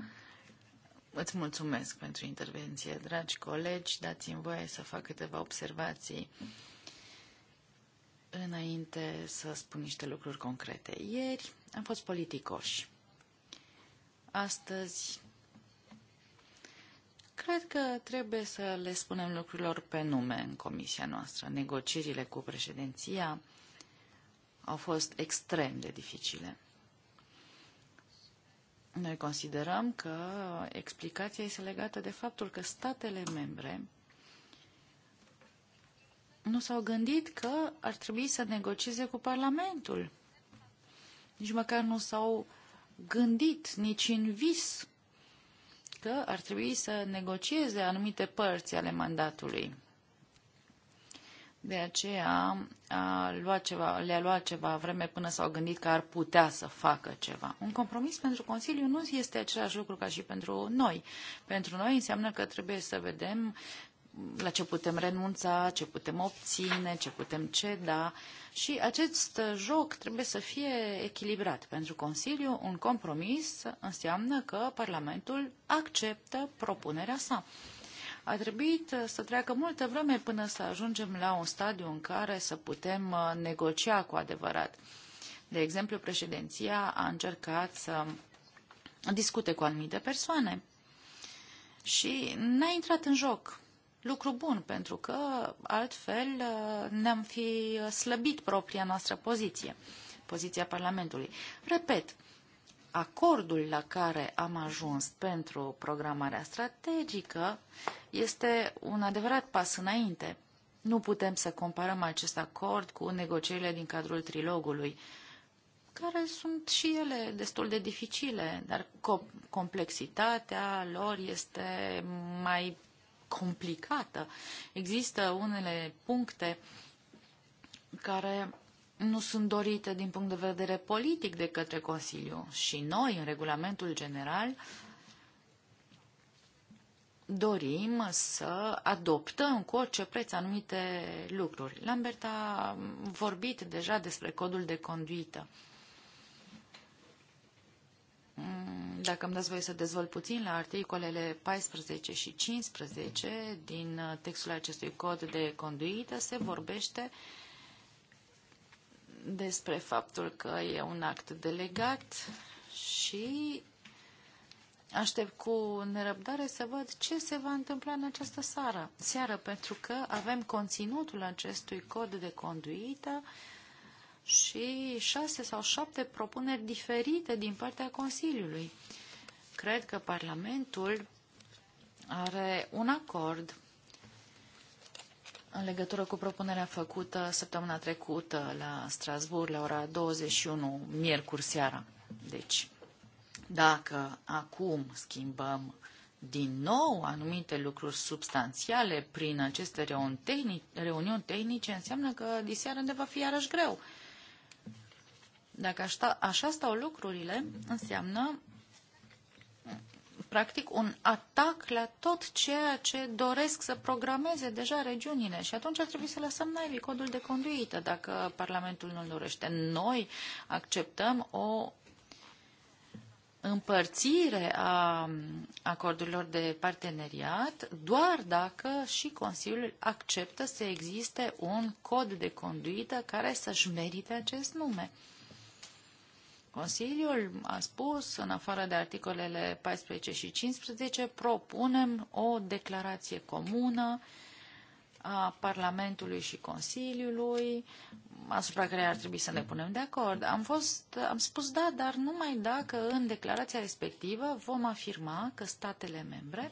Îți mulțumesc pentru intervenție, dragi colegi. Dați-mi voie să fac câteva observații înainte să spun niște lucruri concrete. Ieri am fost politicoși. Astăzi Cred că trebuie să le spunem lucrurilor pe nume în comisia noastră. Negocierile cu președinția au fost extrem de dificile. Noi considerăm că explicația este legată de faptul că statele membre nu s-au gândit că ar trebui să negocieze cu Parlamentul. Nici măcar nu s-au gândit nici în vis că ar trebui să negocieze anumite părți ale mandatului. De aceea a luat ceva, le-a luat ceva vreme până s-au gândit că ar putea să facă ceva. Un compromis pentru Consiliu nu este același lucru ca și pentru noi. Pentru noi înseamnă că trebuie să vedem la ce putem renunța, ce putem obține, ce putem ceda și acest joc trebuie să fie echilibrat. Pentru Consiliu, un compromis înseamnă că Parlamentul acceptă propunerea sa. A trebuit să treacă multă vreme până să ajungem la un stadiu în care să putem uh, negocia cu adevărat. De exemplu, președinția a încercat să discute cu anumite persoane și n-a intrat în joc lucru bun, pentru că altfel uh, ne-am fi slăbit propria noastră poziție, poziția Parlamentului. Repet, acordul la care am ajuns pentru programarea strategică este un adevărat pas înainte. Nu putem să comparăm acest acord cu negocierile din cadrul trilogului, care sunt și ele destul de dificile, dar complexitatea lor este mai complicată. Există unele puncte care nu sunt dorite din punct de vedere politic de către Consiliu și noi, în regulamentul general, dorim să adoptăm cu orice preț anumite lucruri. Lambert a vorbit deja despre codul de conduită. Uh, Mm, dacă îmi dați voie să dezvolt puțin la articolele 14 și 15 din uh, textul acestui cod de conduită, se vorbește despre faptul că e un act delegat și aștept cu nerăbdare să văd ce se va întâmpla în această seară, seară pentru că avem conținutul acestui cod de conduită uh, și șase sau șapte propuneri diferite din partea Consiliului. Cred că Parlamentul are un acord în legătură cu propunerea făcută săptămâna trecută la Strasbourg la ora 21, miercuri seara. Deci, dacă acum schimbăm din nou anumite lucruri substanțiale prin aceste reuniuni tehnice, înseamnă că diseară ne va fi iarăși greu. Dacă așa, așa stau lucrurile, înseamnă practic un atac la tot ceea ce doresc să programeze deja regiunile și atunci ar trebui să lăsăm naivii codul de conduită dacă Parlamentul nu-l dorește. Noi acceptăm o împărțire a acordurilor de parteneriat doar dacă și Consiliul acceptă să existe un cod de conduită care să-și merite acest nume. Consiliul a spus, în afară de articolele 14 și 15, propunem o declarație comună a Parlamentului și Consiliului, asupra care ar trebui să ne punem de acord. Am, fost, am spus da, dar numai dacă în declarația respectivă vom afirma că statele membre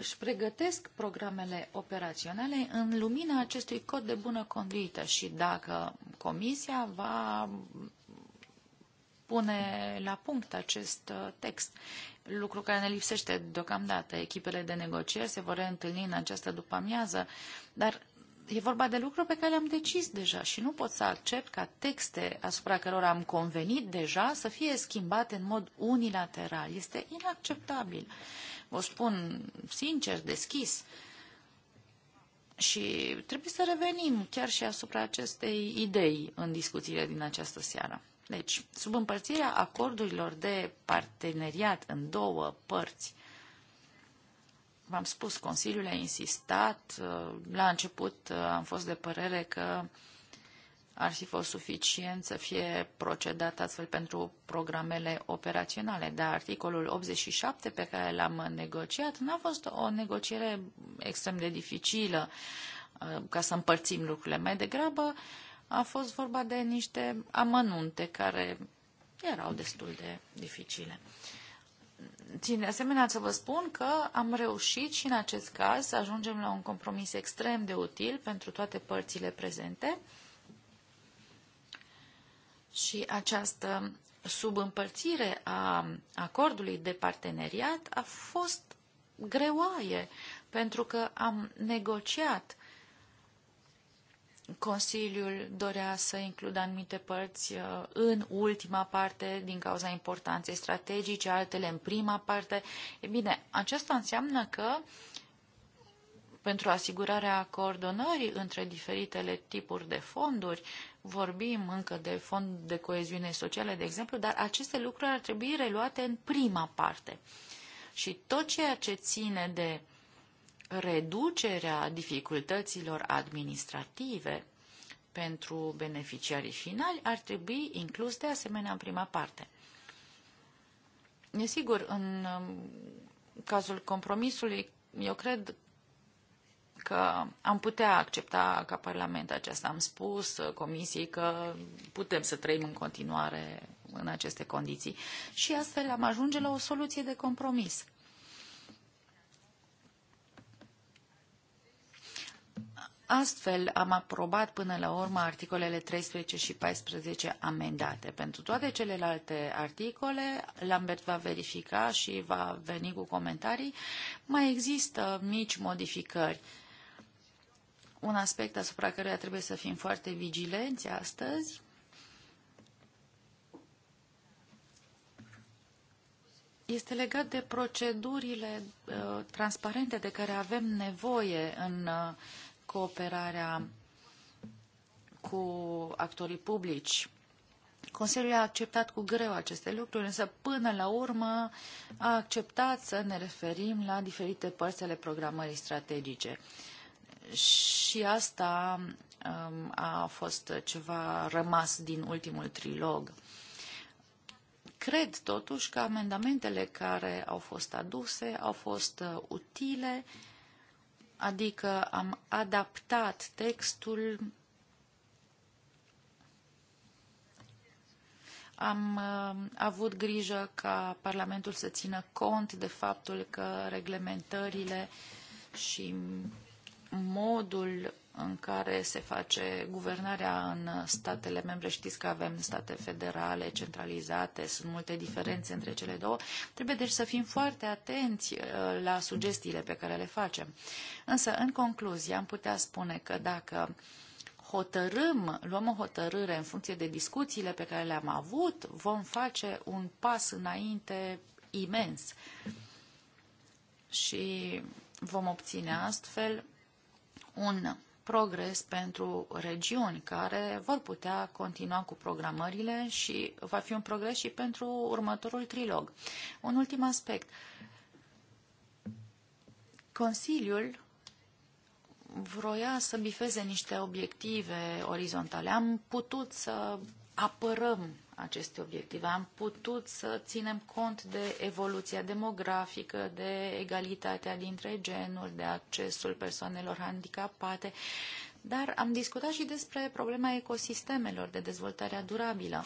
își pregătesc programele operaționale în lumina acestui cod de bună conduită și dacă Comisia va pune la punct acest uh, text, lucru care ne lipsește deocamdată. Echipele de negocieri se vor reîntâlni în această după-amiază, dar e vorba de lucruri pe care le-am decis deja și nu pot să accept ca texte asupra cărora am convenit deja să fie schimbate în mod unilateral. Este inacceptabil vă spun sincer, deschis. Și trebuie să revenim chiar și asupra acestei idei în discuțiile din această seară. Deci, sub împărțirea acordurilor de parteneriat în două părți, v-am spus, Consiliul a insistat, la început uh, am fost de părere că ar fi fost suficient să fie procedat astfel pentru programele operaționale. Dar articolul 87 pe care l-am negociat n-a fost o negociere extrem de dificilă uh, ca să împărțim lucrurile. Mai degrabă a fost vorba de niște amănunte care erau destul de dificile. Țin, de asemenea, să vă spun că am reușit și în acest caz să ajungem la un compromis extrem de util pentru toate părțile prezente și această subîmpărțire a acordului de parteneriat a fost greoaie, pentru că am negociat. Consiliul dorea să includă anumite părți uh, în ultima parte din cauza importanței strategice, altele în prima parte. E bine, aceasta înseamnă că pentru asigurarea coordonării între diferitele tipuri de fonduri, Vorbim încă de fond de coeziune socială, de exemplu, dar aceste lucruri ar trebui reluate în prima parte. Și tot ceea ce ține de reducerea dificultăților administrative pentru beneficiarii finali ar trebui inclus de asemenea în prima parte. sigur în um, cazul compromisului, eu cred că am putea accepta ca Parlament aceasta. Am spus uh, Comisiei că putem să trăim în continuare în aceste condiții și astfel am ajunge la o soluție de compromis. Astfel am aprobat până la urmă articolele 13 și 14 amendate. Pentru toate celelalte articole, Lambert va verifica și va veni cu comentarii. Mai există mici modificări un aspect asupra căruia trebuie să fim foarte vigilenți astăzi este legat de procedurile uh, transparente de care avem nevoie în uh, cooperarea cu actorii publici. Consiliul a acceptat cu greu aceste lucruri, însă până la urmă a acceptat să ne referim la diferite părți ale programării strategice. Uh, și asta um, a fost ceva rămas din ultimul trilog. Cred totuși că amendamentele care au fost aduse au fost uh, utile, adică am adaptat textul, am uh, avut grijă ca Parlamentul să țină cont de faptul că reglementările și modul în care se face guvernarea în statele membre. Știți că avem state federale, centralizate, sunt multe diferențe între cele două. Trebuie deci să fim foarte atenți uh, la sugestiile pe care le facem. Însă, în concluzie, am putea spune că dacă hotărâm, luăm o hotărâre în funcție de discuțiile pe care le-am avut, vom face un pas înainte imens. Și vom obține astfel un progres pentru regiuni care vor putea continua cu programările și va fi un progres și pentru următorul trilog. Un ultim aspect. Consiliul vroia să bifeze niște obiective orizontale. Am putut să apărăm aceste obiective. Am putut să ținem cont de evoluția demografică, de egalitatea dintre genuri, de accesul persoanelor handicapate, dar am discutat și despre problema ecosistemelor de dezvoltarea durabilă.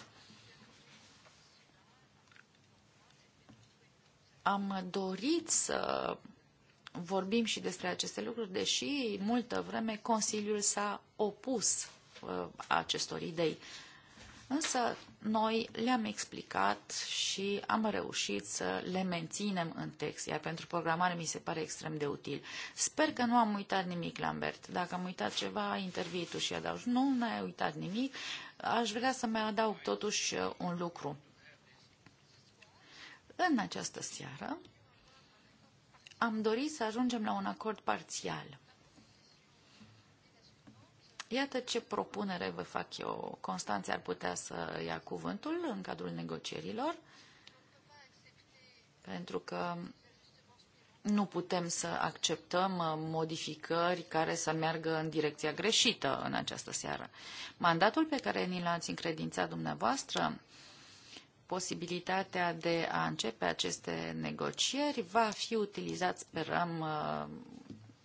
Am dorit să vorbim și despre aceste lucruri, deși multă vreme Consiliul s-a opus uh, acestor idei. Însă noi le-am explicat și am reușit să le menținem în text, iar pentru programare mi se pare extrem de util. Sper că nu am uitat nimic, Lambert. Dacă am uitat ceva, intervii tu și adaug. Nu, n-ai uitat nimic. Aș vrea să mai adaug totuși uh, un lucru. În această seară am dorit să ajungem la un acord parțial. Iată ce propunere vă fac eu. Constanța ar putea să ia cuvântul în cadrul negocierilor, pentru că nu putem să acceptăm uh, modificări care să meargă în direcția greșită în această seară. Mandatul pe care ni l-ați încredințat dumneavoastră, posibilitatea de a începe aceste negocieri, va fi utilizat, sperăm, uh,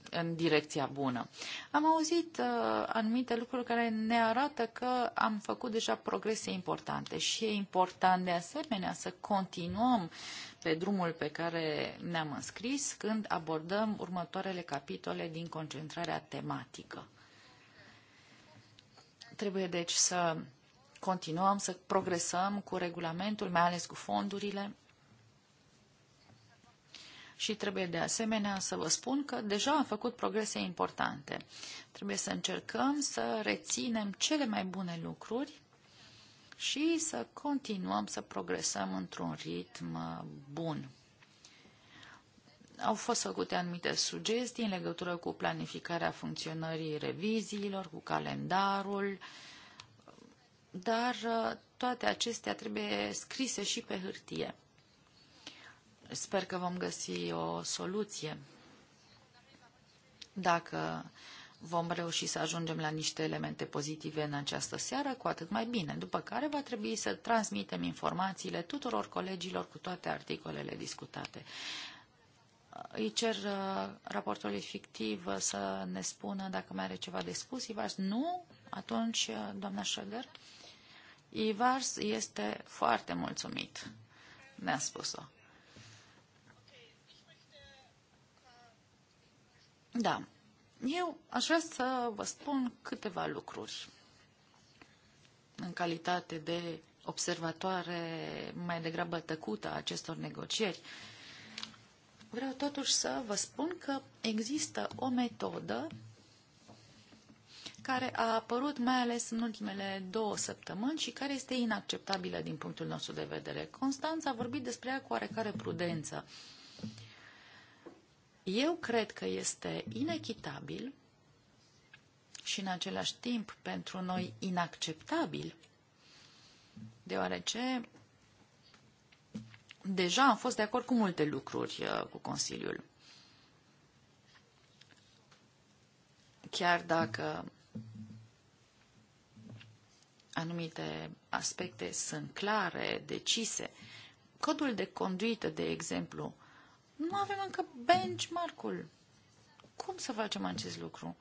în direcția bună. Am auzit uh, anumite lucruri care ne arată că am făcut deja progrese importante și e important de asemenea să continuăm pe drumul pe care ne-am înscris când abordăm următoarele capitole din concentrarea tematică. Trebuie deci să continuăm să progresăm cu regulamentul, mai ales cu fondurile, și trebuie de asemenea să vă spun că deja am făcut progrese importante. Trebuie să încercăm să reținem cele mai bune lucruri și să continuăm să progresăm într-un ritm uh, bun. Au fost făcute anumite sugestii în legătură cu planificarea funcționării reviziilor, cu calendarul, dar uh, toate acestea trebuie scrise și pe hârtie. Sper că vom găsi o soluție dacă vom reuși să ajungem la niște elemente pozitive în această seară, cu atât mai bine, după care va trebui să transmitem informațiile tuturor colegilor cu toate articolele discutate. Îi cer uh, raportului fictiv uh, să ne spună dacă mai are ceva de spus. Ivars, nu? Atunci, uh, doamna Schroeder? Ivars este foarte mulțumit. Ne-a spus-o. Da, eu aș vrea să vă spun câteva lucruri în calitate de observatoare mai degrabă tăcută a acestor negocieri. Vreau totuși să vă spun că există o metodă care a apărut mai ales în ultimele două săptămâni și care este inacceptabilă din punctul nostru de vedere. Constanța a vorbit despre ea cu oarecare prudență. Uh, eu cred că este inechitabil și în același timp pentru noi inacceptabil, deoarece deja am fost de acord cu multe lucruri uh, cu Consiliul. Chiar dacă anumite aspecte sunt clare, decise, codul de conduită, de exemplu, nu avem încă benchmark-ul. Cum să facem acest lucru?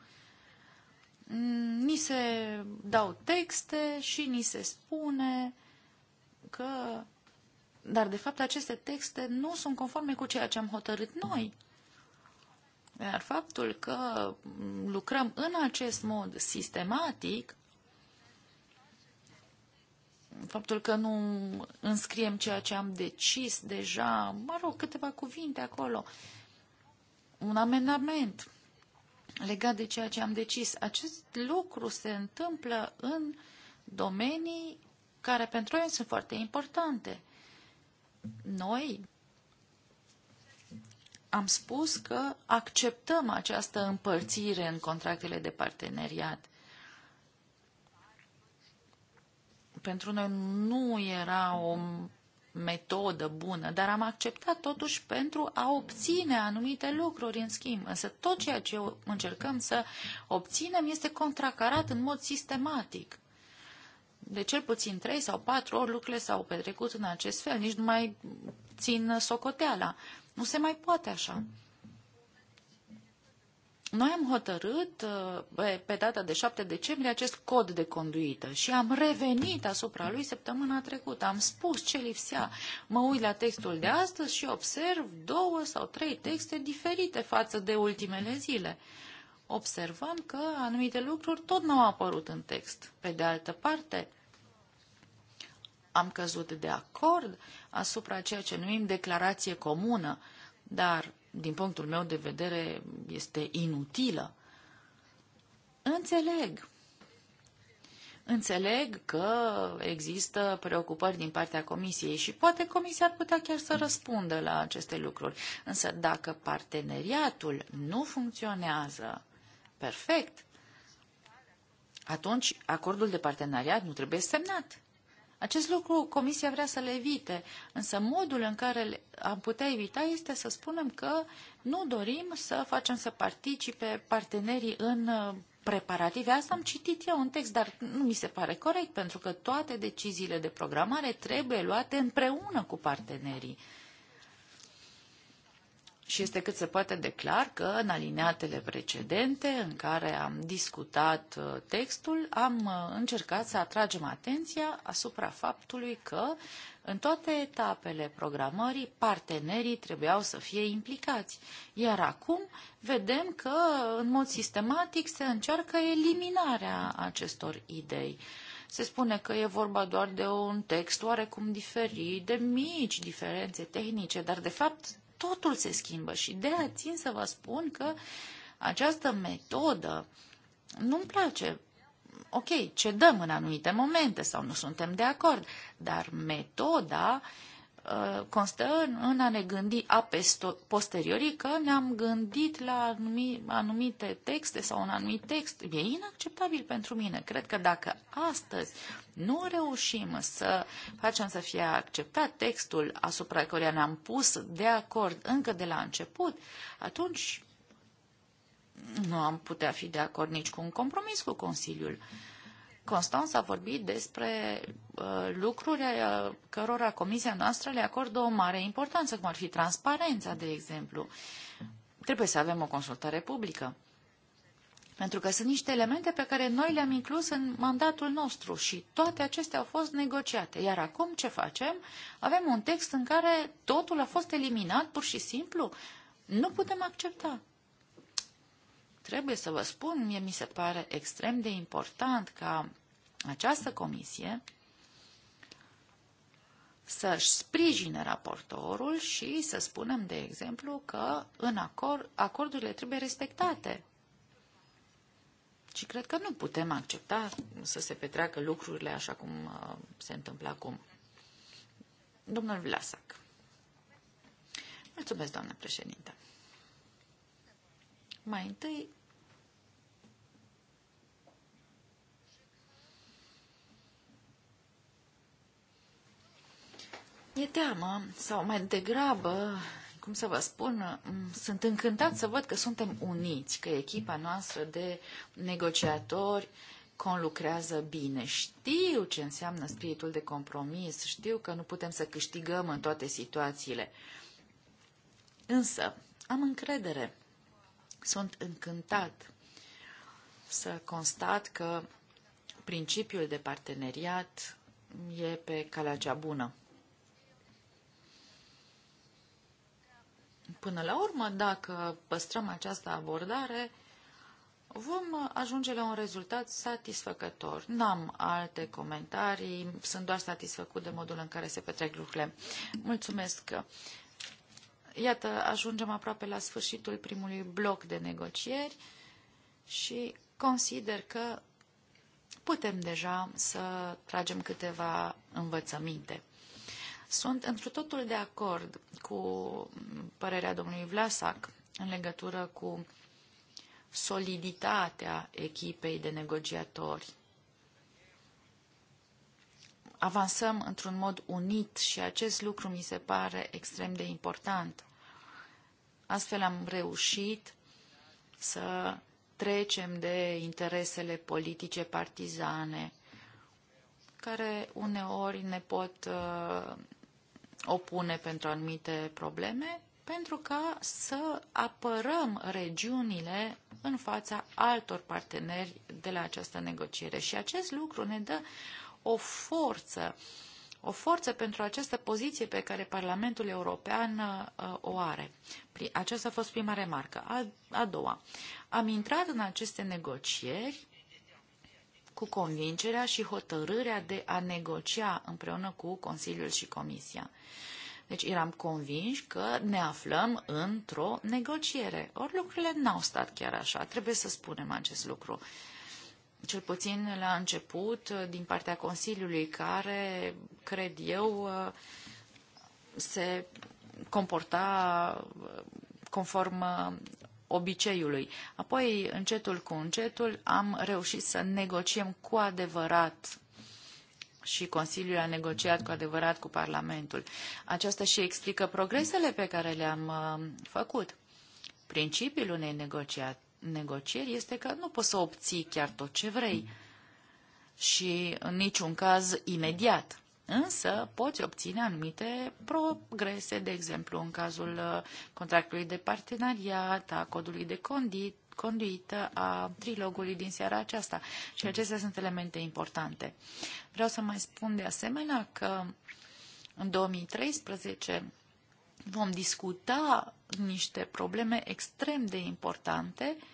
Ni se dau texte și ni se spune că... Dar, de fapt, aceste texte nu sunt conforme cu ceea ce am hotărât noi. Iar faptul că lucrăm în acest mod sistematic faptul că nu înscriem ceea ce am decis deja, mă rog, câteva cuvinte acolo, un amendament legat de ceea ce am decis. Acest lucru se întâmplă în domenii care pentru noi sunt foarte importante. Noi am spus că acceptăm această împărțire în contractele de parteneriat – pentru noi nu era o metodă bună, dar am acceptat totuși pentru a obține anumite lucruri în schimb. Însă tot ceea ce încercăm să obținem este contracarat în mod sistematic. De cel puțin trei sau patru ori lucrurile s-au petrecut în acest fel, nici nu mai țin socoteala. Nu se mai poate așa. Mm. Noi am hotărât uh, pe data de 7 decembrie acest cod de conduită și am revenit asupra lui săptămâna trecută. Am spus ce lipsea. Mă uit la textul de astăzi și observ două sau trei texte diferite față de ultimele zile. Observăm că anumite lucruri tot nu au apărut în text. Pe de altă parte, am căzut de acord asupra ceea ce numim declarație comună, dar din punctul meu de vedere, este inutilă. Înțeleg. Înțeleg că există preocupări din partea comisiei și poate comisia ar putea chiar să răspundă la aceste lucruri. Însă dacă parteneriatul nu funcționează perfect, atunci acordul de parteneriat nu trebuie semnat. Acest lucru Comisia vrea să le evite, însă modul în care am putea evita este să spunem că nu dorim să facem să participe partenerii în uh, preparative. Asta am citit eu un text, dar nu mi se pare corect, pentru că toate deciziile de programare trebuie luate împreună cu partenerii și este cât se poate de clar că în alineatele precedente în care am discutat uh, textul, am uh, încercat să atragem atenția asupra faptului că în toate etapele programării partenerii trebuiau să fie implicați. Iar acum vedem că în mod sistematic se încearcă eliminarea acestor idei. Se spune că e vorba doar de un text oarecum diferit, de mici diferențe tehnice, dar de fapt totul se schimbă și de aia țin să vă spun că această metodă nu-mi place. Ok, cedăm în anumite momente sau nu suntem de acord, dar metoda uh, Uh, constă în a ne gândi a posteriori că ne-am gândit la anumite texte sau un anumit text. E inacceptabil pentru mine. Cred că dacă astăzi nu reușim să facem să fie acceptat textul asupra căruia ne-am pus de acord încă de la început, atunci nu am putea fi de acord nici cu un compromis cu Consiliul. Uh, Constanța a vorbit despre uh, lucruri uh, cărora comisia noastră le acordă o mare importanță, cum ar fi transparența, de exemplu. Trebuie să avem o consultare publică. Pentru că sunt niște elemente pe care noi le-am inclus în mandatul nostru și toate acestea au fost negociate. Iar acum ce facem? Avem un text în care totul a fost eliminat pur și simplu. Nu putem accepta trebuie să vă spun, mie mi se pare extrem de important ca această comisie să-și sprijine raportorul și să spunem, de exemplu, că în acord, acordurile trebuie respectate. Și cred că nu putem accepta să se petreacă lucrurile așa cum uh, se întâmplă acum. Domnul Vlasac. Mulțumesc, doamnă președinte. Mai întâi, E teamă, sau mai degrabă, cum să vă spun, sunt încântat să văd că suntem uniți, că echipa noastră de negociatori conlucrează bine. Știu ce înseamnă spiritul de compromis, știu că nu putem să câștigăm în toate situațiile. Însă, am încredere. Sunt încântat să constat că principiul de parteneriat e pe calea cea bună. Până la urmă, dacă păstrăm această abordare, vom ajunge la un rezultat satisfăcător. N-am alte comentarii, sunt doar satisfăcut de modul în care se petrec lucrurile. Mulțumesc! Iată, ajungem aproape la sfârșitul primului bloc de negocieri și consider că putem deja să tragem câteva învățăminte. Sunt întru totul de acord cu părerea domnului Vlasac în legătură cu soliditatea echipei de negociatori. Avansăm într-un mod unit și acest lucru mi se pare extrem de important. Astfel am reușit să trecem de interesele politice partizane, care uneori ne pot uh, opune pentru anumite probleme, pentru ca să apărăm regiunile în fața altor parteneri de la această negociere. Și acest lucru ne dă o forță, o forță pentru această poziție pe care Parlamentul European uh, o are. Aceasta a fost prima remarcă. A, a doua, am intrat în aceste negocieri cu convingerea și hotărârea de a negocia împreună cu Consiliul și Comisia. Deci eram convinși că ne aflăm într-o negociere. Ori lucrurile n-au stat chiar așa, trebuie să spunem acest lucru. Cel puțin la început, din partea Consiliului, care, cred eu, se comporta conform obiceiului. Apoi, încetul cu încetul, am reușit să negociem cu adevărat și Consiliul a negociat cu adevărat cu Parlamentul. Aceasta și explică progresele pe care le-am uh, făcut. Principiul unei negociat, negocieri este că nu poți să obții chiar tot ce vrei și în niciun caz imediat însă poți obține anumite progrese, de exemplu în cazul uh, contractului de parteneriat, a codului de condit, conduită a trilogului din seara aceasta. Și acestea sunt elemente importante. Vreau să mai spun de asemenea că în 2013 vom discuta niște probleme extrem de importante uh,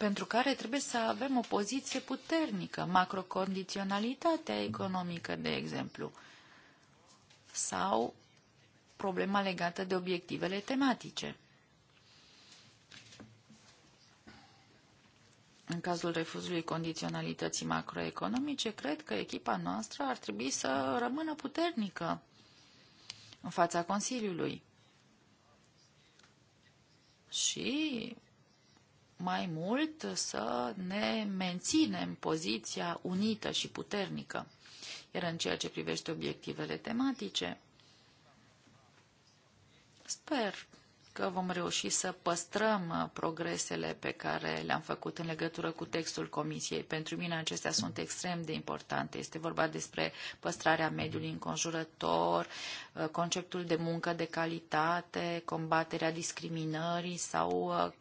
pentru care trebuie să avem o poziție puternică, macrocondiționalitatea economică, de exemplu, sau problema legată de obiectivele tematice. În cazul refuzului condiționalității macroeconomice, cred că echipa noastră ar trebui să rămână puternică în fața Consiliului. Și mai mult să ne menținem poziția unită și puternică. Iar în ceea ce privește obiectivele tematice, sper că vom reuși să păstrăm uh, progresele pe care le-am făcut în legătură cu textul Comisiei. Pentru mine acestea sunt extrem de importante. Este vorba despre păstrarea mediului înconjurător, uh, conceptul de muncă de calitate, combaterea discriminării sau uh,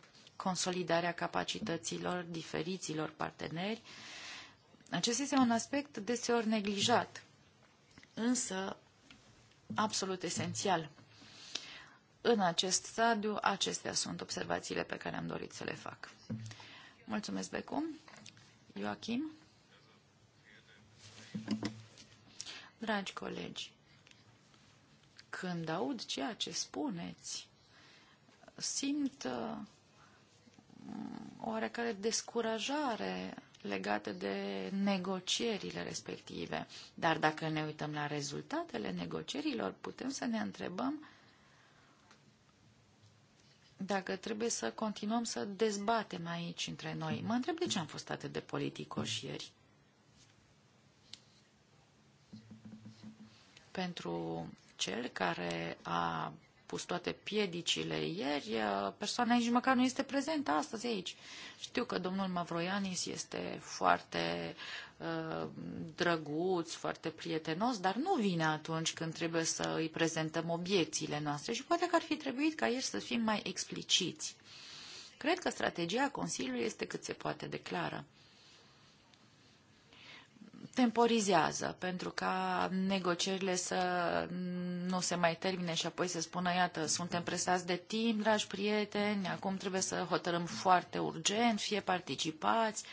consolidarea capacităților diferiților parteneri. Acest este un aspect deseori neglijat, însă absolut esențial. În acest stadiu, acestea sunt observațiile pe care am dorit să le fac. Mulțumesc, Becu. Joachim. Dragi colegi, când aud ceea ce spuneți, simt uh, oarecare descurajare legată de negocierile respective. Dar dacă ne uităm la rezultatele negocierilor, putem să ne întrebăm dacă trebuie să continuăm să dezbatem aici între noi. Mă întreb de ce am fost atât de politicoși ieri. Pentru cel care a pus toate piedicile ieri, uh, persoana nici măcar nu este prezentă astăzi aici. Știu că domnul Mavroianis este foarte uh, drăguț, foarte prietenos, dar nu vine atunci când trebuie să îi prezentăm obiecțiile noastre și poate că ar fi trebuit ca ieri să fim mai expliciți. Cred că strategia Consiliului este cât se poate declară temporizează pentru ca negocierile să nu se mai termine și apoi să spună, iată, suntem presați de timp, dragi prieteni, acum trebuie să hotărâm foarte urgent, fie participați,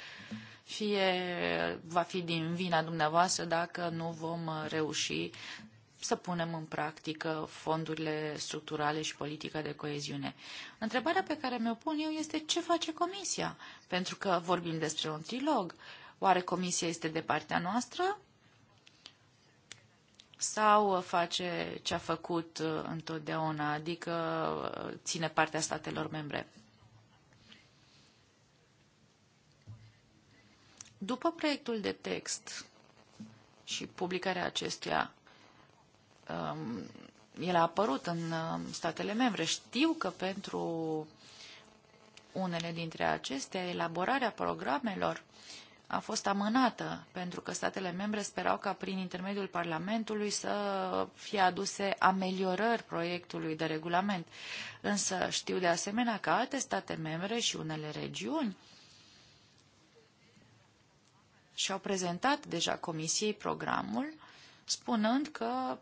fie va fi din vina dumneavoastră dacă nu vom uh, reuși să punem în practică fondurile structurale și politica de coeziune. Întrebarea pe care mi-o pun eu este ce face Comisia? Pentru că vorbim despre un trilog. Oare comisia este de partea noastră? Sau face ce a făcut uh, întotdeauna, adică uh, ține partea statelor membre? După proiectul de text și publicarea acestuia, um, el a apărut în um, statele membre. Știu că pentru unele dintre acestea, elaborarea programelor a fost amânată, pentru că statele membre sperau ca prin intermediul Parlamentului să fie aduse ameliorări proiectului de regulament. Însă știu de asemenea că alte state membre și unele regiuni și-au prezentat deja Comisiei programul, spunând că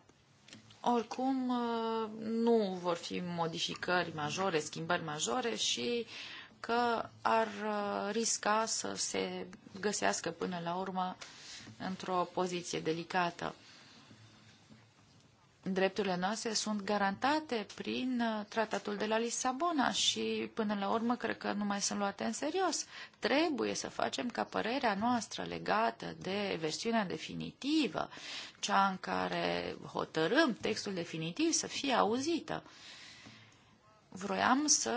oricum uh, nu vor fi modificări majore, schimbări majore și uh, că ar uh, risca să se găsească până la urmă într-o poziție delicată. Drepturile noastre sunt garantate prin uh, tratatul de la Lisabona și, până la urmă, cred că nu mai sunt luate în serios. Trebuie să facem ca părerea noastră legată de versiunea definitivă, cea în care hotărâm textul definitiv, să fie auzită vroiam să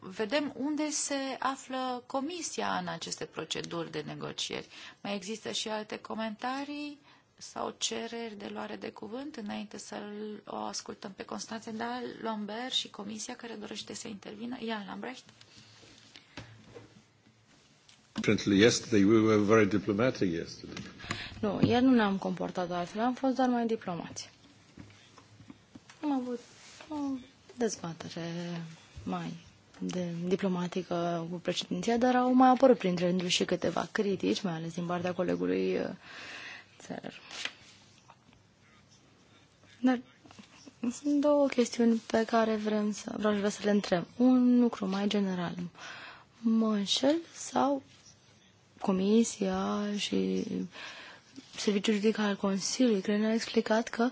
vedem unde se află comisia în aceste proceduri de negocieri. Mai există și alte comentarii sau cereri de luare de cuvânt înainte să o ascultăm pe Constanța Dal, Lambert și comisia care dorește să intervină? Ian Lambrecht. Nu, ieri nu ne-am comportat altfel, am fost doar mai diplomați. Am avut dezbatere mai de diplomatică cu președinția, dar au mai apărut printre rândul și câteva critici, mai ales din partea colegului uh, Țăr. Dar sunt două chestiuni pe care vrem să, vreau să le întreb. Un lucru mai general. Mă înșel sau comisia și serviciul judic al Consiliului, cred ne-a explicat că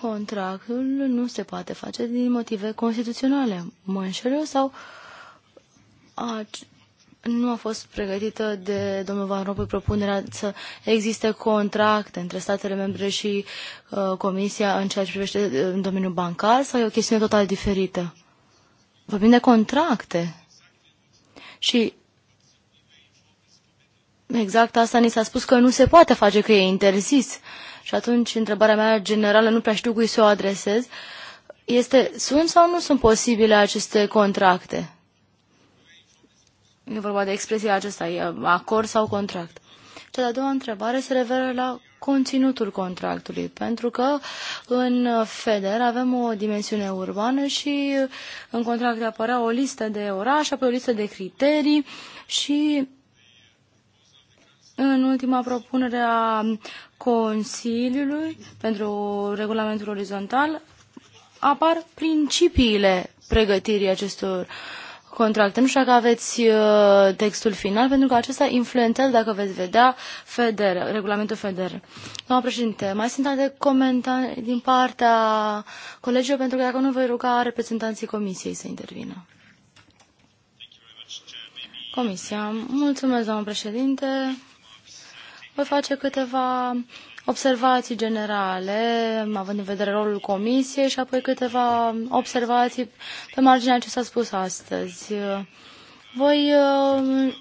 contractul nu se poate face din motive constituționale. Mă înșel eu sau a, nu a fost pregătită de domnul Van Rompuy propunerea să existe contracte între statele membre și uh, Comisia în ceea ce privește uh, în domeniul bancar sau e o chestiune total diferită? Vorbim de contracte. Și exact asta ni s-a spus că nu se poate face, că e interzis. Uh, și atunci întrebarea mea generală, nu prea știu cui să o adresez, este sunt sau nu sunt posibile aceste contracte? E vorba de expresia aceasta, e acord sau contract. Cea de-a doua întrebare se referă la conținutul contractului, pentru că în FEDER avem o dimensiune urbană și în contract apărea o listă de orașe, apoi o listă de criterii și în ultima propunere a Consiliului pentru regulamentul orizontal apar principiile pregătirii acestor contracte. Nu știu dacă aveți uh, textul final, pentru că acesta influențează, dacă veți vedea, FEDER, regulamentul FEDER. Doamna președinte, mai sunt alte comentarii din partea colegilor, pentru că dacă nu voi ruga reprezentanții comisiei să intervină. Comisia. Mulțumesc, doamnă președinte. Voi face câteva observații generale, având în vedere rolul comisiei și apoi câteva observații pe marginea ce s-a spus astăzi. Voi um,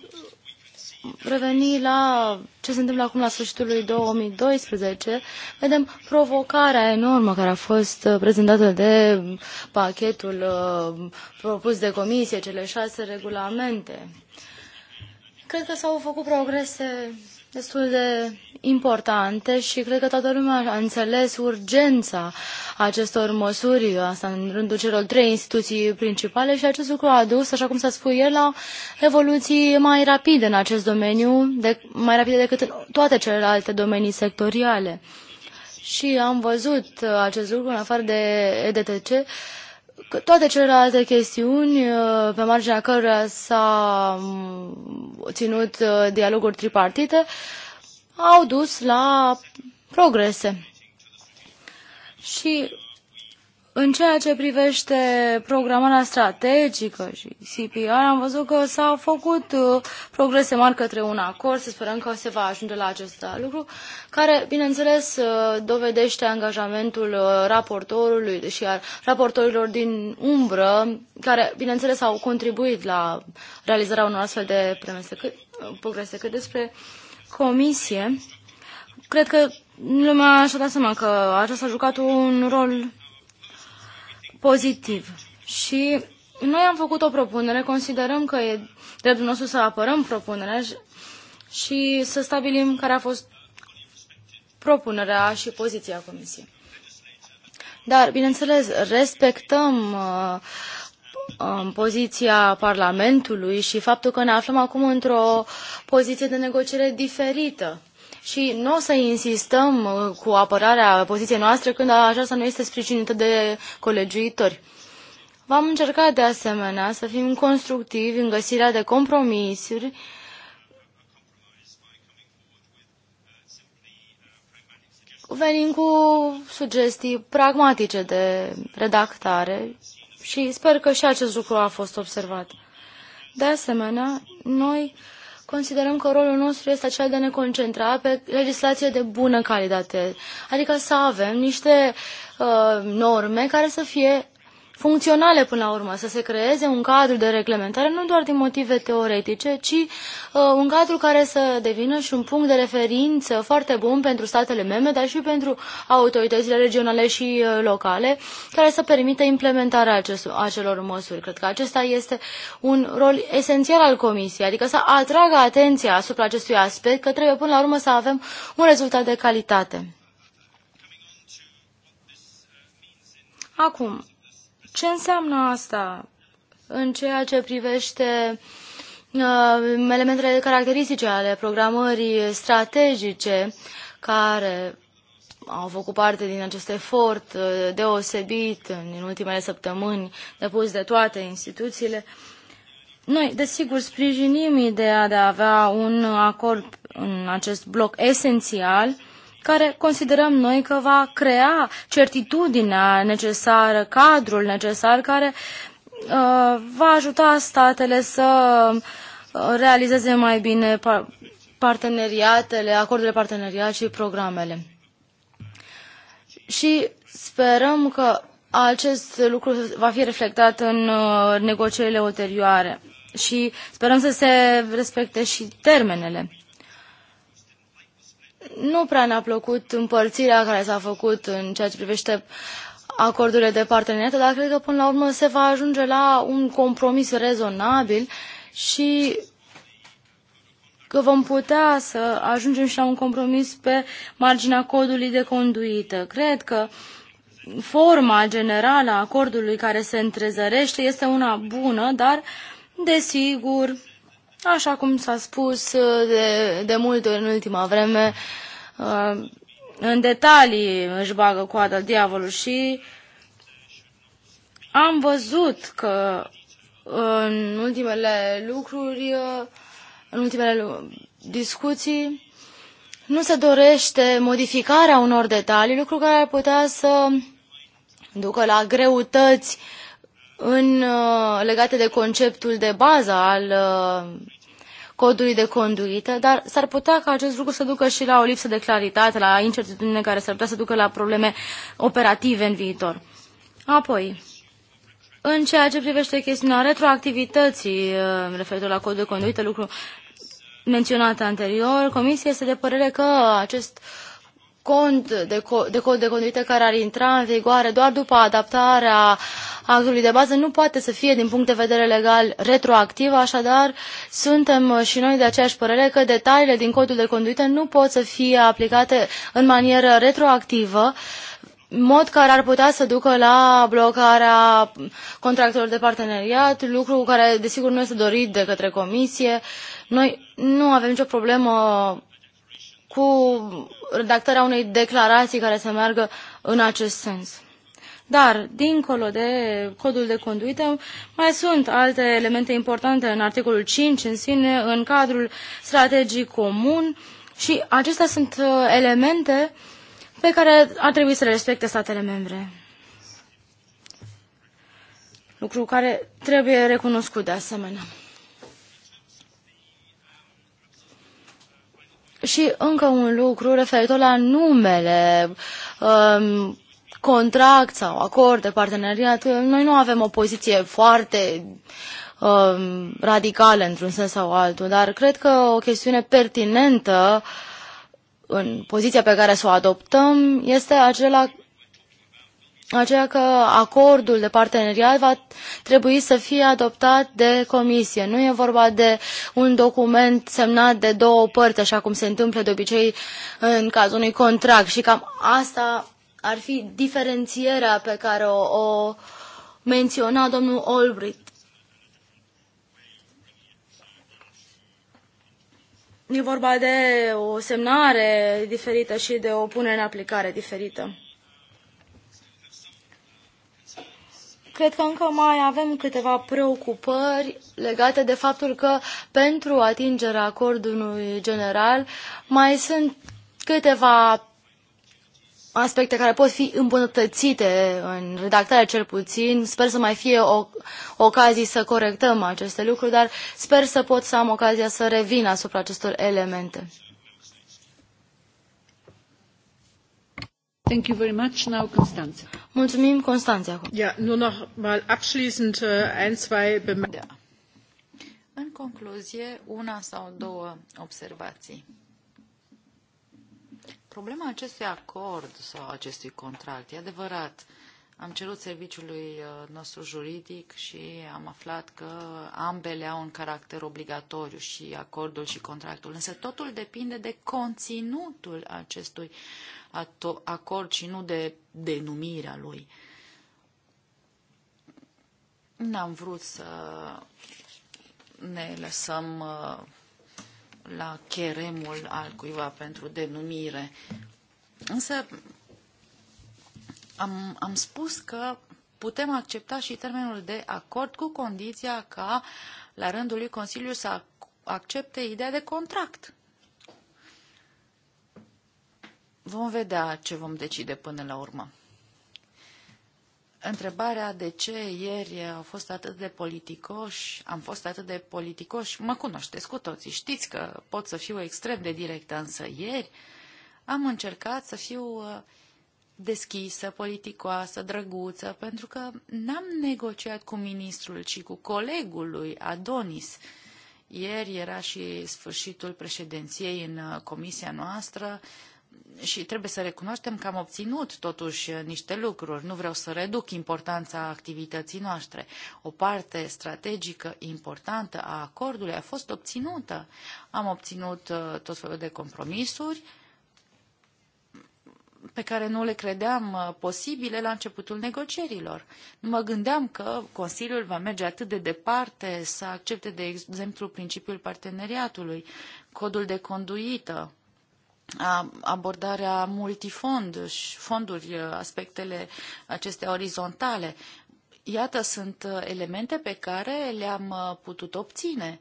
reveni la ce se întâmplă acum la sfârșitul lui 2012, vedem provocarea enormă care a fost prezentată de pachetul um, propus de comisie, cele șase regulamente. Cred că s-au făcut progrese destul de importante și cred că toată lumea a înțeles urgența acestor măsuri, asta în rândul celor trei instituții principale și acest lucru a dus, așa cum s-a spus el, la evoluții mai rapide în acest domeniu, de, mai rapide decât în toate celelalte domenii sectoriale. Și am văzut acest lucru, în afară de EDTC, toate celelalte chestiuni uh, pe marginea cărora s-a mm, ținut uh, dialoguri tripartite au dus la progrese. Și în ceea ce privește programarea strategică și CPR, am văzut că s-au făcut uh, progrese mari către un acord, să sperăm că se va ajunge la acest lucru, care, bineînțeles, uh, dovedește angajamentul uh, raportorului și a raportorilor din umbră, care, bineînțeles, au contribuit la realizarea unor astfel de premese, cât, progrese. Cât despre comisie, cred că lumea și-a dat seama că aceasta a jucat un rol pozitiv. Și noi am făcut o propunere, considerăm că e dreptul nostru să apărăm propunerea și să stabilim care a fost propunerea și poziția Comisiei. Dar, bineînțeles, respectăm uh, um, poziția Parlamentului și faptul că ne aflăm acum într-o poziție de negociere diferită și nu o să insistăm uh, cu apărarea poziției noastre când aceasta nu este sprijinită de colegiuitori. Vom încerca de asemenea să fim constructivi în găsirea de compromisuri venind cu sugestii pragmatice de redactare și sper că și acest lucru a fost observat. De asemenea, noi considerăm că rolul nostru este acela de a ne concentra pe legislație de bună calitate, adică să avem niște uh, norme care să fie funcționale până la urmă, să se creeze un cadru de reglementare, nu doar din motive teoretice, ci uh, un cadru care să devină și un punct de referință foarte bun pentru statele membre, dar și pentru autoritățile regionale și uh, locale, care să permită implementarea acestor, acelor măsuri. Cred că acesta este un rol esențial al Comisiei, adică să atragă atenția asupra acestui aspect, că trebuie până la urmă să avem un rezultat de calitate. Acum, ce înseamnă asta în ceea ce privește uh, elementele caracteristice ale programării strategice care au făcut parte din acest efort uh, deosebit în ultimele săptămâni depus de toate instituțiile. Noi, desigur, sprijinim ideea de a avea un acord în acest bloc esențial care considerăm noi că va crea certitudinea necesară, cadrul necesar care uh, va ajuta statele să uh, realizeze mai bine parteneriatele, acordurile parteneriat și programele. Și sperăm că acest lucru va fi reflectat în uh, negocierile ulterioare și sperăm să se respecte și termenele nu prea ne-a plăcut împărțirea care s-a făcut în ceea ce privește acordurile de parteneriat, dar cred că până la urmă se va ajunge la un compromis rezonabil și că vom putea să ajungem și la un compromis pe marginea codului de conduită. Cred că forma generală a acordului care se întrezărește este una bună, dar, desigur, așa cum s-a spus de, de mult în ultima vreme, uh, Uh, în detalii își bagă coada diavolul și am văzut că în ultimele lucruri, uh, în ultimele discuții, nu se dorește modificarea unor detalii, lucru care ar putea să ducă la greutăți în, uh, legate de conceptul de bază al codului de conduită, dar s-ar putea ca acest lucru să ducă și la o lipsă de claritate, la incertitudine care s-ar putea să ducă la probleme operative în viitor. Apoi, în ceea ce privește chestiunea retroactivității uh, referitor la codul de conduită, lucru menționat anterior, Comisia este de părere că acest uh, cont de, co- de cod de conduită care ar intra în vigoare doar după adaptarea actului de bază nu poate să fie din punct de vedere legal retroactiv, așadar suntem și noi de aceeași părere că detaliile din codul de conduită nu pot să fie aplicate în manieră retroactivă mod care ar putea să ducă la blocarea contractelor de parteneriat, lucru care desigur nu este dorit de către comisie. Noi nu avem nicio problemă cu redactarea unei declarații care să meargă în acest sens. Dar, dincolo de codul de conduită, mai sunt alte elemente importante în articolul 5 în sine, în cadrul strategii comun și acestea sunt uh, elemente pe care ar trebui să le respecte statele membre. Lucru care trebuie recunoscut de asemenea. Și încă un lucru referitor la numele, um, contract sau acord de parteneriat. Noi nu avem o poziție foarte um, radicală într-un sens sau altul, dar cred că o chestiune pertinentă în poziția pe care să o adoptăm este acela aceea că acordul de parteneriat va trebui să fie adoptat de comisie. Nu e vorba de un document semnat de două părți, așa cum se întâmplă de obicei în cazul unui contract. Și cam asta ar fi diferențierea pe care o, o menționa domnul Olbricht. E vorba de o semnare diferită și de o punere în aplicare diferită. Cred că încă mai avem câteva preocupări legate de faptul că pentru atingerea acordului general mai sunt câteva aspecte care pot fi îmbunătățite în redactarea cel puțin. Sper să mai fie o, ocazii să corectăm aceste lucruri, dar sper să pot să am ocazia să revin asupra acestor elemente. Thank you very much. Now Constanze. Mulțumim, Constanze. Ja, nur noch mal abschließend äh, ein, zwei Bemerkungen. Da. În concluzie, una sau două observații. Problema acestui acord sau acestui contract, e adevărat, uh, am cerut serviciului uh, nostru juridic și am aflat că ambele au un caracter obligatoriu și acordul și contractul. Însă totul depinde de conținutul acestui acord și nu de denumirea lui. N-am vrut să ne lăsăm uh, la cheremul cuiva pentru denumire. Însă am, am spus că putem accepta și termenul de acord cu condiția ca, la rândul lui Consiliu, să accepte ideea de contract. Vom vedea ce vom decide până la urmă. Întrebarea de ce ieri au fost atât de politicoși, am fost atât de politicoși, mă cunoașteți cu toții, știți că pot să fiu extrem de directă, însă ieri am încercat să fiu uh, deschisă, politicoasă, drăguță, pentru că n-am negociat cu ministrul, ci cu colegul lui Adonis. Ieri era și sfârșitul președinției în uh, comisia noastră și trebuie să recunoaștem că am obținut totuși uh, niște lucruri. Nu vreau să reduc importanța activității noastre. O parte strategică importantă a acordului a fost obținută. Am obținut uh, tot felul de compromisuri, pe care nu le credeam uh, posibile la începutul negocierilor. Nu mă gândeam că Consiliul va merge atât de departe să accepte, de exemplu, principiul parteneriatului, codul de conduită, abordarea multifond și fonduri, uh, aspectele acestea orizontale. Iată, sunt uh, elemente pe care le-am putut obține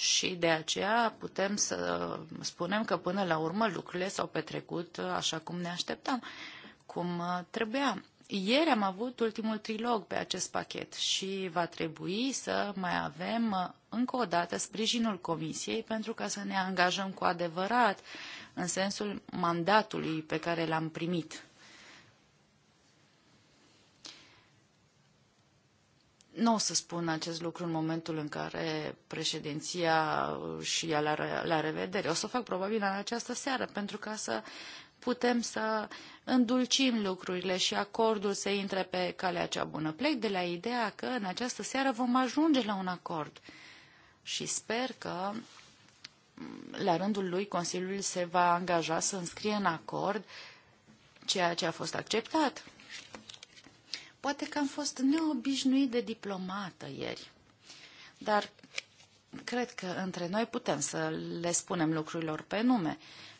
și de aceea putem să spunem că până la urmă lucrurile s-au petrecut așa cum ne așteptam, cum uh, trebuia. Ieri am avut ultimul trilog pe acest pachet și va trebui să mai avem uh, încă o dată sprijinul Comisiei pentru ca să ne angajăm cu adevărat în sensul mandatului pe care l-am primit. Nu o să spun acest lucru în momentul în care președinția și ea la, la revedere. O să o fac probabil în această seară, pentru ca să putem să îndulcim lucrurile și acordul să intre pe calea cea bună. Plec de la ideea că în această seară vom ajunge la un acord și sper că mm, la rândul lui Consiliul se va angaja să înscrie în acord ceea ce a fost acceptat. Poate că am fost neobișnuit de diplomată ieri, dar cred că între noi putem să le spunem lucrurilor pe nume,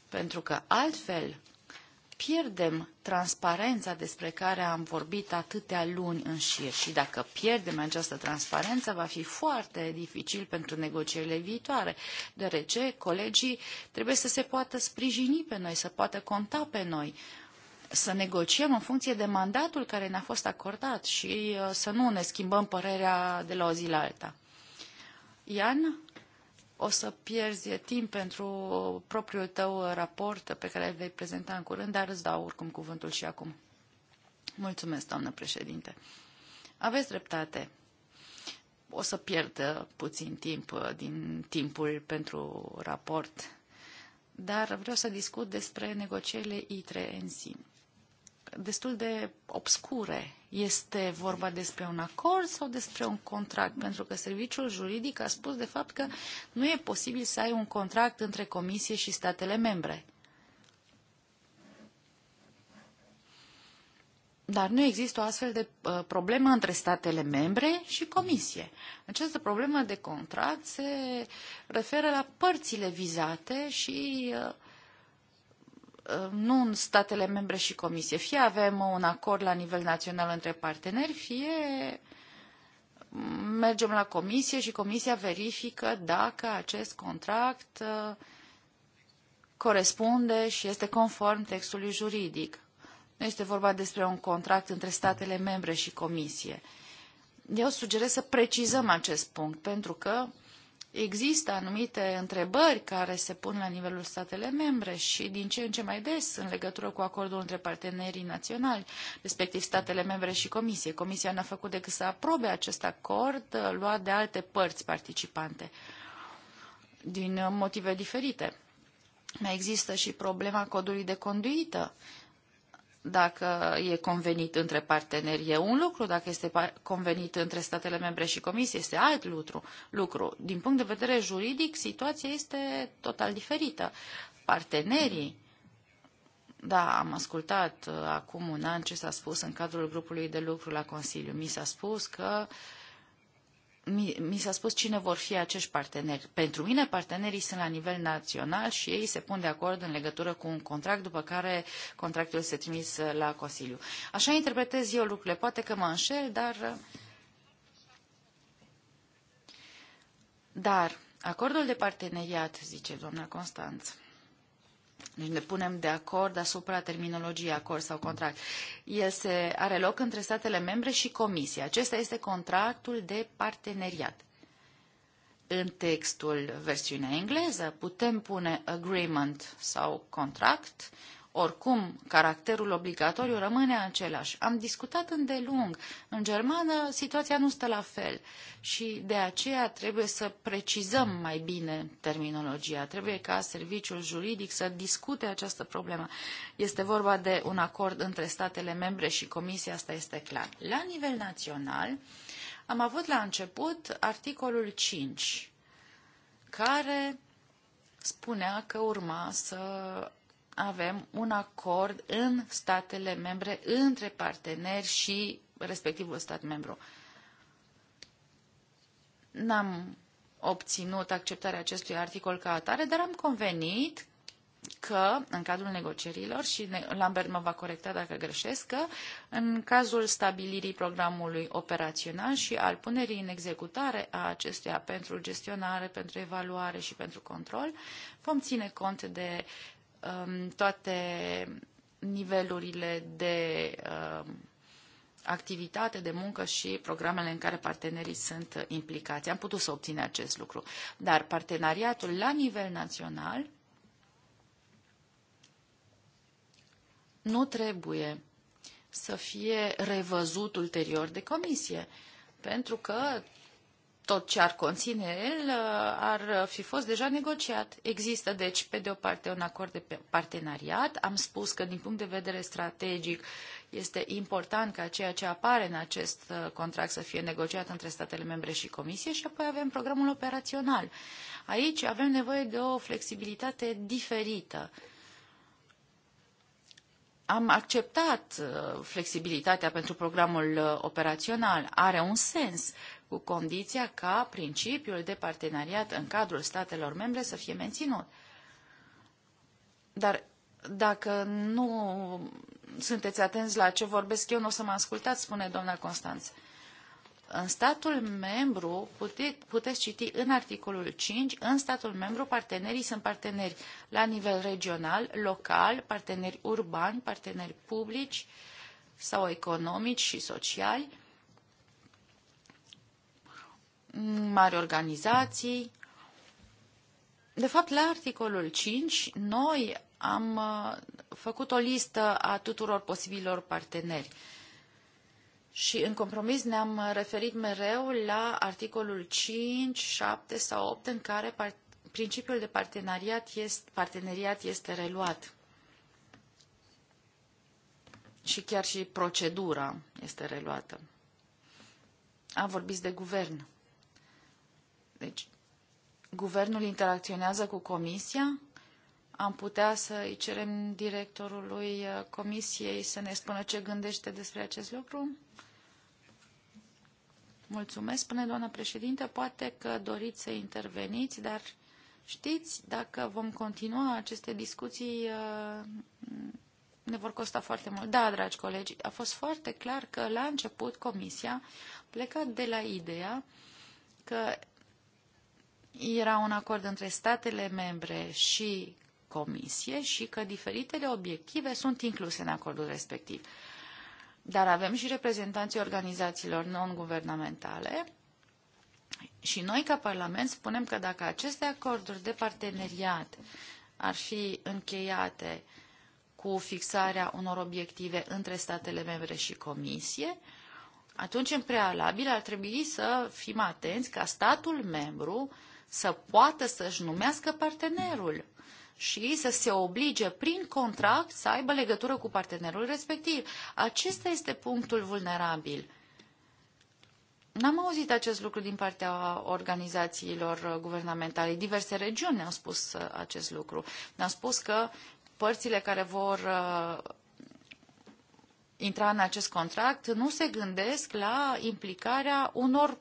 pentru că altfel pierdem transparența despre care am vorbit atâtea luni în șir și dacă pierdem această transparență va fi foarte dificil pentru negocierile viitoare, deoarece colegii trebuie să se poată sprijini pe noi, să poată conta pe noi să negociem în funcție de mandatul care ne-a fost acordat și uh, să nu ne schimbăm părerea de la o zi la alta. Ian, o să pierzi timp pentru propriul tău raport pe care îl vei prezenta în curând, dar îți dau oricum cuvântul și acum. Mulțumesc, doamnă președinte. Aveți dreptate. O să pierd uh, puțin timp uh, din timpul pentru raport, dar vreau să discut despre negocierile ITRE în sine destul de obscure. Este vorba despre un acord sau despre un contract? Pentru că serviciul juridic a spus, de fapt, că nu e posibil să ai un contract între Comisie și statele membre. Dar nu există o astfel de uh, problemă între statele membre și comisie. Această problemă de contract se referă la părțile vizate și uh, Uh, nu în statele membre și comisie. Fie avem un acord la nivel național între parteneri, fie mergem la comisie și comisia verifică dacă acest contract uh, corespunde și este conform textului juridic. Nu este vorba despre un contract între statele membre și comisie. Eu sugerez să precizăm acest punct, pentru că Există anumite întrebări care se pun la nivelul statele membre și din ce în ce mai des în legătură cu acordul între partenerii naționali, respectiv statele membre și Comisie. Comisia n-a făcut decât să aprobe acest acord uh, luat de alte părți participante din uh, motive diferite. Mai există și problema codului de conduită dacă e convenit între parteneri e un lucru, dacă este convenit între statele membre și comisie este alt lucru. lucru. Din punct de vedere juridic, situația este total diferită. Partenerii, da, am ascultat uh, acum un an ce s-a spus în cadrul grupului de lucru la Consiliu. Mi s-a spus că uh, mi, mi s-a spus cine vor fi acești parteneri. Pentru mine, partenerii sunt la nivel național și ei se pun de acord în legătură cu un contract, după care contractul se trimis la Consiliu. Așa interpretez eu lucrurile. Poate că mă înșel, dar... Dar acordul de parteneriat, zice doamna Constanță, deci ne punem de acord asupra terminologiei acord sau contract. El se are loc între statele membre și Comisia. Acesta este contractul de parteneriat. În textul versiunea engleză putem pune agreement sau contract, oricum, caracterul obligatoriu rămâne același. Am discutat îndelung. În germană situația nu stă la fel și de aceea trebuie să precizăm mai bine terminologia. Trebuie ca serviciul juridic să discute această problemă. Este vorba de un acord între statele membre și Comisia, asta este clar. La nivel național, am avut la început articolul 5, care spunea că urma să avem un acord în statele membre, între parteneri și respectivul stat membru. N-am obținut acceptarea acestui articol ca atare, dar am convenit că în cadrul negocierilor, și Lambert mă va corecta dacă greșesc, că în cazul stabilirii programului operațional și al punerii în executare a acestuia pentru gestionare, pentru evaluare și pentru control, vom ține cont de um, toate nivelurile de um, activitate, de muncă și programele în care partenerii sunt implicați. Am putut să obține acest lucru. Dar parteneriatul la nivel național nu trebuie să fie revăzut ulterior de comisie, pentru că tot ce ar conține el uh, ar fi fost deja negociat. Există, deci, pe de o parte, un acord de parteneriat. Am spus că, din punct de vedere strategic, este important ca ceea ce apare în acest uh, contract să fie negociat între statele membre și Comisie și apoi avem programul operațional. Aici avem nevoie de o flexibilitate diferită am acceptat uh, flexibilitatea pentru programul operațional. Are un sens, cu condiția ca principiul de parteneriat în cadrul statelor membre să fie menținut. Dar dacă nu sunteți atenți la ce vorbesc eu, nu o să mă ascultați, spune doamna Constanț. În statul membru, pute, puteți citi în articolul 5, în statul membru partenerii sunt parteneri la nivel regional, local, parteneri urbani, parteneri publici sau economici și sociali, mari organizații. De fapt, la articolul 5, noi am uh, făcut o listă a tuturor posibilor parteneri. Și în compromis ne-am referit mereu la articolul 5, 7 sau 8 în care principiul de parteneriat este, parteneriat este reluat. Și chiar și procedura este reluată. Am vorbit de guvern. Deci, guvernul interacționează cu comisia? Am putea să îi cerem directorului uh, comisiei să ne spună ce gândește despre acest lucru? Mulțumesc, spune doamna președinte. Poate că doriți să interveniți, dar știți, dacă vom continua aceste discuții, uh, ne vor costa foarte mult. Da, dragi colegi, a fost foarte clar că la început Comisia plecat de la ideea că era un acord între statele membre și comisie și că diferitele obiective sunt incluse în acordul respectiv. Dar avem și reprezentanții organizațiilor non-guvernamentale și noi, ca Parlament, spunem că dacă aceste acorduri de parteneriat ar fi încheiate cu fixarea unor obiective între statele membre și Comisie, atunci, în prealabil, ar trebui să fim atenți ca statul membru să poată să-și numească partenerul și să se oblige prin contract să aibă legătură cu partenerul respectiv. Acesta este punctul vulnerabil. N-am auzit acest lucru din partea organizațiilor guvernamentale. Diverse regiuni ne-au spus uh, acest lucru. Ne-au spus că părțile care vor uh, intra în acest contract nu se gândesc la implicarea unor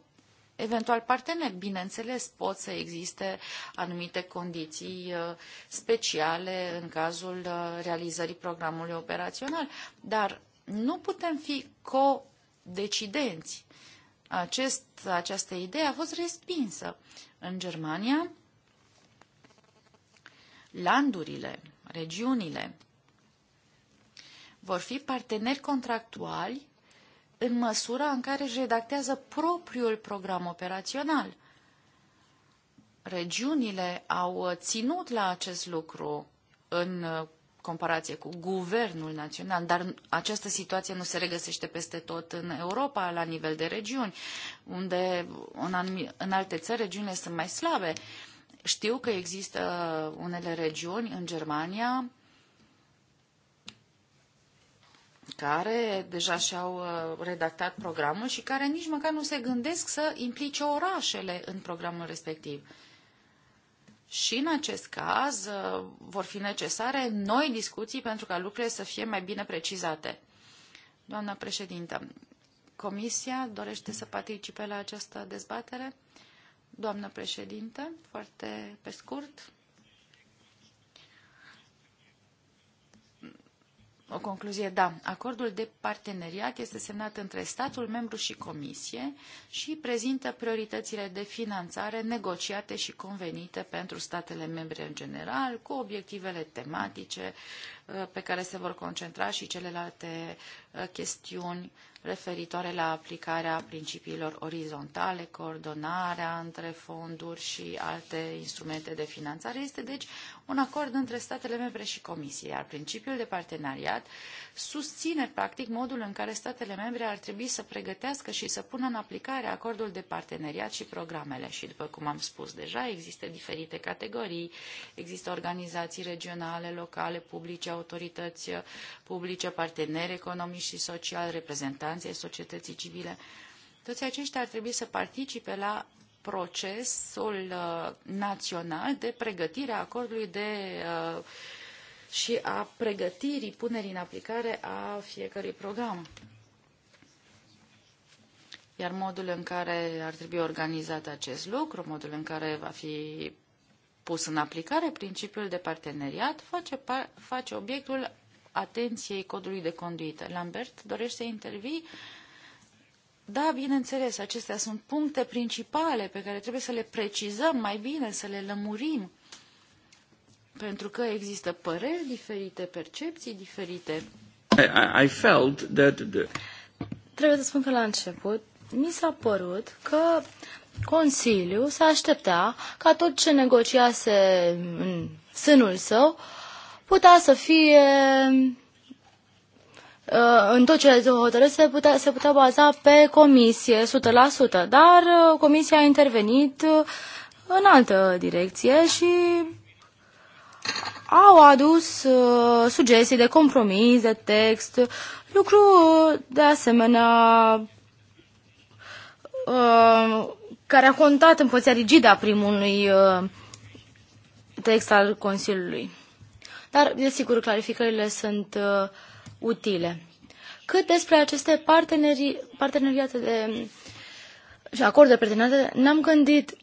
eventual partener Bineînțeles, pot să existe anumite condiții uh, speciale în cazul uh, realizării programului operațional, dar nu putem fi co-decidenți. Acest, această idee a fost respinsă. În Germania, landurile, regiunile vor fi parteneri contractuali în măsura în care își redactează propriul program operațional. Regiunile au ținut la acest lucru în comparație cu guvernul național, dar această situație nu se regăsește peste tot în Europa, la nivel de regiuni, unde în, în alte țări regiunile sunt mai slabe. Știu că există unele regiuni în Germania care deja și-au uh, redactat programul și care nici măcar nu se gândesc să implice orașele în programul respectiv. Și în acest caz uh, vor fi necesare noi discuții pentru ca lucrurile să fie mai bine precizate. Doamna președintă, Comisia dorește să participe la această dezbatere? Doamnă președintă. foarte pe scurt. o concluzie, da. Acordul de parteneriat este semnat între statul membru și comisie și prezintă prioritățile de finanțare negociate și convenite pentru statele membre în general, cu obiectivele tematice, Uh, pe care se vor concentra și celelalte uh, chestiuni referitoare la aplicarea principiilor orizontale, coordonarea între fonduri și alte instrumente de finanțare. Este deci un acord între statele membre și Comisie, iar principiul de parteneriat susține practic modul în care statele membre ar trebui să pregătească și să pună în aplicare acordul de parteneriat și programele. Și după cum am spus deja, există diferite categorii, există organizații regionale, locale, publice, autorități uh, publice, parteneri economici și sociali, reprezentanții societății civile. Toți aceștia ar trebui să participe la procesul uh, național de pregătire a acordului de uh, și a pregătirii punerii în aplicare a fiecărui program. Iar modul în care ar trebui organizat acest lucru, modul în care va fi pus în aplicare principiul de parteneriat face, par, face obiectul atenției codului de conduită. Lambert, dorește să intervii? Da, bineînțeles, acestea sunt puncte principale pe care trebuie să le precizăm mai bine, să le lămurim. Pentru că există păreri diferite, percepții diferite. I, I felt that the... Trebuie să spun că la început mi s-a părut că Consiliu se aștepta ca tot ce negociase în sânul său putea să fie uh, în tot ce se hotărâse putea, se putea baza pe comisie 100%, dar uh, comisia a intervenit uh, în altă direcție și au adus uh, sugestii de compromis, de text, lucru de asemenea uh, care a contat în poziția rigidă a primului uh, text al Consiliului. Dar, desigur, clarificările sunt uh, utile. Cât despre aceste parteneri, parteneriate de, și acorduri parteneriate, n-am gândit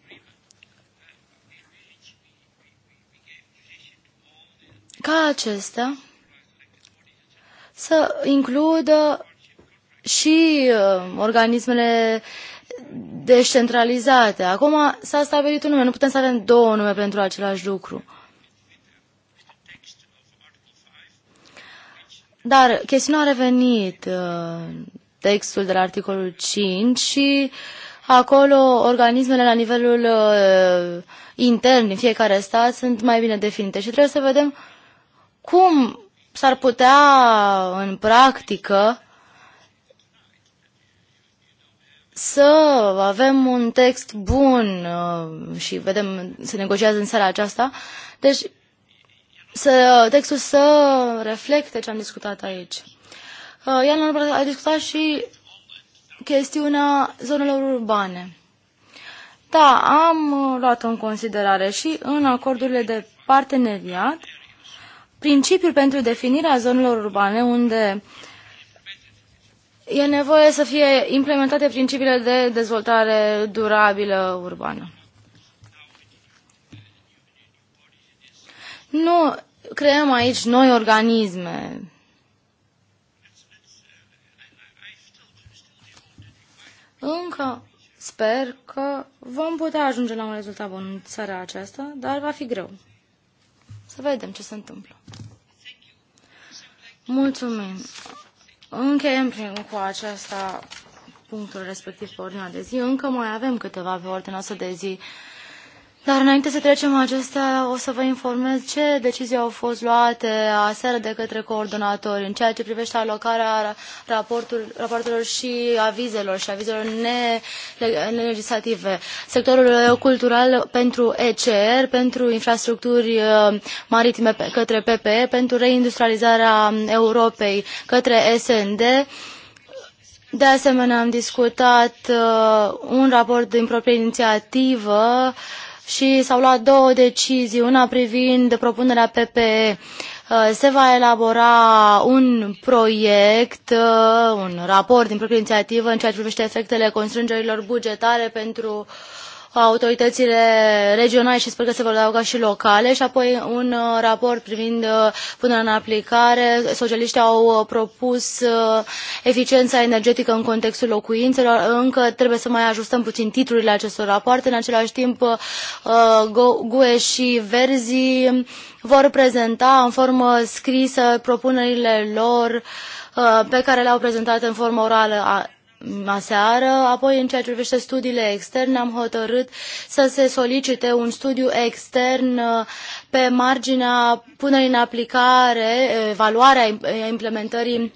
ca acestea să includă și uh, organismele uh, descentralizate. Acum s-a stabilit un nume, nu putem să avem două nume pentru același lucru. Dar chestiunea a revenit uh, textul de la articolul 5 și acolo organismele la nivelul uh, intern din fiecare stat sunt mai bine definite și trebuie să vedem cum s-ar putea în practică să avem un text bun uh, și vedem, se negociază în seara aceasta, deci să, textul să reflecte ce am discutat aici. Uh, Ian a discutat și chestiunea zonelor urbane. Da, am luat în considerare și în acordurile de parteneriat principiul pentru definirea zonelor urbane unde uh, E nevoie să fie implementate principiile de dezvoltare durabilă urbană. Nu creăm aici noi organisme. Încă sper că vom putea ajunge la un rezultat bun în țara aceasta, dar va fi greu. Să vedem ce se întâmplă. Mulțumim. Încheiem prin, cu aceasta punctul respectiv pe ordinea de zi. Încă mai avem câteva pe ordinea asta de zi dar înainte să trecem la acestea, o să vă informez ce decizii au fost luate aseară de către coordonatori în ceea ce privește alocarea raporturilor raportelor și avizelor și avizelor nelegislative. Sectorul cultural pentru ECR, pentru infrastructuri uh, maritime către PPE, pentru reindustrializarea Europei către SND, de asemenea, am discutat uh, un raport din proprie inițiativă și s-au luat două decizii, una privind propunerea PPE. Uh, se va elabora un proiect, uh, un raport din proprie inițiativă în ceea ce privește efectele constrângerilor bugetare pentru uh, autoritățile regionale și sper că se vor adăuga și locale și apoi un uh, raport privind uh, punerea în aplicare. Socialiștii au uh, propus eficiența energetică în contextul locuințelor. Încă trebuie să mai ajustăm puțin titlurile acestor rapoarte. În același timp, GUE și Verzi vor prezenta în formă scrisă propunerile lor pe care le-au prezentat în formă orală aseară. Apoi, în ceea ce privește studiile externe, am hotărât să se solicite un studiu extern uh, pe marginea punerii în aplicare, evaluarea implementării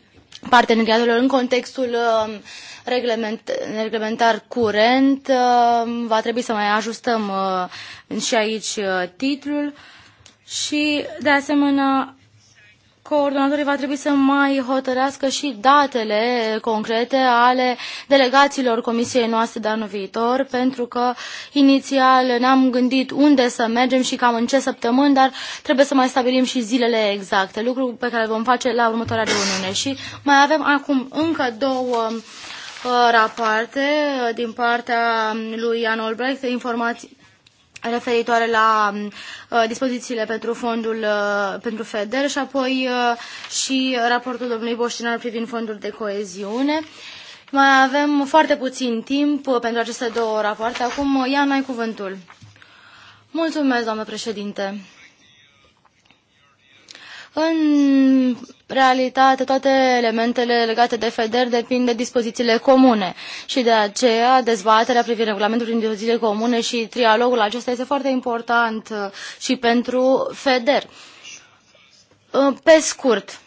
parteneriatelor în contextul um, reglement, reglementar curent. Um, va trebui să mai ajustăm uh, și aici uh, titlul. Și, de asemenea, coordonatorii va trebui să mai hotărească și datele concrete ale delegațiilor comisiei noastre de anul viitor, pentru că inițial ne-am gândit unde să mergem și cam în ce săptămâni, dar trebuie să mai stabilim și zilele exacte, lucru pe care îl vom face la următoarea reuniune. Și mai avem acum încă două uh, rapoarte uh, din partea lui Ian Olbrecht, informații referitoare la uh, dispozițiile pentru fondul uh, pentru FEDER și apoi uh, și raportul domnului Boștinar privind fondul de coeziune. Mai avem foarte puțin timp pentru aceste două rapoarte. Acum, Ian, ai cuvântul. Mulțumesc, doamnă președinte. În realitate, toate elementele legate de FEDER depind de dispozițiile comune și de aceea dezbaterea privind regulamentul prin dispozițiile comune și trialogul acesta este foarte important uh, și pentru FEDER. Uh, pe scurt,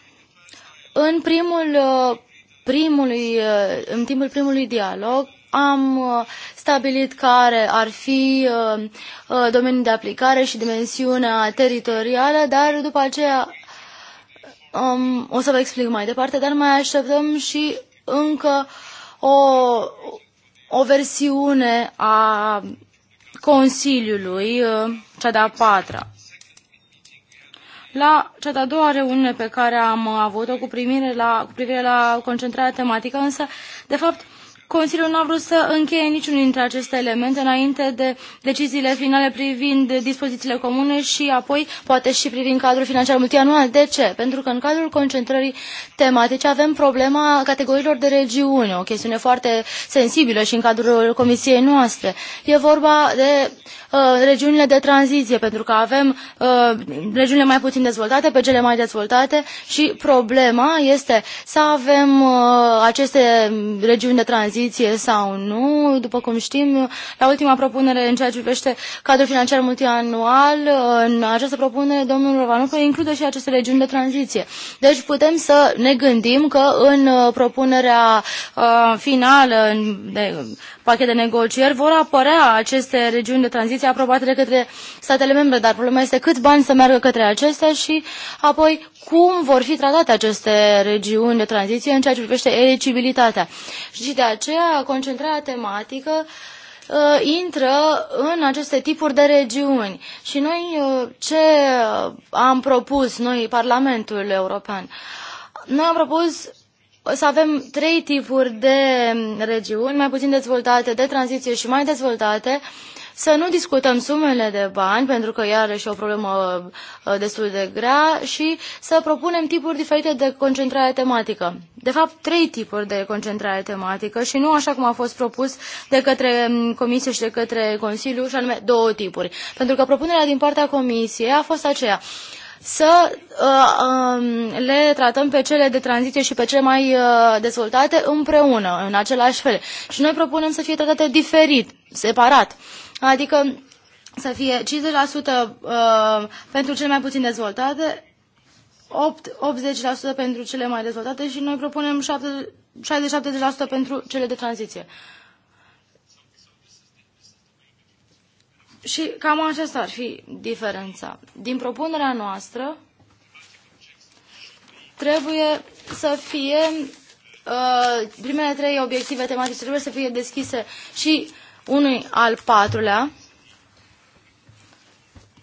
în primul, uh, primului, în timpul primului dialog am stabilit care ar fi domeniul de aplicare și dimensiunea teritorială, dar după aceea Um, o să vă explic mai departe, dar mai așteptăm și încă o, o versiune a Consiliului, uh, cea de-a patra. La cea de-a doua reuniune pe care am avut-o cu, la, cu privire la concentrarea tematică, însă, de fapt, Consiliul nu a vrut să încheie niciunul dintre aceste elemente înainte de deciziile finale privind dispozițiile comune și apoi poate și privind cadrul financiar multianual. De ce? Pentru că în cadrul concentrării tematice avem problema categoriilor de regiune, o chestiune foarte sensibilă și în cadrul comisiei noastre. E vorba de uh, regiunile de tranziție, pentru că avem uh, regiunile mai puțin dezvoltate pe cele mai dezvoltate și problema este să avem uh, aceste regiuni de tranziție poziție sau nu. După cum știm, la ultima propunere în ceea ce privește cadrul financiar multianual, în această propunere, domnul Rovanucă include și aceste regiuni de tranziție. Deci putem să ne gândim că în propunerea uh, finală, pachet de negocieri, vor apărea aceste regiuni de tranziție aprobate de către statele membre, dar problema este cât bani să meargă către acestea și apoi cum vor fi tratate aceste regiuni de tranziție în ceea ce privește eligibilitatea. Și de aceea concentrarea tematică uh, intră în aceste tipuri de regiuni. Și noi uh, ce am propus, noi, Parlamentul European? Noi am propus să avem trei tipuri de regiuni, mai puțin dezvoltate, de tranziție și mai dezvoltate, să nu discutăm sumele de bani, pentru că iarăși e o problemă uh, destul de grea, și să propunem tipuri diferite de concentrare tematică. De fapt, trei tipuri de concentrare tematică și nu așa cum a fost propus de către um, Comisie și de către Consiliu, și anume două tipuri. Pentru că propunerea din partea Comisiei a fost aceea să uh, um, le tratăm pe cele de tranziție și pe cele mai uh, dezvoltate împreună, în același fel. Și noi propunem să fie tratate diferit, separat. Adică să fie 50% uh, pentru cele mai puțin dezvoltate, 8, 80% pentru cele mai dezvoltate și noi propunem 60-70% pentru cele de tranziție. Și cam aceasta ar fi diferența. Din propunerea noastră, trebuie să fie uh, primele trei obiective tematice trebuie să fie deschise și unui al patrulea.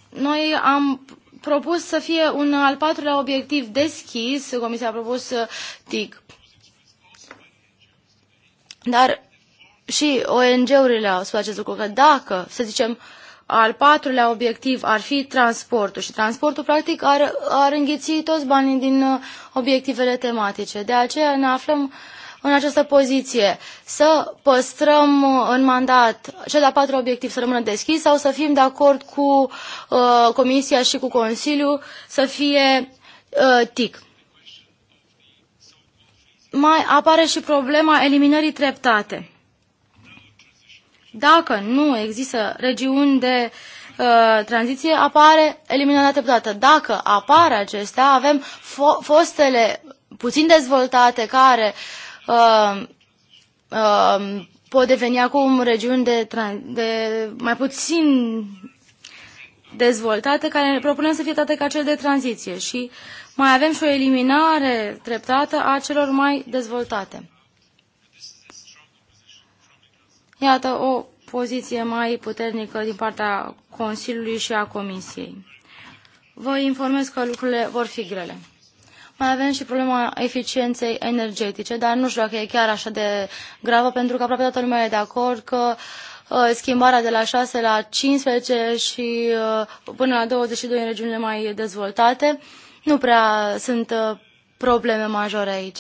Noi am propus să fie un al patrulea obiectiv deschis, Comisia a propus uh, TIC. Dar și ONG-urile au spus acest lucru, că dacă, să zicem, al patrulea obiectiv ar fi transportul și transportul practic ar, ar înghiți toți banii din uh, obiectivele tematice. De aceea ne aflăm în această poziție să păstrăm uh, în mandat cel de al patru obiectiv să rămână deschis sau să fim de acord cu uh, Comisia și cu Consiliul să fie uh, TIC. Mai apare și problema eliminării treptate. Dacă nu există regiuni de uh, tranziție, apare eliminarea treptată. Dacă apare acestea, avem fo- fostele puțin dezvoltate care uh, uh, pot deveni acum regiuni de, de mai puțin dezvoltate, care propunem să fie toate ca cel de tranziție și mai avem și o eliminare treptată a celor mai dezvoltate. Iată o poziție mai puternică din partea Consiliului și a Comisiei. Vă informez că lucrurile vor fi grele. Mai avem și problema eficienței energetice, dar nu știu dacă e chiar așa de gravă, pentru că aproape toată lumea e de acord că uh, schimbarea de la 6 la 15 și uh, până la 22 în regiunile mai dezvoltate, nu prea sunt uh, probleme majore aici.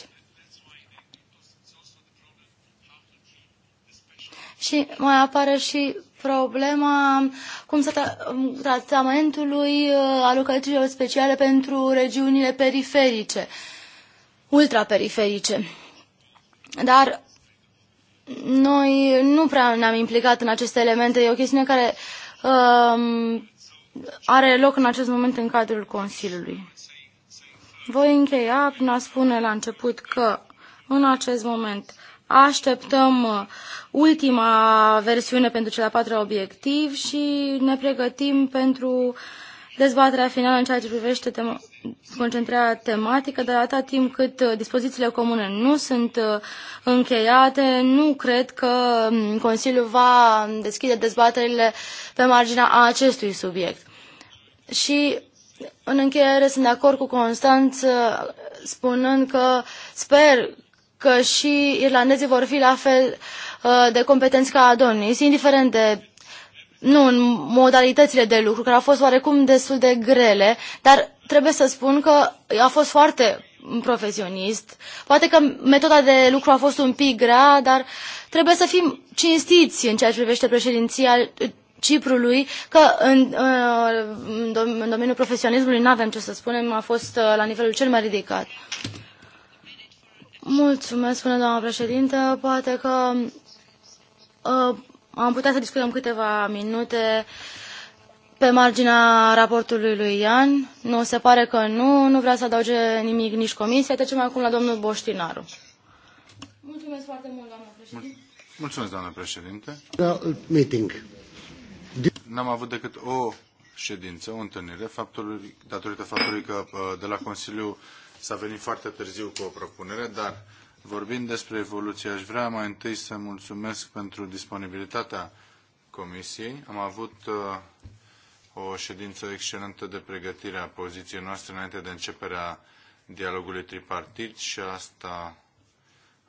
Și mai apare și problema cum să tra- um, tratamentului uh, alocațiilor speciale pentru regiunile periferice, ultraperiferice. Dar noi nu prea ne-am implicat în aceste elemente. E o chestiune care um, are loc în acest moment în cadrul Consiliului. Voi încheia prin a spune la început că în acest moment Așteptăm uh, ultima versiune pentru cel patru obiectiv și ne pregătim pentru dezbaterea finală în ceea ce privește tema, concentrarea tematică, dar atâta timp cât uh, dispozițiile comune nu sunt uh, încheiate, nu cred că um, Consiliul va deschide dezbaterile pe marginea acestui subiect. Și în încheiere sunt de acord cu Constanț spunând că sper că și irlandezii vor fi la fel uh, de competenți ca Adonis, indiferent de nu în modalitățile de lucru, care au fost oarecum destul de grele, dar trebuie să spun că a fost foarte profesionist. Poate că metoda de lucru a fost un pic grea, dar trebuie să fim cinstiți în ceea ce privește președinția Ciprului, că în, uh, în domeniul profesionismului nu avem ce să spunem, a fost uh, la nivelul cel mai ridicat. Mulțumesc, spune doamna președintă. Poate că uh, am putea să discutăm câteva minute pe marginea raportului lui Ian. Nu, se pare că nu, nu vrea să adauge nimic nici comisia. Trecem acum la domnul Boștinaru. Mulțumesc foarte mult, doamna președinte. Mulțumesc, doamna președinte. Da, meeting. N-am avut decât o ședință, o întâlnire, faptul, datorită faptului că uh, de la Consiliu s-a venit foarte târziu cu o propunere, dar vorbind despre evoluție, aș vrea mai întâi să mulțumesc pentru disponibilitatea Comisiei. Am avut uh, o ședință excelentă de pregătire a poziției noastre înainte de începerea dialogului tripartit și asta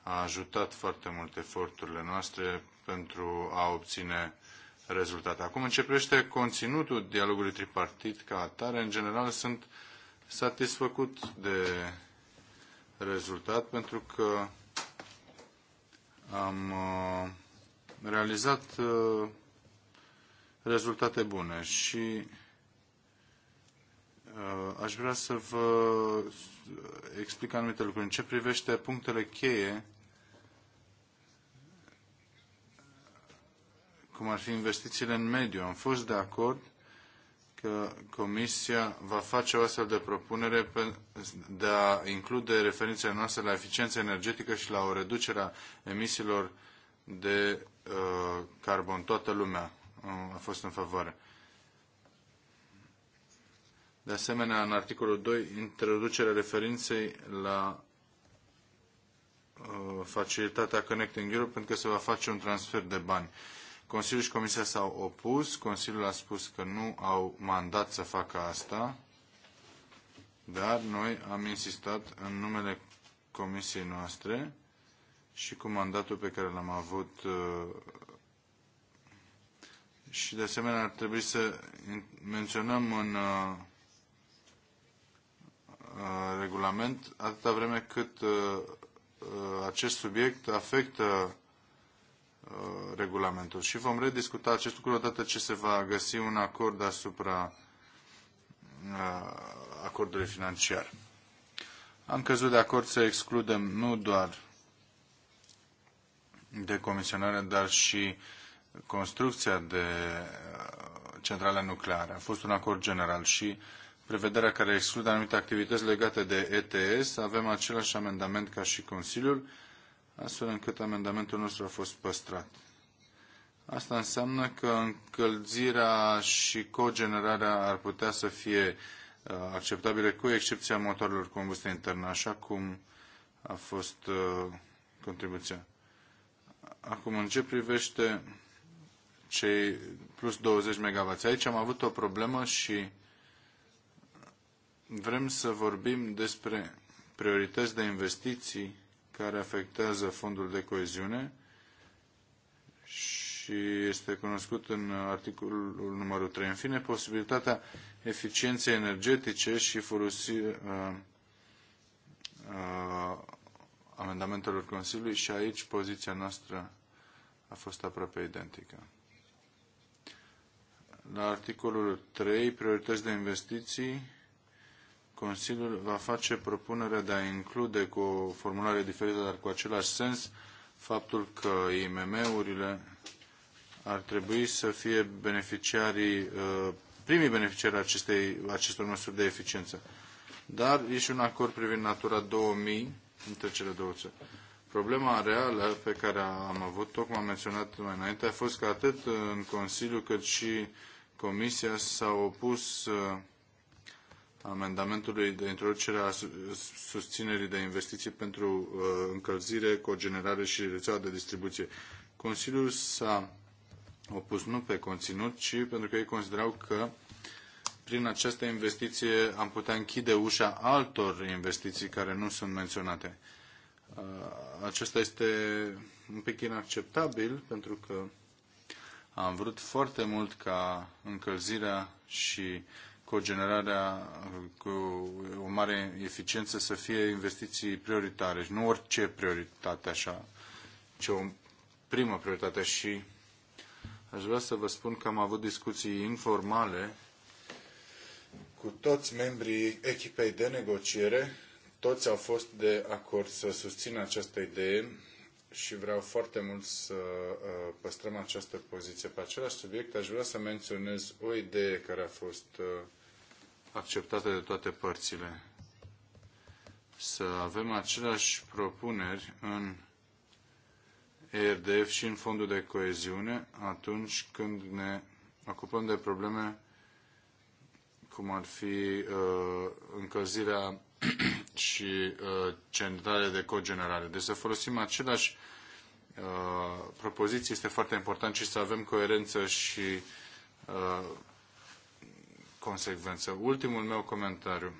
a ajutat foarte mult eforturile noastre pentru a obține rezultate. Acum începește conținutul dialogului tripartit ca atare. În general sunt satisfăcut de rezultat pentru că am uh, realizat uh, rezultate bune și uh, aș vrea să vă explic anumite lucruri. În ce privește punctele cheie, cum ar fi investițiile în mediu, am fost de acord că Comisia va face o astfel de propunere de a include referințele noastre la eficiență energetică și la o reducere a emisiilor de uh, carbon. Toată lumea uh, a fost în favoare. De asemenea, în articolul 2, introducerea referinței la uh, facilitatea Connecting Europe pentru că se va face un transfer de bani. Uh, Consiliul și Comisia s-au opus, Consiliul a spus că nu au mandat să facă asta, dar noi am insistat în numele Comisiei noastre și cu mandatul pe care l-am avut uh, și de asemenea ar trebui să menționăm în uh, uh, regulament atâta vreme cât acest subiect afectă Uh, regulamentul și vom rediscuta acest lucru odată ce se va găsi un acord asupra uh, acordului financiar. Am căzut de acord să excludem nu doar de comisionare, dar și construcția de uh, centrale nucleare. A fost un acord general și prevederea care exclude anumite activități legate de ETS. Avem același amendament ca și Consiliul astfel încât amendamentul nostru a fost păstrat. Asta înseamnă că încălzirea și cogenerarea ar putea să fie uh, acceptabile cu excepția motoarelor combustie internă, așa cum a fost uh, contribuția. Acum, în ce privește cei plus 20 MW. Aici am avut o problemă și vrem să vorbim despre priorități de investiții care afectează fondul de coeziune și este cunoscut în articolul numărul 3. În fine, posibilitatea eficienței energetice și folosi uh, uh, amendamentelor Consiliului și aici poziția noastră a fost aproape identică. La articolul 3, priorități de investiții, Consiliul va face propunerea de a include cu o formulare diferită, dar cu același sens, faptul că IMM-urile ar trebui să fie beneficiarii, uh, primii beneficiari acestei, acestor măsuri de eficiență. Dar e și un acord privind Natura 2000 între cele două țări. Problema reală pe care am avut, tocmai am menționat mai înainte, a fost că atât în Consiliu cât și Comisia s-au opus uh, amendamentului de introducere a susținerii de investiții pentru uh, încălzire, cogenerare și rețeaua de distribuție. Consiliul s-a opus nu pe conținut, ci pentru că ei considerau că prin această investiție am putea închide ușa altor investiții care nu sunt menționate. Uh, acesta este un pic inacceptabil pentru că am vrut foarte mult ca încălzirea și cogenerarea cu o mare eficiență să fie investiții prioritare și nu orice prioritate așa, ci o primă prioritate și aș vrea să vă spun că am avut discuții informale cu toți membrii echipei de negociere. Toți au fost de acord să susțină această idee și vreau foarte mult să uh, păstrăm această poziție. Pe același subiect aș vrea să menționez o idee care a fost uh, acceptată de toate părțile. Să avem aceleași propuneri în ERDF și în fondul de coeziune atunci când ne ocupăm de probleme cum ar fi uh, încălzirea și uh, centrale de cogenerare. Deci să folosim aceleași uh, propoziții este foarte important și să avem coerență și uh, consecvență. Ultimul meu comentariu.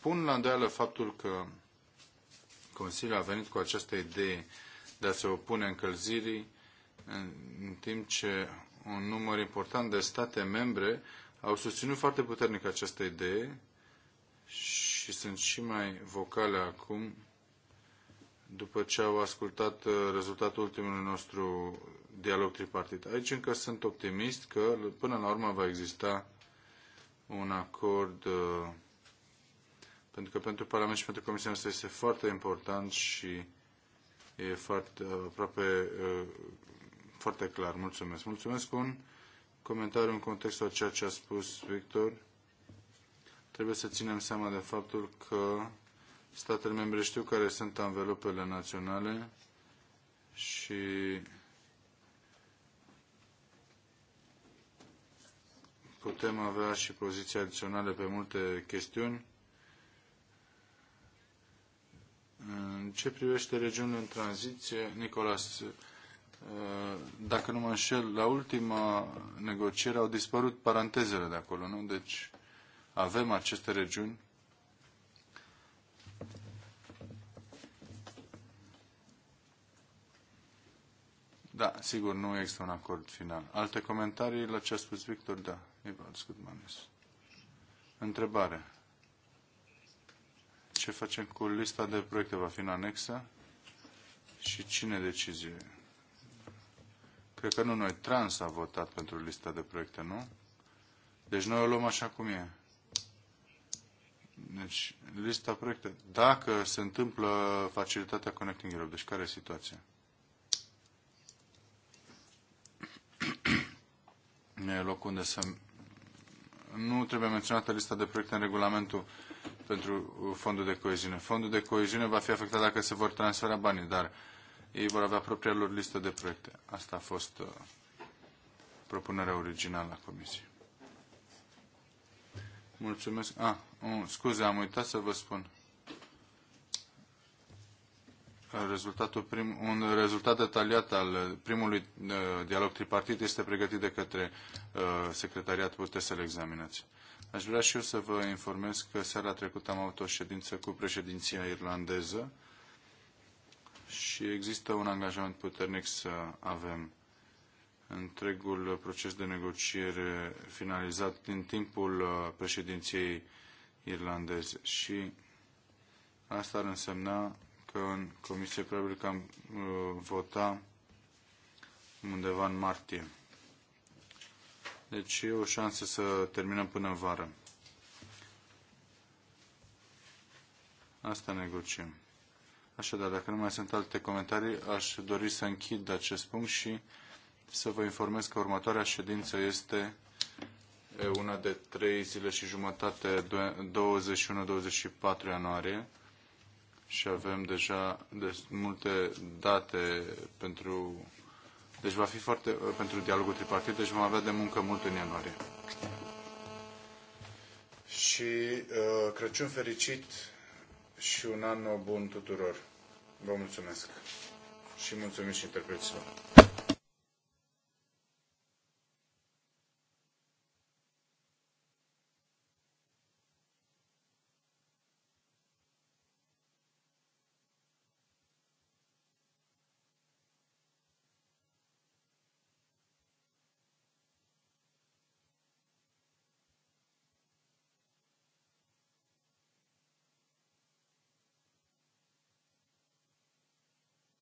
Pun la îndoială faptul că Consiliul a venit cu această idee de a se opune încălzirii, în timp ce un număr important de state membre au susținut foarte puternic această idee și sunt și mai vocale acum după ce au ascultat uh, rezultatul ultimului nostru dialog tripartit. Aici încă sunt optimist că până la urmă va exista un acord uh, pentru că pentru Parlament și pentru Comisia noastră este foarte important și e foarte, uh, aproape uh, foarte clar. Mulțumesc. Mulțumesc un comentariu în contextul a ceea ce a spus Victor. Trebuie să ținem seama de faptul că statele membre știu care sunt anvelopele naționale și putem avea și poziții adiționale pe multe chestiuni. În ce privește regiunile în tranziție, Nicolas, uh, dacă nu mă înșel, la ultima negociere au dispărut parantezele de acolo, nu? Deci avem aceste regiuni. Da, sigur, nu există un acord final. Alte comentarii la ce a spus Victor? Da. Nicolas Goodmanis. Întrebare. Ce facem cu lista de proiecte? Va fi în anexă? Și cine decizie? Cred că nu noi. Trans a votat pentru lista de proiecte, nu? Deci noi o luăm așa cum e. Deci, lista proiecte. Dacă se întâmplă facilitatea Connecting Europe, deci care e situația? nu e loc unde să nu trebuie menționată lista de proiecte în regulamentul pentru fondul de coeziune. Fondul de coeziune va fi afectat dacă se vor transfera banii, dar ei vor avea propria lor listă de proiecte. Asta a fost uh, propunerea originală a Comisiei. Mulțumesc. Ah, scuze, am uitat să vă spun. Rezultatul prim, un rezultat detaliat al primului uh, dialog tripartit este pregătit de către uh, secretariat. Puteți să-l examinați. Aș vrea și eu să vă informez că seara trecută am avut o ședință cu președinția irlandeză și există un angajament puternic să avem întregul proces de negociere finalizat din timpul uh, președinției irlandeze. Și asta ar însemna că în comisie probabil că am uh, vota undeva în martie. Deci e o șansă să terminăm până în vară. Asta negociem. Așadar, dacă nu mai sunt alte comentarii, aș dori să închid acest punct și să vă informez că următoarea ședință este una de trei zile și jumătate, 21-24 ianuarie și avem deja des, multe date pentru deci va fi foarte uh, pentru dialogul tripartit, deci vom avea de muncă mult în ianuarie. Și uh, Crăciun fericit și un an nou bun tuturor. Vă mulțumesc și mulțumim și interpreților.